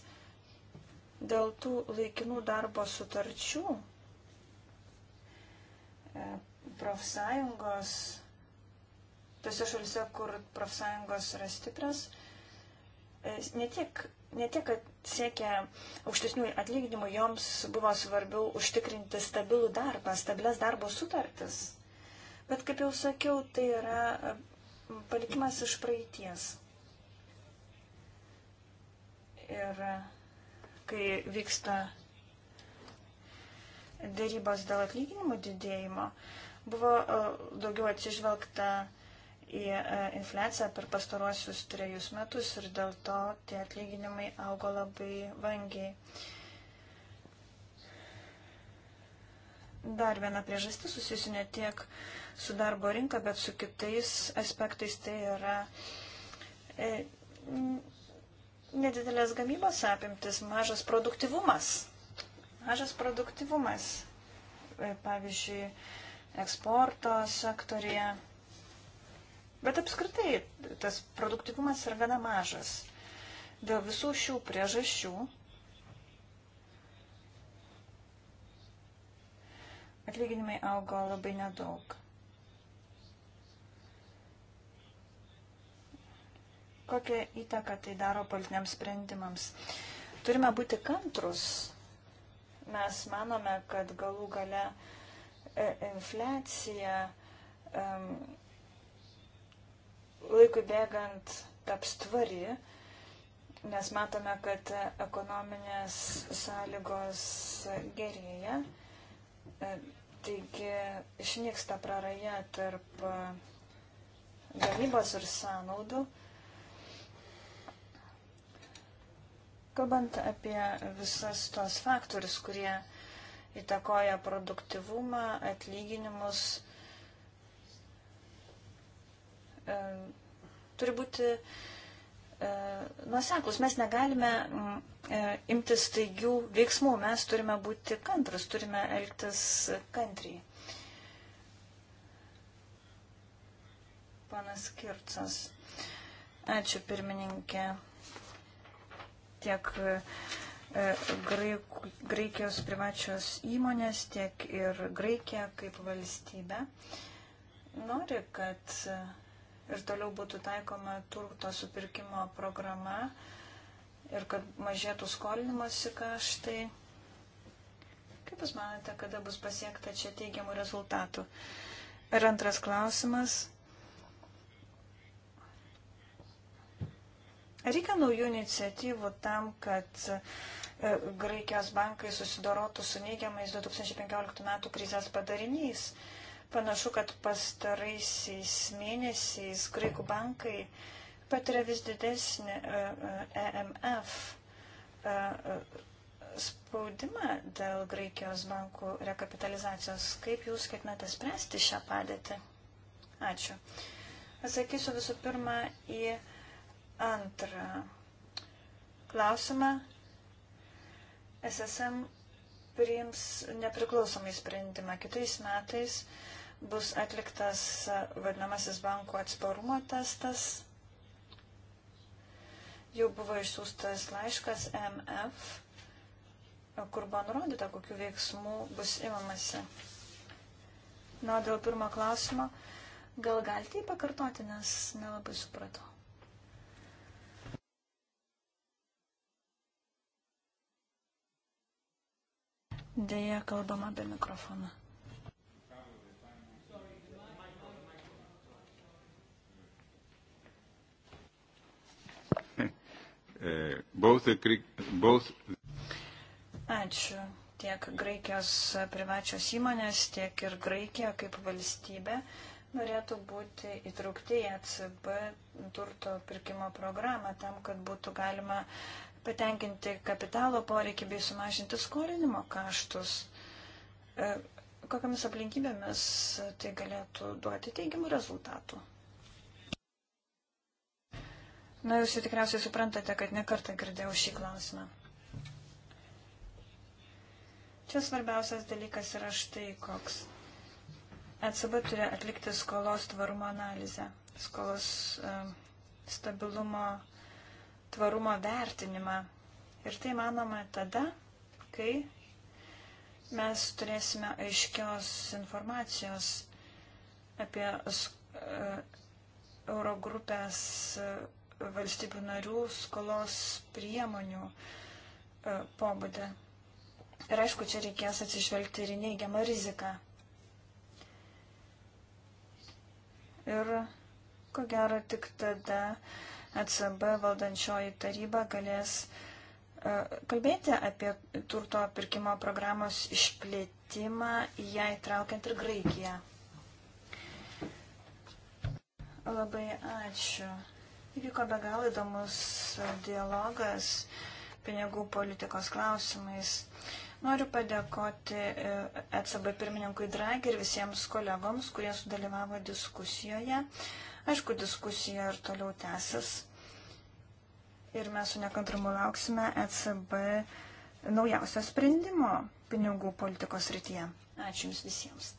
Dėl tų laikinų darbo sutarčių e, profsąjungos, tose šalise, kur profsąjungos yra stipras, e, ne tiek, ne tiek, kad siekia aukštesnių atlyginimų, joms buvo svarbiau užtikrinti stabilų darbą, stabilės darbo sutartis. Bet kaip jau sakiau, tai yra e, palikimas iš praeities. Ir e, kai vyksta dėrybos dėl atlyginimų didėjimo, buvo e, daugiau atsižvelgta į infliaciją per pastaruosius trejus metus ir dėl to tie atlyginimai augo labai vangiai. dar viena priežastis susijusi ne tiek su darbo rinka, bet su kitais aspektais. Tai yra e, nedidelės gamybos apimtis, mažas produktivumas. Mažas produktivumas, e, pavyzdžiui, eksporto sektorija. Bet apskritai tas produktivumas yra gana mažas. Dėl visų šių priežasčių atlyginimai augo labai nedaug. Kokią įtaką tai daro politiniams sprendimams? Turime būti kantrus. Mes manome, kad galų gale e, infliacija um, laikui bėgant taps tvari, nes matome, kad ekonominės sąlygos gerėja. Um, Taigi išnyksta praraja tarp e, gamybos ir sąnaudų. Kalbant apie visas tos faktorius, kurie įtakoja produktivumą, atlyginimus, e, turi būti E, nuoseklus. Mes negalime mm, e, imtis taigių veiksmų, mes turime būti kantrus, turime elgtis kantriai. Panas Kircas. Ačiū pirmininkė. Tiek e, graikų, Graikijos privačios įmonės, tiek ir Graikija kaip valstybė nori, kad ir toliau būtų taikoma turto supirkimo programa ir kad mažėtų skolinimuose kaštai. Kaip Jūs manate, kada bus pasiekta čia teigiamų rezultatų? Ir antras klausimas. Reikia naujų iniciatyvų tam, kad e, Graikijos bankai susidorotų su neigiamais 2015 metų krizės padariniais. Panašu, kad pastaraisiais mėnesiais graikų bankai patiria vis didesnį EMF e, e e, spaudimą dėl Graikijos bankų rekapitalizacijos. Kaip jūs ketinate spręsti šią padėtį? Ačiū. Atsakysiu visų pirma į antrą klausimą. SSM priims nepriklausomai sprendimą. Kitais metais bus atliktas vadinamasis banko atsparumo testas. Jau buvo išsiųstas laiškas MF, kur buvo nurodyta, kokiu veiksmu bus imamasi. Na, dėl pirmo klausimo, gal galite jį pakartoti, nes nelabai supratau. Deja, kalbama be mikrofoną. Ačiū. Tiek Graikijos privačios įmonės, tiek ir Graikija kaip valstybė norėtų būti įtraukti į ECB turto pirkimo programą tam, kad būtų galima uh, patenkinti kapitalo poreikį bei sumažinti skolinimo kaštus. E, kokiamis aplinkybėmis tai galėtų duoti teigiamų rezultatų? Na, jūs tikriausiai suprantate, kad nekartą girdėjau šį klausimą. Čia svarbiausias dalykas yra štai koks. ECB turi atlikti skolos tvarumo analizę, skolos uh, stabilumo uh, tvarumo vertinimą. Ir tai manoma tada, kai mes turėsime aiškios informacijos apie e, Eurogrupės e, valstybių narių skolos priemonių e, pobūdį. Ir aišku, čia reikės atsižvelgti ir neigiamą riziką. Ir ko gero tik tada ECB valdančioji taryba galės e, kalbėti apie turto pirkimo programos išplėtimą, ją įtraukiant ir Graikiją. Labai ačiū. Įvyko be galo įdomus dialogas pinigų politikos klausimais. Noriu padėkoti ECB pirmininkui Dragi ir visiems kolegoms, kurie sudalyvavo diskusijoje. Aišku, diskusija ir toliau tęsis. Ir mes su nekantrumu lauksime ECB naujausio sprendimo pinigų politikos rytyje. Ačiū Jums visiems.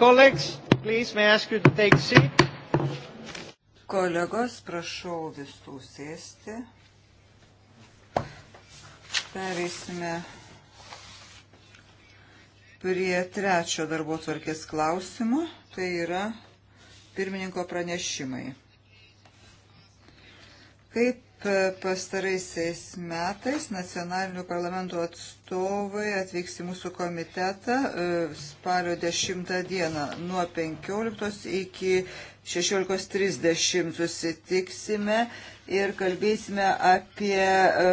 Colleagues, please may I ask you to take seat. Kolegos, prašau visų sėsti. Pereisime prie trečio darbo tvarkės klausimo. Tai yra pirmininko pranešimai. Kaip pastaraisiais metais nacionalinių parlamentų atstovai atvyks į mūsų komitetą e, spalio 10 dieną nuo 15 iki 16.30 susitiksime ir kalbėsime apie e,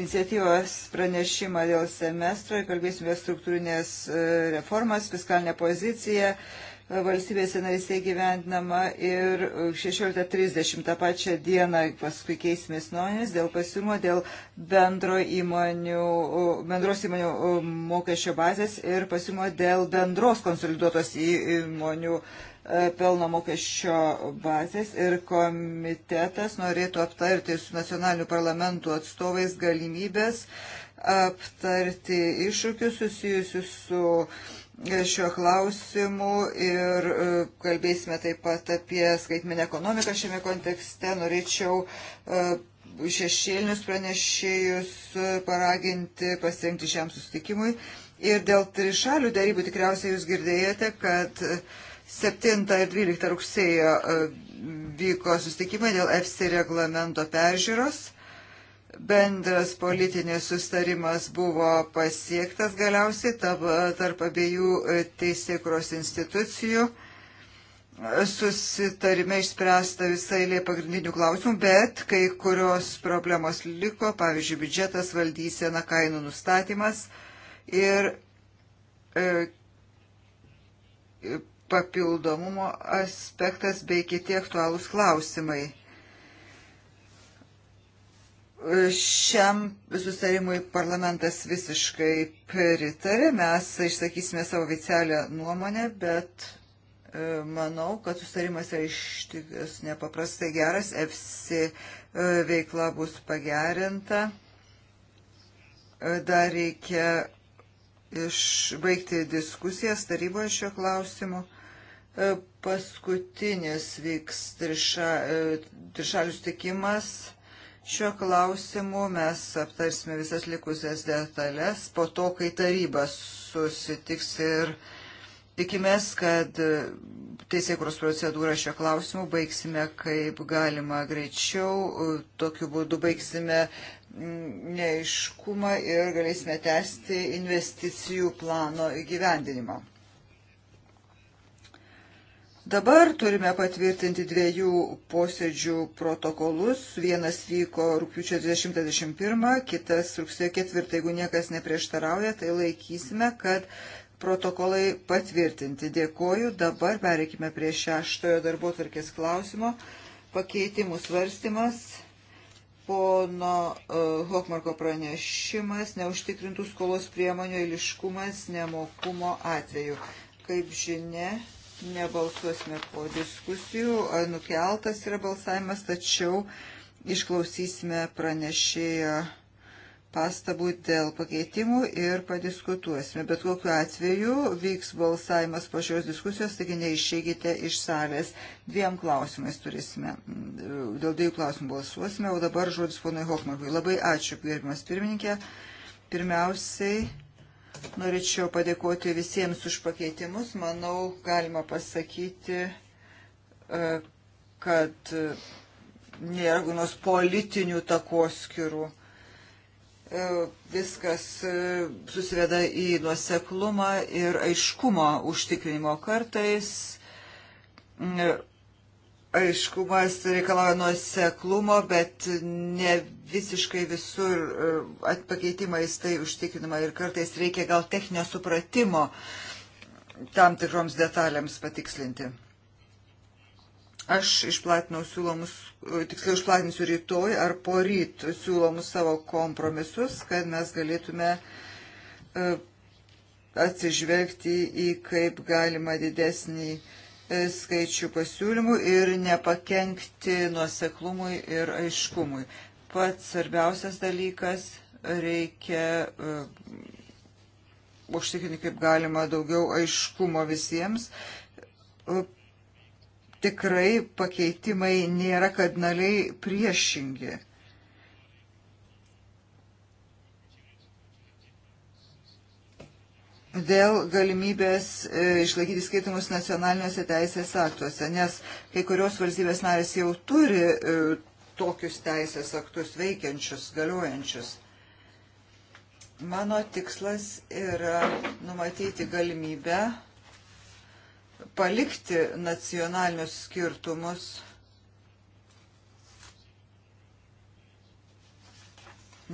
iniciatyvos pranešimą dėl semestro ir kalbėsime struktūrinės e, reformas, fiskalinę poziciją valstybėse narėse gyvendinama ir 16.30 tą pačią dieną paskui keismės nuomonės dėl pasiūlymo dėl bendro įmonių, bendros įmonių mokesčio bazės ir pasiūlymo dėl bendros konsoliduotos įmonių e, pelno mokesčio bazės ir komitetas norėtų aptarti su nacionaliniu parlamentu atstovais galimybės aptarti iššūkius susijusius su uh, šiuo klausimu ir e, kalbėsime taip pat apie skaitminę ekonomiką šiame kontekste. Norėčiau e, šešėlinius pranešėjus e, paraginti pasirinkti šiam susitikimui. Ir dėl trišalių darybų tikriausiai jūs girdėjote, kad 7 ir 12 rugsėjo vyko susitikimai dėl EFSI reglamento peržiūros Bendras politinis sustarimas buvo pasiektas galiausiai tarp abiejų e, teisėkros institucijų. Susitarime išspręsta visai lė pagrindinių klausimų, bet kai kurios problemos liko, pavyzdžiui, biudžetas, valdysena, kainų nustatymas ir e, papildomumo aspektas bei kiti aktualūs klausimai Šiam susitarimui parlamentas visiškai pritarė, mes išsakysime savo oficialią nuomonę, bet e, manau, kad susitarimas yra ištikęs nepaprastai geras, EFSI veikla bus pagerinta, e, dar reikia išbaigti diskusijas taryboje šio klausimu e, paskutinis vyks triša, trišalius tikimas Šiuo klausimu mes aptarsime visas likusias detalės po to, kai taryba susitiks ir tikimės, kad teisėkuros procedūrą šio klausimu baigsime kaip galima greičiau. Tokiu būdu baigsime neiškumą ir galėsime tęsti investicijų plano įgyvendinimą. Dabar turime patvirtinti dviejų posėdžių protokolus. Vienas vyko rūpiučio 2021, kitas rugsėjo 4. Jeigu niekas neprieštarauja, tai laikysime, kad protokolai patvirtinti. Dėkoju. Dabar pereikime prie šeštojo darbo tvarkės klausimo. Pakeitimų svarstymas pono uh, Hokmarko pranešimas, neužtikrintų skolos priemonių eiliškumas nemokumo atveju. Kaip žinia, nebalsuosime po diskusijų, nukeltas yra balsavimas, tačiau išklausysime pranešėjo pastabų dėl pakeitimų ir padiskutuosime. Bet kokiu atveju vyks balsavimas po šios diskusijos, taigi neišeikite iš salės. Dviem klausimais turėsime. Dėl dviejų klausimų balsuosime, o dabar žodis ponui Hochmarkui. Labai ačiū, gerbimas pirmininkė. Pirmiausiai Norėčiau padėkoti visiems už pakeitimus. Manau, galima pasakyti, e, kad e, nėra nors politinių takoskirų. E, viskas susiveda į nuoseklumą ir aiškumą užtikrinimo kartais. Aiškumas reikalauja nuoseklumo, bet ne visiškai visur e, pakeitimais tai užtikrinama ir kartais reikia gal techninio supratimo tam tikroms detalėms patikslinti. Aš išplatinau siūlomus, e, tiksliau išplatinsiu rytoj ar po ryt siūlomus savo kompromisus, kad mes galėtume e, atsižvelgti į kaip galima didesnį skaičių pasiūlymų ir nepakenkti nuoseklumui ir aiškumui pats svarbiausias dalykas reikia e, užtikrinti kaip galima daugiau aiškumo visiems. E, tikrai pakeitimai nėra kadnaliai priešingi. Dėl galimybės e, išlaikyti skirtumus nacionaliniuose teisės aktuose, nes kai kurios valstybės narės jau turi tokius teisės aktus veikiančius, galiojančius. Mano tikslas yra numatyti galimybę palikti nacionalinius skirtumus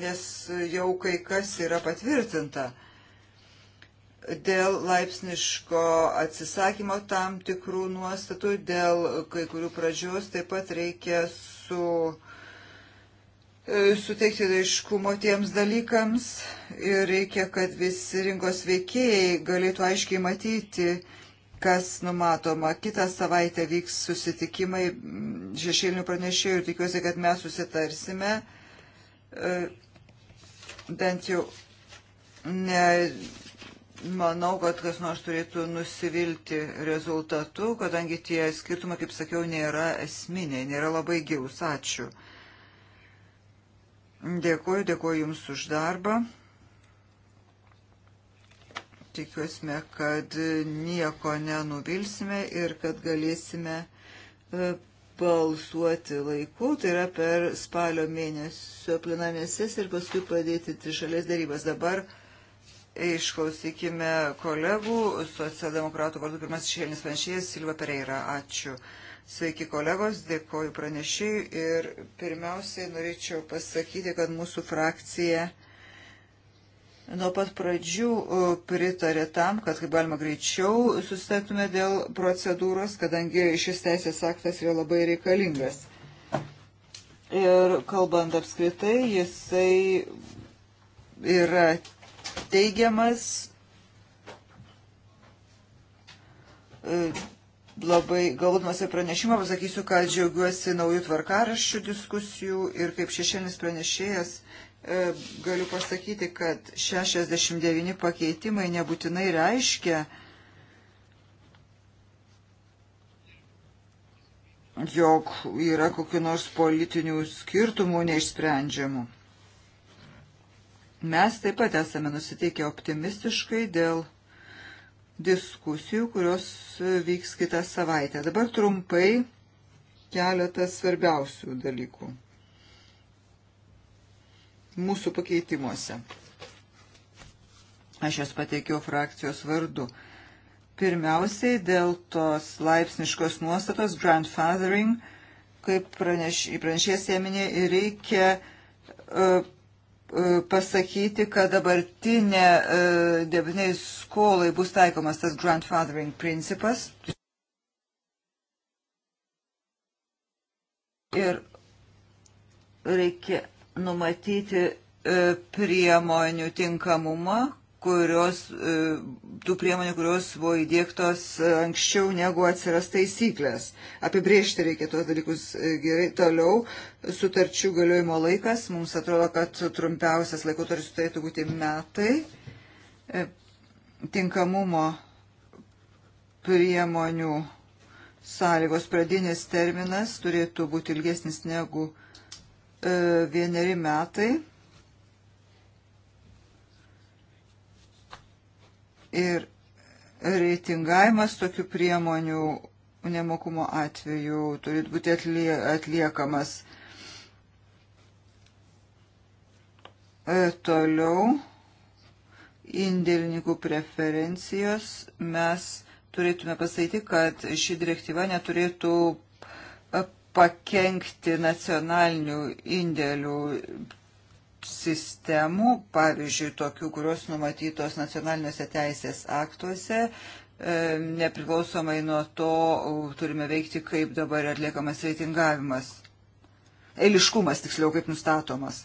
nes jau kai kas yra patvirtinta – dėl laipsniško atsisakymo tam tikrų nuostatų, dėl kai kurių pradžios taip pat reikia su, e, suteikti aiškumo tiems dalykams ir reikia, kad visi rinkos veikėjai galėtų aiškiai matyti, kas numatoma. Kitą savaitę vyks susitikimai mm, šešėlinių pranešėjų ir tikiuosi, kad mes susitarsime. E, bent jau ne manau, kad kas nors turėtų nusivilti rezultatu, kadangi tie skirtumai, kaip sakiau, nėra esminiai, nėra labai gilus. Ačiū. Dėkuoju, dėkuoju Jums už darbą. Tikiuosime, kad nieko nenuvilsime ir kad galėsime e, balsuoti laiku, tai yra per spalio mėnesio plenarės sesiją ir paskui padėti trišalės darybas. Dabar Išklausykime kolegų, socialdemokratų vardu pirmas šešėlinis panšėjas Silva Pereira. Ačiū. Sveiki kolegos, dėkoju pranešėjui ir pirmiausiai norėčiau pasakyti, kad mūsų frakcija nuo pat pradžių pritarė tam, kad kaip galima greičiau susitetume dėl procedūros, kadangi šis teisės aktas yra labai reikalingas. Ir kalbant apskritai, jisai yra teigiamas. E, labai galvodamasi pranešimą pasakysiu, kad džiaugiuosi naujų tvarkaraščių diskusijų ir kaip šešėlis pranešėjas e, galiu pasakyti, kad 69 pakeitimai nebūtinai reiškia, jog yra kokiu nors politinių skirtumų neišsprendžiamų. Mes taip pat esame nusiteikę optimistiškai dėl diskusijų, kurios vyks kitą savaitę. Dabar trumpai keletas svarbiausių dalykų mūsų pakeitimuose. Aš jas pateikiau frakcijos vardu. Pirmiausiai dėl tos laipsniškos nuostatos grandfathering, kaip praneš, pranešės ėminė, reikia uh, E, pasakyti, kad dabartinė e, debiniai skolai bus taikomas tas grandfathering principas. Ir reikia numatyti e, priemonių tinkamumą, kurios, e, tų priemonių, kurios buvo įdėktos e, anksčiau negu atsiras taisyklės. Apibriežti reikia tuos dalykus e, gerai toliau. Sutarčių galiojimo laikas, mums atrodo, kad trumpiausias laikotarpis turėtų būti metai. Tinkamumo priemonių sąlygos pradinis terminas turėtų būti ilgesnis negu vieneri metai Ir reitingavimas tokių priemonių nemokumo atveju turi būti atlie, atliekamas. E, toliau indėlininkų preferencijos mes turėtume pasakyti, kad ši direktyva neturėtų e, pakenkti nacionalinių indėlių sistemų, pavyzdžiui, tokių, kurios numatytos nacionaliniuose teisės aktuose, e, nepriklausomai nuo to turime veikti, kaip dabar atliekamas reitingavimas. Eiliškumas, tiksliau, kaip nustatomas.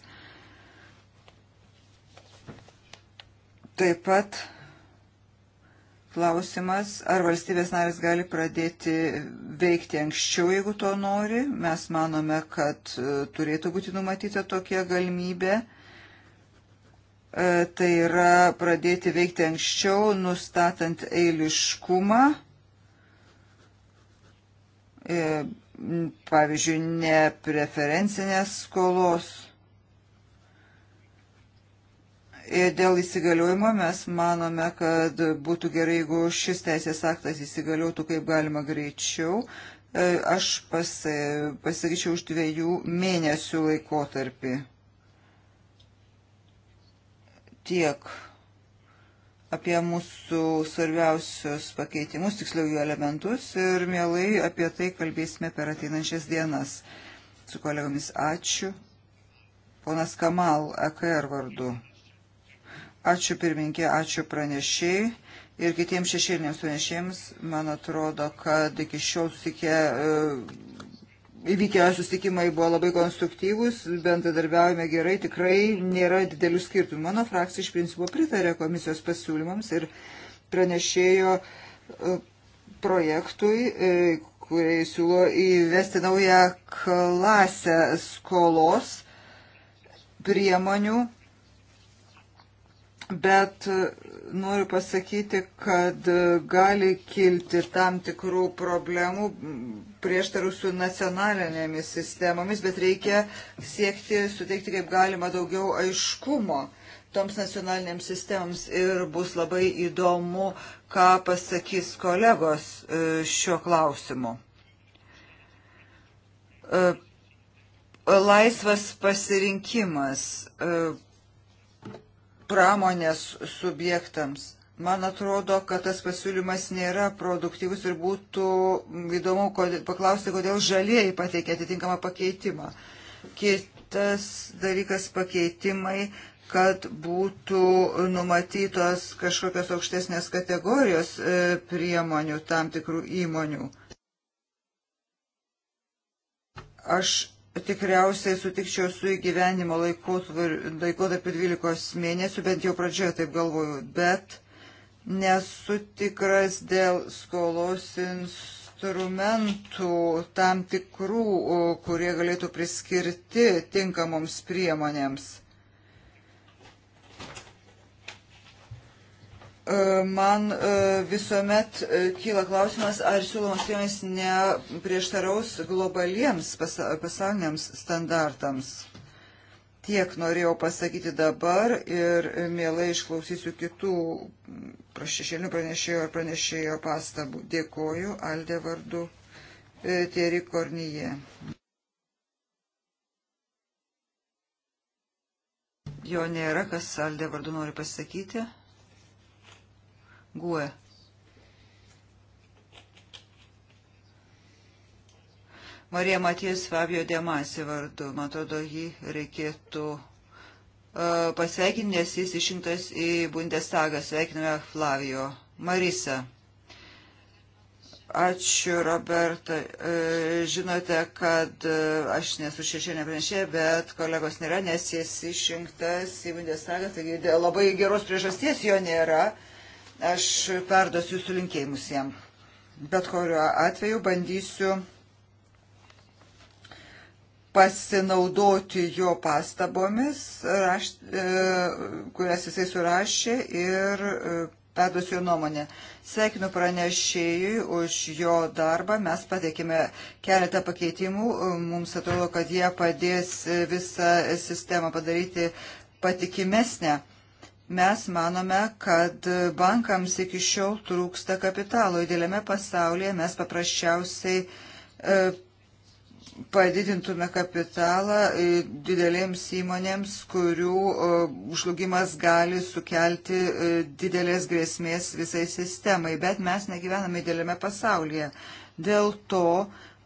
Taip pat Klausimas, ar valstybės narės gali pradėti veikti anksčiau, jeigu to nori. Mes manome, kad e, turėtų būti numatyta tokia galimybė. E, tai yra pradėti veikti anksčiau, nustatant eiliškumą. E, pavyzdžiui, nepreferencinės skolos Ir dėl įsigaliojimo mes manome, kad būtų gerai, jeigu šis teisės aktas įsigaliotų kaip galima greičiau. E, aš pas, pasakyčiau už dviejų mėnesių laikotarpį. Tiek apie mūsų svarbiausius pakeitimus, tiksliau jų elementus ir mielai apie tai kalbėsime per ateinančias dienas. Su kolegomis ačiū. Ponas Kamal, EKR vardu. Ačiū pirminkė, ačiū pranešiai ir kitiems šešėliniams pranešėjams. Man atrodo, kad iki šiol susikė, e, įvykę susitikimai buvo labai konstruktyvūs, bendradarbiavome gerai, tikrai nėra didelių skirtumų. Mano frakcija iš principo pritarė komisijos pasiūlymams ir pranešėjo e, projektui, e, kuriai siūlo įvesti naują klasę skolos priemonių bet e, noriu pasakyti, kad e, gali kilti tam tikrų problemų prieštarų su nacionalinėmis sistemomis, bet reikia siekti suteikti kaip galima daugiau aiškumo toms nacionalinėms sistemoms ir bus labai įdomu, ką pasakys kolegos e, šiuo klausimu. Laisvas pasirinkimas pramonės subjektams. Man atrodo, kad tas pasiūlymas nėra produktyvus ir būtų įdomu kodėl, paklausti, kodėl žalieji pateikė atitinkamą pakeitimą. Kitas dalykas pakeitimai, kad būtų numatytos kažkokios aukštesnės kategorijos e, priemonių tam tikrų įmonių. Aš tikriausiai sutikčiau su įgyvenimo laikotarpiu 12 mėnesių, bent jau pradžioje taip galvoju, bet nesu tikras dėl skolos instrumentų tam tikrų, kurie galėtų priskirti tinkamoms priemonėms. E, man e, visuomet e, kyla klausimas, ar siūlomas priemonės neprieštaraus globaliems pasauliniams standartams. Tiek norėjau pasakyti dabar ir mielai išklausysiu kitų prašešėlių pranešėjo ar pranešėjo pastabų. Dėkoju Aldė vardu Tieri Kornyje. Jo nėra, kas Aldė vardu nori pasakyti. GUE. Marija Matijas Fabio Demasi vardu. Man atrodo, jį reikėtų uh, pasveikinti, nes jis išrinktas į Bundestagą. Sveikiname Flavio. Marisa. Ačiū, Roberta. Uh, žinote, kad uh, aš nesu šešėlė pranešė, bet kolegos nėra, nes jis išrinktas į Bundestagą, taigi labai geros priežasties jo nėra. Uh, Aš perduosiu jūsų linkėjimus jam. Bet kuriuo atveju bandysiu pasinaudoti jo pastabomis, raš, e, kurias jisai surašė ir e, perduosiu jo nuomonę. Sveikinu pranešėjui už jo darbą. Mes pateikėme keletą pakeitimų. Mums atrodo, kad jie padės visą sistemą padaryti patikimesnę. Mes manome, kad bankams iki šiol trūksta kapitalo. Įdėlėme pasaulyje mes paprasčiausiai e, padidintume kapitalą e, didelėms įmonėms, kurių užlugimas e, gali sukelti didelės grėsmės visai sistemai, bet mes negyvename didelėme pasaulyje. Dėl to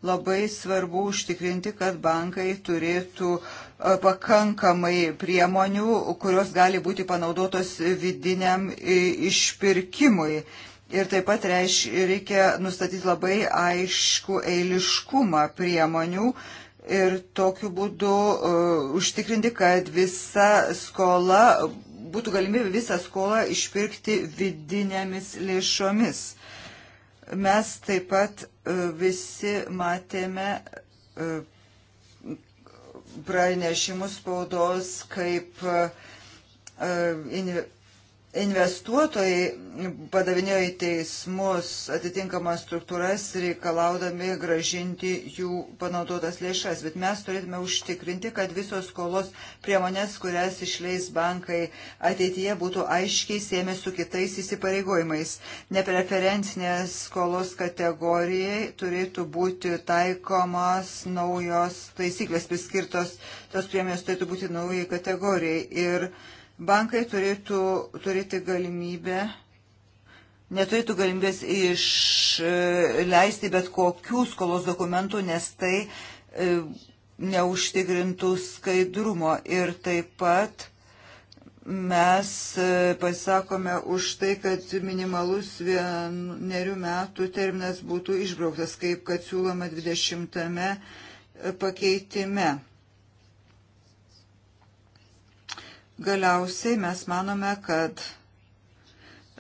labai svarbu užtikrinti, kad bankai turėtų uh, pakankamai priemonių, kurios gali būti panaudotos vidiniam e, išpirkimui. Ir taip pat reiš, reikia nustatyti labai aišku eiliškumą priemonių ir tokiu būdu uh, užtikrinti, kad visa skola, būtų galimybė visą skolą išpirkti vidinėmis lėšomis. Mes taip pat uh, visi matėme uh, pranešimus spaudos kaip e, investuotojai padavinėjo į teismus atitinkamas struktūras reikalaudami gražinti jų panaudotas lėšas, bet mes turėtume užtikrinti, kad visos skolos priemonės, kurias išleis bankai ateityje, būtų aiškiai siemi su kitais įsipareigojimais. Nepreferencinės skolos kategorijai turėtų būti taikomas naujos taisyklės priskirtos, tos priemonės turėtų būti naujai kategorijai. Ir Bankai turėtų turėti galimybę, neturėtų galimybės išleisti bet kokių skolos dokumentų, nes tai e, neužtikrintų skaidrumo ir taip pat mes e, pasakome už tai, kad minimalus vienerių metų terminas būtų išbrauktas, kaip kad siūloma 20 pakeitime. Galiausiai mes manome, kad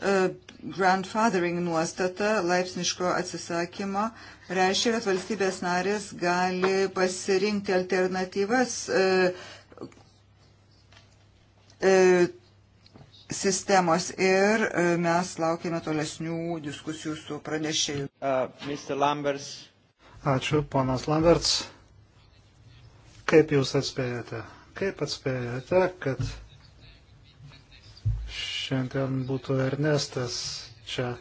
e, grandfathering nuostata laipsniško atsisakymo reiškia, kad valstybės narės gali pasirinkti alternatyvas e, e, sistemos ir e, mes laukime tolesnių diskusijų su pranešėju. Uh, Ačiū, ponas Lamberts. Kaip jūs atspėjate? Kaip atspėjate, kad šiandien būtų Ernestas čia.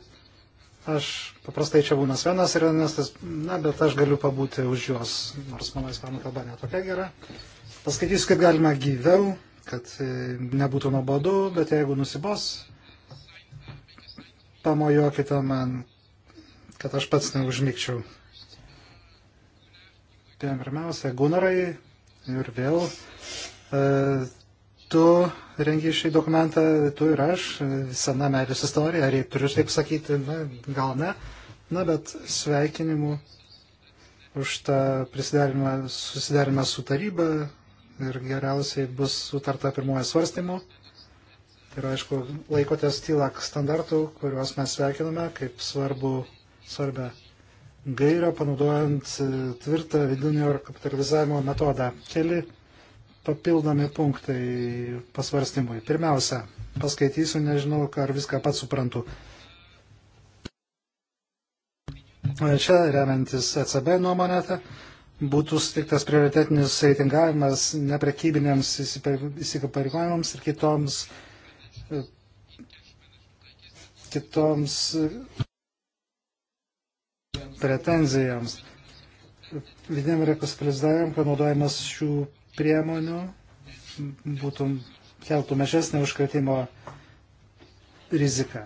Aš paprastai čia būna Svenas ir Ernestas, na, bet aš galiu pabūti už juos, nors mano ispanų kalba netokia gera. Paskaitysiu, kaip galima gyviau, kad e, nebūtų nuobodu, bet jeigu nusibos, pamojokite man, kad aš pats neužmygčiau. Pirmiausia, Gunarai ir vėl e, tu rengi šį dokumentą, tu ir aš, sena meilės istorija, ar turiu taip sakyti, na, gal ne, na, bet sveikinimų už tą susidarimą su taryba ir geriausiai bus sutarta pirmoje svarstymu. Ir tai aišku, laikotės tylak standartų, kuriuos mes sveikiname kaip svarbu, svarbę gairą, panaudojant tvirtą vidinio kapitalizavimo metodą. Keli papildomi punktai pasvarstymui. Pirmiausia, paskaitysiu, nežinau, ar viską pats suprantu. Čia remiantis ECB nuomonėte, tai būtų sutiktas prioritetinis reitingavimas neprekybinėms įsipareigojimams ir kitoms, kitoms pretenzijams vidiniam rekapitalizavimui panaudojimas šių priemonių būtų, keltų mažesnę užkratimo riziką.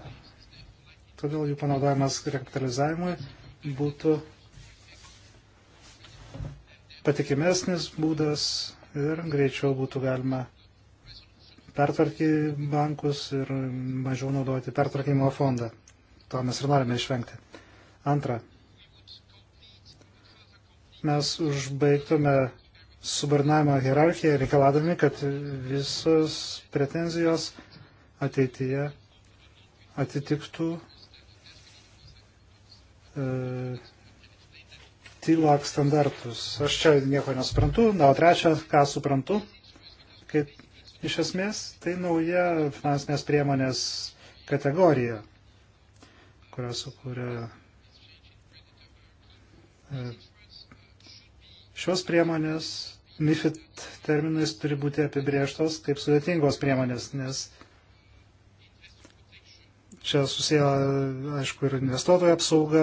Todėl jų panaudojimas rekapitalizavimui būtų patikimesnis būdas ir greičiau būtų galima pertvarkyti bankus ir mažiau naudoti pertvarkymo fondą. To mes ir norime išvengti. Antra, mes užbaigtume subordinavimo hierarchiją, reikaladami, kad visos pretenzijos ateityje atitiktų e, TILAK standartus. Aš čia nieko nesuprantu. Na, o trečia, ką suprantu, kad iš esmės tai nauja finansinės priemonės kategorija, kurią sukūrė e, Šios priemonės MIFID terminais turi būti apibrieštos kaip sudėtingos priemonės, nes čia susiję, aišku, ir investuotojų apsauga,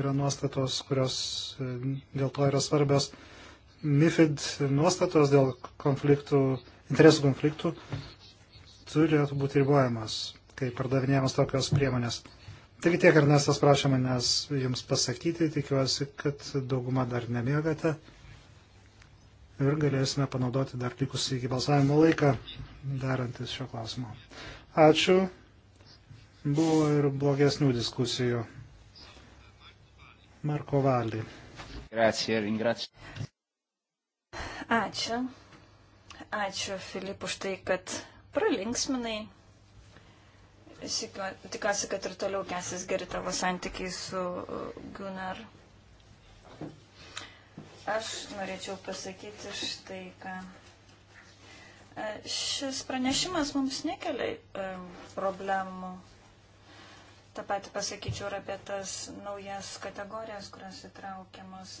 yra nuostatos, kurios e, dėl to yra svarbios. MIFID nuostatos dėl konfliktų, interesų konfliktų turėtų būti ribojamas, kai pardavinėjamos tokios priemonės. Taigi tiek Ernestas prašė manęs jums pasakyti, tikiuosi, kad dauguma dar nemiegate ir galėsime panaudoti dar likusį iki balsavimo laiką, darantis šio klausimo. Ačiū. Buvo ir blogesnių diskusijų. Marko Valį. Grazie, ringrazio. Ačiū. Ačiū, Filip, už tai, kad pralinksminai. Tikiuosi, kad ir toliau kesis geri tavo santykiai su uh, Gunnar. Aš norėčiau pasakyti štai ką. E, šis pranešimas mums nekelia e, problemų. Ta pati pasakyčiau ir apie tas naujas kategorijas, kurios įtraukiamos.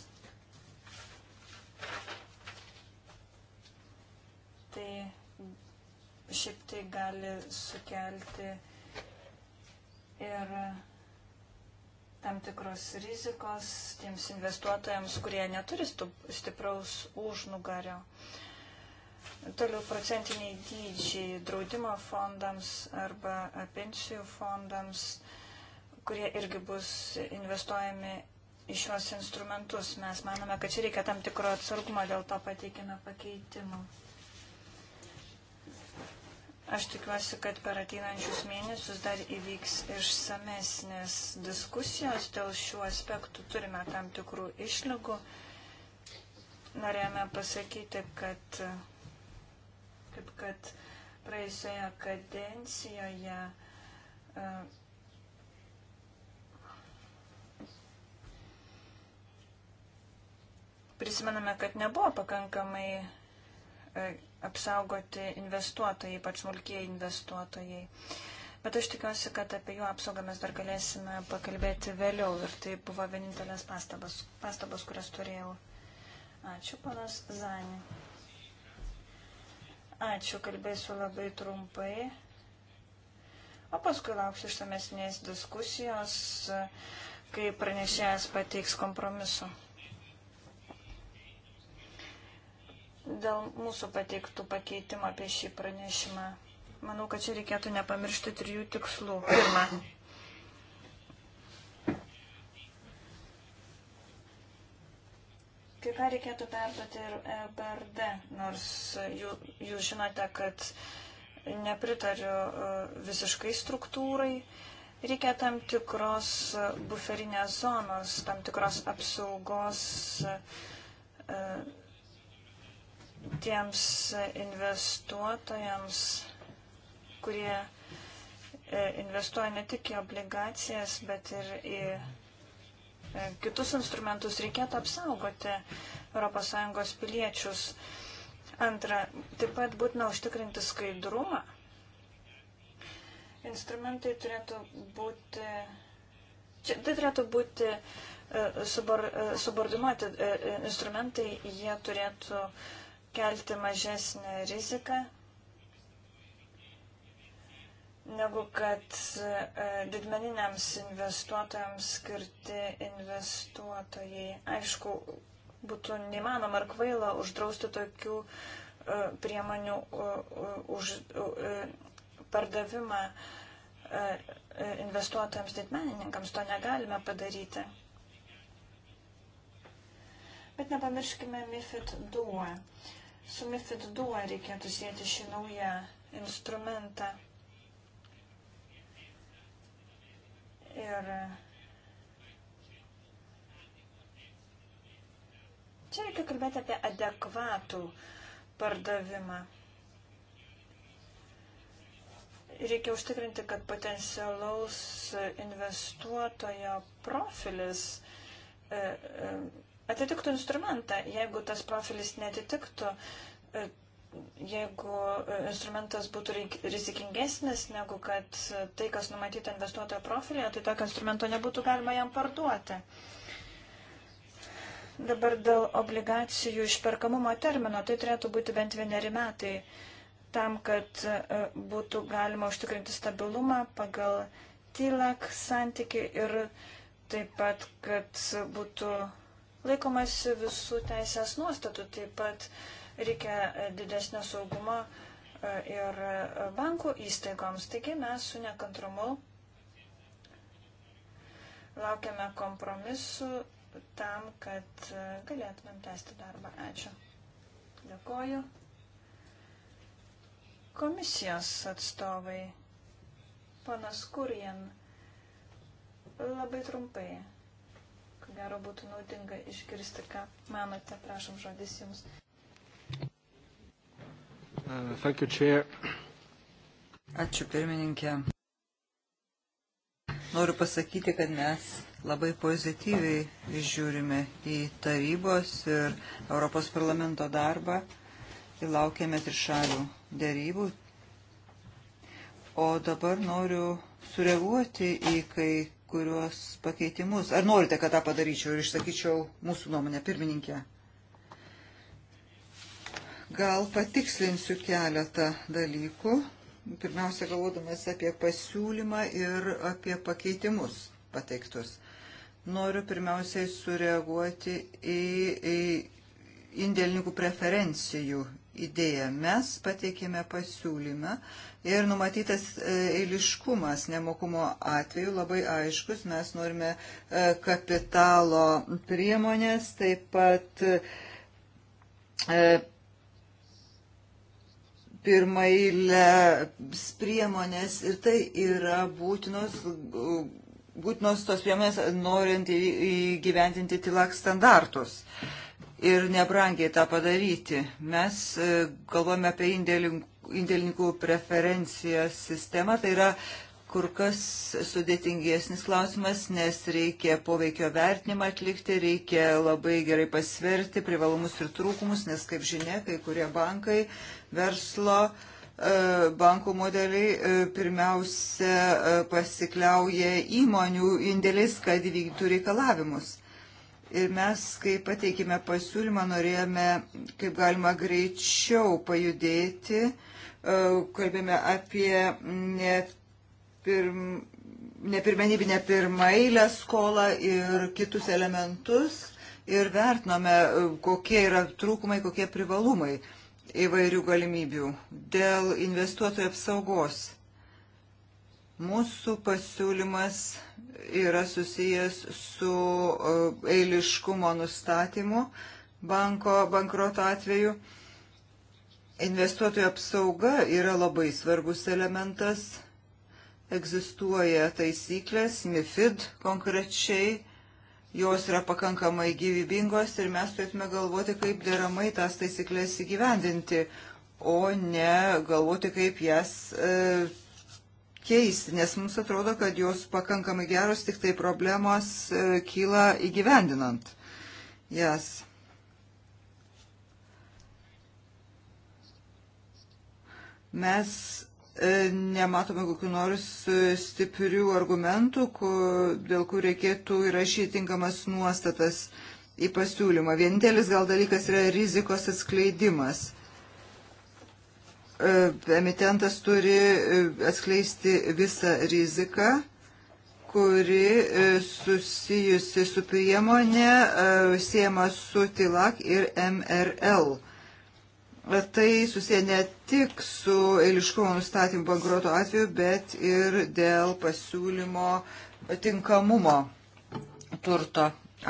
Tai šiaip tai gali sukelti ir tam tikros rizikos tiems investuotojams, kurie neturi stipraus užnugario. Toliau procentiniai dydžiai draudimo fondams arba pensijų fondams, kurie irgi bus investuojami į šios instrumentus. Mes manome, kad čia reikia tam tikro atsargumo, dėl to pateikime pakeitimų. Aš tikiuosi, kad per ateinančius mėnesius dar įvyks išsamesnės diskusijos dėl šių aspektų. Turime tam tikrų išlygų. Norėjome pasakyti, kad, kaip kad praėjusioje kadencijoje e, prisimename, kad nebuvo pakankamai e, apsaugoti investuotojai, ypač smulkiai investuotojai. Bet aš tikiuosi, kad apie jų apsaugą mes dar galėsime pakalbėti vėliau ir tai buvo vienintelės pastabas, pastabas kurias turėjau. Ačiū, panas Zani. Ačiū, kalbėsiu labai trumpai. O paskui lauksiu išsamesnės diskusijos, kai pranešėjas pateiks kompromisu. dėl mūsų pateiktų pakeitimų apie šį pranešimą. Manau, kad čia reikėtų nepamiršti trijų tikslų. Pirma. Kai ką reikėtų perduoti ir e BRD, nors jų, jūs žinote, kad nepritariu e, visiškai struktūrai. Reikia tam tikros buferinės zonos, tam tikros apsaugos e, tiems investuotojams, kurie e, investuoja ne tik į obligacijas, bet ir į e, kitus instrumentus, reikėtų apsaugoti ES piliečius. Antra, taip pat būtina užtikrinti skaidrumą. Instrumentai turėtų būti, čia, tai turėtų būti e, subor, subordinuoti instrumentai, jie turėtų uh, kelti mažesnę riziką negu kad e, didmeniniams investuotojams skirti investuotojai. Aišku, būtų neįmanoma ar kvaila uždrausti tokių e, priemonių e, už pardavimą investuotojams didmenininkams. To negalime padaryti. Bet nepamirškime MIFID 2. Su MIFID 2 reikėtų sėti šį naują instrumentą. Ir čia reikia kalbėti apie adekvatų pardavimą. Reikia užtikrinti, kad potencialaus investuotojo profilis e, e, atitiktų instrumentą. Jeigu tas profilis netitiktų, e, jeigu e, instrumentas būtų rizikingesnis negu kad e, tai, kas numatyta investuotojo profilėje, tai tokio instrumento nebūtų galima jam parduoti. Dabar dėl obligacijų išperkamumo termino, tai turėtų būti bent vieneri metai tam, kad būtų galima užtikrinti stabilumą pagal TILAK santyki ir taip pat, kad būtų laikomasi visų teisės nuostatų. Taip pat reikia didesnio saugumo e, ir e, bankų įstaigoms. Taigi mes su nekantrumu laukiame kompromisu tam, kad e, galėtumėm tęsti darbą. Ačiū. Dėkoju. Komisijos atstovai, panas Kurien, labai trumpai ko gero būtų naudinga išgirsti, ką manote. Prašom žodis Jums. Uh, thank you, Chair. Ačiū pirmininkė. Noriu pasakyti, kad mes labai pozityviai žiūrime į tarybos ir Europos parlamento darbą ir laukiame trišalių dėrybų. O dabar noriu sureaguoti į kai kuriuos pakeitimus. Ar norite, kad tą padaryčiau ir išsakyčiau mūsų nuomonę pirmininkė? Gal patikslinsiu keletą dalykų, pirmiausia galvodamas apie pasiūlymą ir apie pakeitimus pateiktus. Noriu pirmiausiai sureaguoti į, į indėlininkų preferencijų idėją. Mes pateikėme pasiūlymą ir numatytas e, eiliškumas nemokumo atveju labai aiškus. Mes norime e, kapitalo priemonės, taip pat e, pirmailės priemonės ir tai yra būtinos, būtinos tos priemonės norint įgyventinti tilak standartus ir nebrangiai tą padaryti. Mes galvojame apie indėlinkų indėlininkų preferencijos sistemą. Tai yra kur kas sudėtingesnis klausimas, nes reikia poveikio vertinimą atlikti, reikia labai gerai pasverti privalumus ir trūkumus, nes, kaip žinia, kai kurie bankai, verslo, e, bankų modeliai e, pirmiausia e, pasikliauja įmonių indėliais, kad įvykdytų reikalavimus. Ir mes, kai pateikime pasiūlymą, norėjome kaip galima greičiau pajudėti, uh, kalbėjome apie nepirm, nepirmenybinę pirmailę skolą ir kitus elementus ir vertinome, kokie yra trūkumai, kokie privalumai įvairių galimybių dėl investuotojų apsaugos. Mūsų pasiūlymas yra susijęs su e, eiliškumo nustatymu banko bankroto atveju. Investuotojų apsauga yra labai svarbus elementas. Egzistuoja taisyklės, MIFID konkrečiai, jos yra pakankamai gyvybingos ir mes turėtume galvoti, kaip deramai tas taisyklės įgyvendinti, o ne galvoti, kaip jas e, keisti, nes mums atrodo, kad jos pakankamai geros, tik tai problemos e, kyla įgyvendinant jas. Yes. Mes e, nematome kokiu nors e, stiprių argumentų, kur, dėl kurių reikėtų įrašyti tinkamas nuostatas į pasiūlymą. Vienintelis gal dalykas yra rizikos atskleidimas. E, emitentas turi atskleisti visą riziką kuri susijusi su priemonė siema su TILAK ir MRL tai susiję ne tik su eiliškumo nustatymu bankruoto atveju, bet ir dėl pasiūlymo tinkamumo turto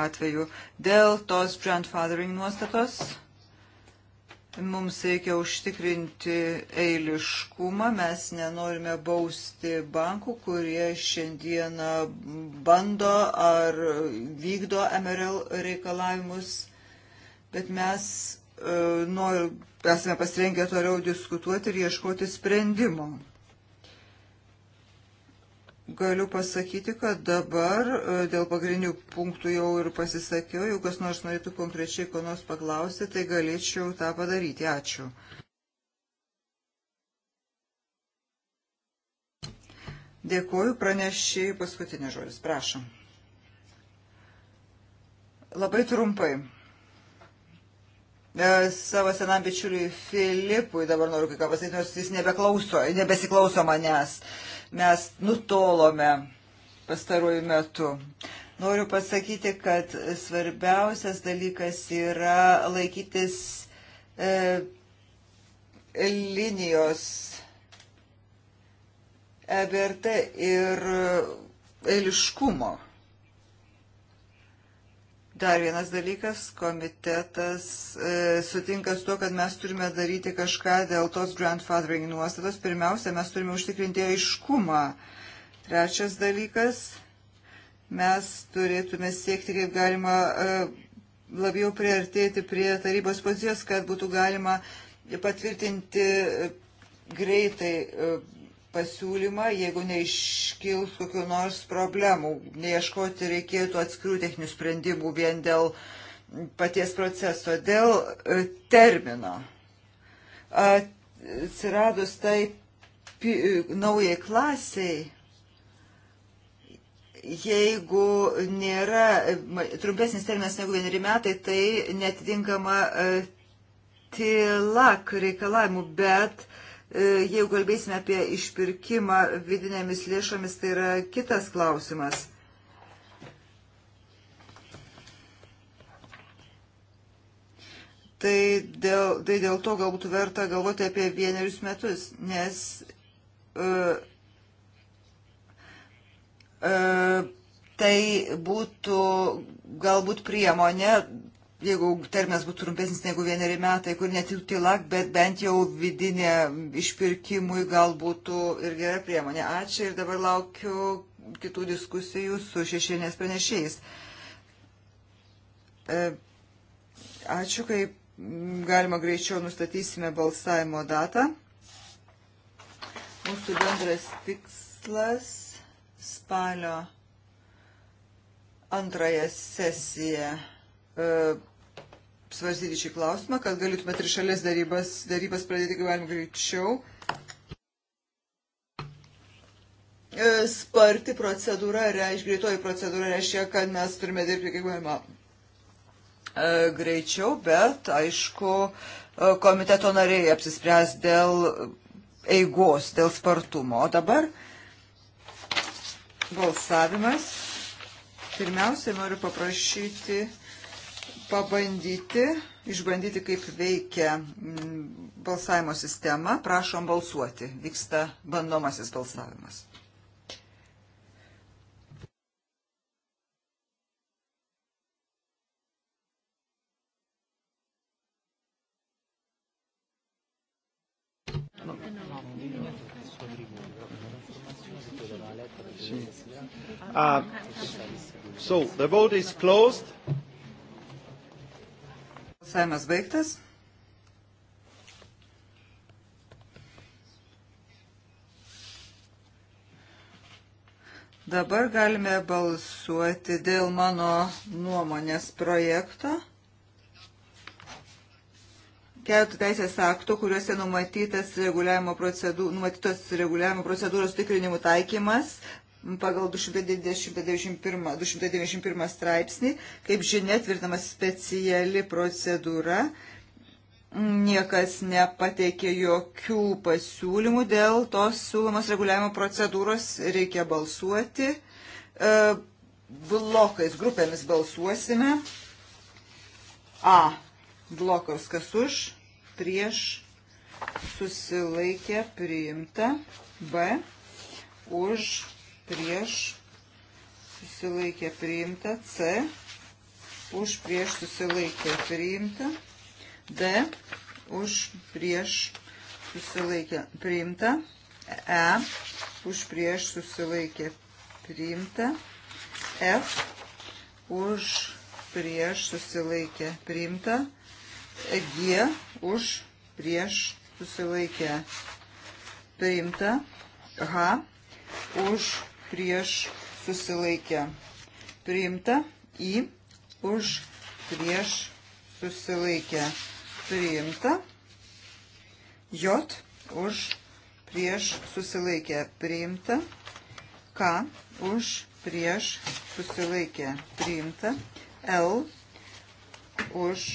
atveju. Dėl tos grandfathering nuostatos mums reikia užtikrinti eiliškumą, mes nenorime bausti bankų, kurie šiandieną bando ar vykdo MRL reikalavimus, bet mes e, noriu esame pasirengę toliau diskutuoti ir ieškoti sprendimo. Galiu pasakyti, kad dabar e, dėl pagrindinių punktų jau ir pasisakiau, jeigu kas nors norėtų konkrečiai ko nors paklausti, tai galėčiau tą padaryti. Ačiū. Dėkuoju, pranešėjai paskutinė žodis. Prašom. Labai trumpai. E, savo senam bičiuliui Filipui, dabar noriu kai ką pasakyti, nors jis nebeklauso, nebesiklauso manęs. Mes nutolome pastaruoju metu. Noriu pasakyti, kad svarbiausias dalykas yra laikytis e, linijos EBRT ir e, eiliškumo. E, Dar vienas dalykas, komitetas e, sutinka su to, kad mes turime daryti kažką dėl tos grandfathering nuostatos. Pirmiausia, mes turime užtikrinti aiškumą. Trečias dalykas, mes turėtume siekti, kaip galima e, labiau priartėti prie tarybos pozicijos, kad būtų galima patvirtinti e, greitai e, pasiūlymą, jeigu neiškils kokiu nors problemų. Neieškoti reikėtų atskirų techninių sprendimų vien dėl paties proceso, dėl e, termino. Atsiradus tai e, naujai klasiai, jeigu nėra trumpesnis terminas negu vieneri metai, tai netitinkama e, tyla reikalavimų, bet uh, E, jeigu kalbėsime apie išpirkimą vidinėmis lėšomis, tai yra kitas klausimas. Tai dėl, tai dėl to galbūt verta galvoti apie vienerius metus, nes uh, uh, tai būtų galbūt priemonė jeigu terminas būtų trumpesnis negu vieneri metai, kur netiltų tilak, bet bent jau vidinė išpirkimui gal būtų ir gera priemonė. Ačiū ir dabar laukiu kitų diskusijų su šešėlės pranešėjais. E, ačiū, kai galima greičiau nustatysime balsavimo datą. Mūsų bendras tikslas spalio antrąją sesiją E, svarstyti šį klausimą, kad galėtume trišalės darybas, darybas pradėti galima greičiau. E, sparti procedūra, reiškia, greitoji procedūra reiškia, kad mes turime dirbti kaip galima e, greičiau, bet aišku, komiteto nariai apsispręs dėl eigos, dėl spartumo. O dabar balsavimas. Pirmiausia, noriu paprašyti pabandyti, išbandyti, kaip veikia mm, balsavimo sistema. Prašom balsuoti. Vyksta bandomasis balsavimas. Uh, so the vote is closed. Balsavimas baigtas. Dabar galime balsuoti dėl mano nuomonės projekto. Keletų teisės aktų, kuriuose numatytas reguliavimo numatytos reguliavimo procedūros tikrinimų taikymas, pagal 291 straipsnį. Kaip žinia, tvirtama speciali procedūra. Niekas nepateikė jokių pasiūlymų dėl tos siūlomos reguliavimo procedūros. Reikia balsuoti. E, blokais, grupėmis balsuosime. A. Blokas kas už, prieš, susilaikė, priimta. B. Už, prieš susilaikė priimta, C už prieš susilaikė priimta, D už prieš susilaikė priimta, E už prieš susilaikė priimta, F už prieš susilaikė priimta, G už prieš susilaikė priimta, H už prieš prieš susilaikę priimta, į už prieš susilaikę priimta, j už prieš susilaikę priimta, k už prieš susilaikę priimta, l už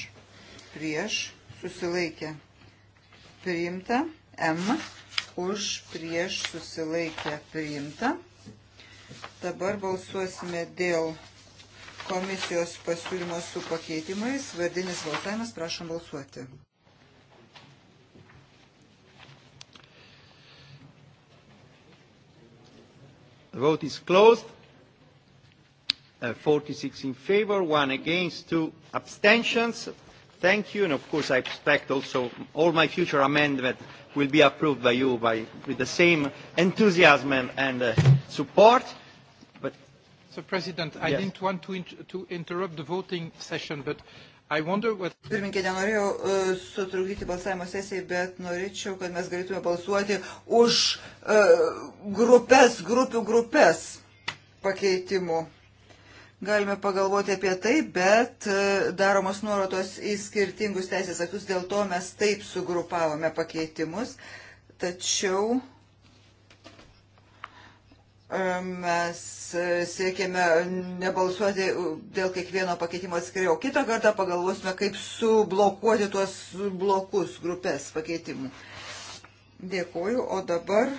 prieš susilaikę priimta, m už prieš susilaikę priimta. Dabar balsuosime dėl komisijos pasiūlymo su pakeitimais. Vardinis balsavimas, prašom balsuoti. The vote is closed. Uh, 46 in favor, one against, two abstentions. Thank you, and of course I expect also all my future amendments will be approved by you by, with the same enthusiasm and uh, support. So, President, yes. I didn't want to, inter to interrupt the voting session, but I wonder what... Pirminkė, nenorėjau uh, sutrukdyti balsavimo sesijai, bet norėčiau, kad mes galėtume balsuoti už uh, e, grupės, grupių grupės pakeitimų. Galime pagalvoti apie tai, bet uh, daromos nuorodos į skirtingus teisės aktus, dėl to mes taip sugrupavome pakeitimus. Tačiau uh, mes siekėme nebalsuoti dėl kiekvieno pakeitimo atskiriau. Kitą kartą pagalvosime, kaip sublokuoti tuos blokus, grupės pakeitimų. Dėkuoju, o dabar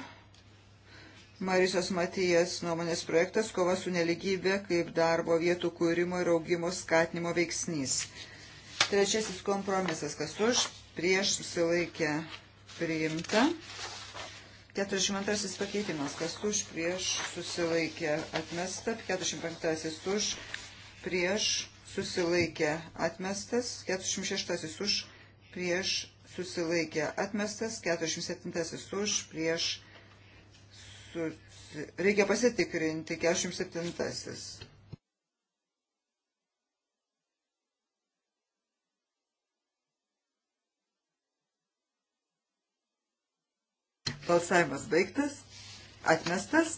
Marisas Matijas nuomonės projektas kova su neligybė kaip darbo vietų kūrimo ir augimo skatinimo veiksnys. Trečiasis kompromisas, kas už, prieš susilaikę priimta. 42 pakeitimas, kas už prieš susilaikė atmesta, 45 už prieš susilaikė atmestas, 46 už prieš susilaikė atmestas, 47 už prieš susilaikė. Reikia pasitikrinti 47. Balsavimas baigtas. Atmestas.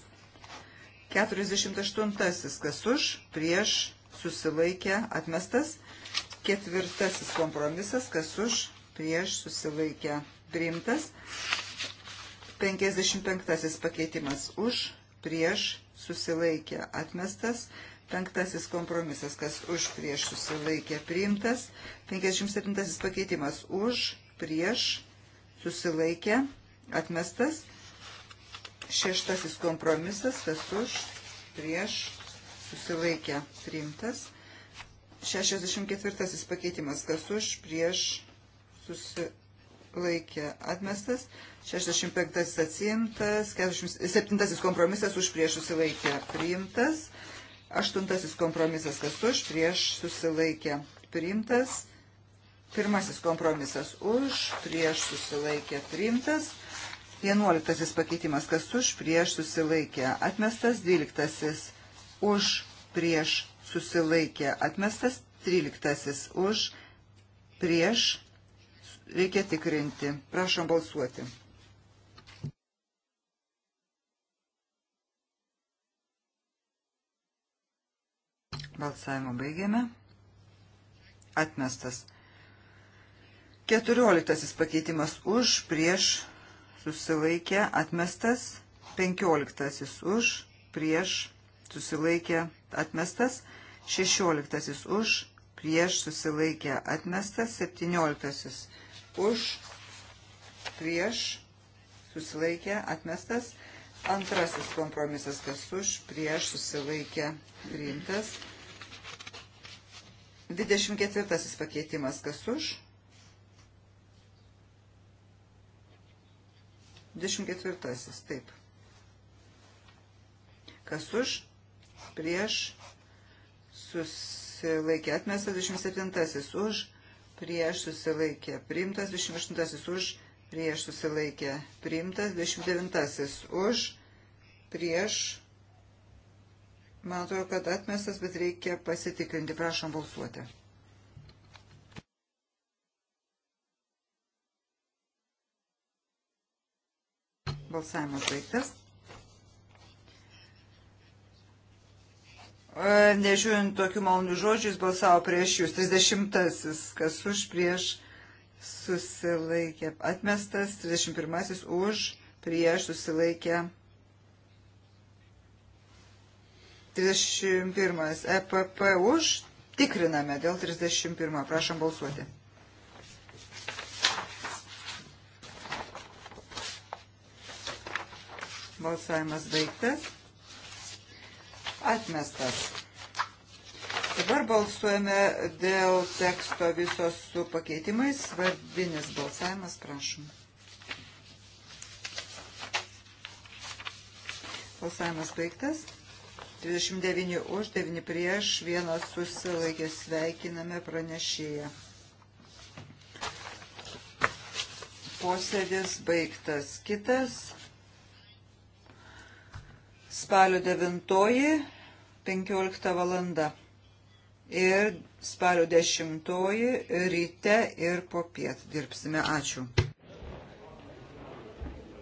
48. Kas už, prieš, susilaikė, atmestas. Ketvirtasis kompromisas. Kas už, prieš, susilaikė, priimtas. 55. Pakeitimas už, prieš, susilaikė, atmestas. Penktasis kompromisas, kas už prieš susilaikė priimtas. 57 pakeitimas už prieš susilaikė priimtas atmestas. Šeštasis kompromisas, kas už, prieš, susilaikę, priimtas. 64 pakeitimas, kas už, prieš, susilaikė, atmestas. 65 atsiimtas, 47 kompromisas už, prieš, susilaikę, priimtas. 8 kompromisas, kas už, prieš, susilaikę, priimtas. Pirmasis kompromisas už, prieš, susilaikę, priimtas. 11 pakeitimas, kas už prieš susilaikė, atmestas 12, už prieš susilaikė, atmestas 13, už prieš reikia tikrinti. Prašom balsuoti. Balsavimo baigėme. Atmestas. Keturioliktasis pakeitimas už prieš susilaikė atmestas, 15 už, prieš susilaikė atmestas, 16 už, prieš susilaikė atmestas, 17 už, prieš susilaikė atmestas, antrasis kompromisas kas už, prieš susilaikė priimtas, 24 pakeitimas kas už, 24. Taip. Kas už? Prieš. Susilaikė atmestas 27. Už. Prieš susilaikė. Priimtas 28. Už. Prieš susilaikė. Priimtas 29. Už. Prieš. Man atrodo, kad atmestas, bet reikia pasitikrinti. Prašom balsuoti. Balsavimas baigtas. E, nežiūrint tokių malonių žodžių, jis balsavo prieš jūs. 30-asis, kas už prieš susilaikė. Atmestas, 31-asis už prieš susilaikė. 31-as EPP už. Tikriname dėl 31. Prašom balsuoti. Balsavimas baigtas. Atmestas. Dabar balsuojame dėl teksto visos su pakeitimais. Vardinis balsavimas, prašom. Balsavimas baigtas. 29 už, 9 prieš, vienas susilaikė, sveikiname pranešėją. Posėdis baigtas. Kitas spalio 9, 15 valanda ir spalio 10 ryte ir po piet dirbsime. Ačiū.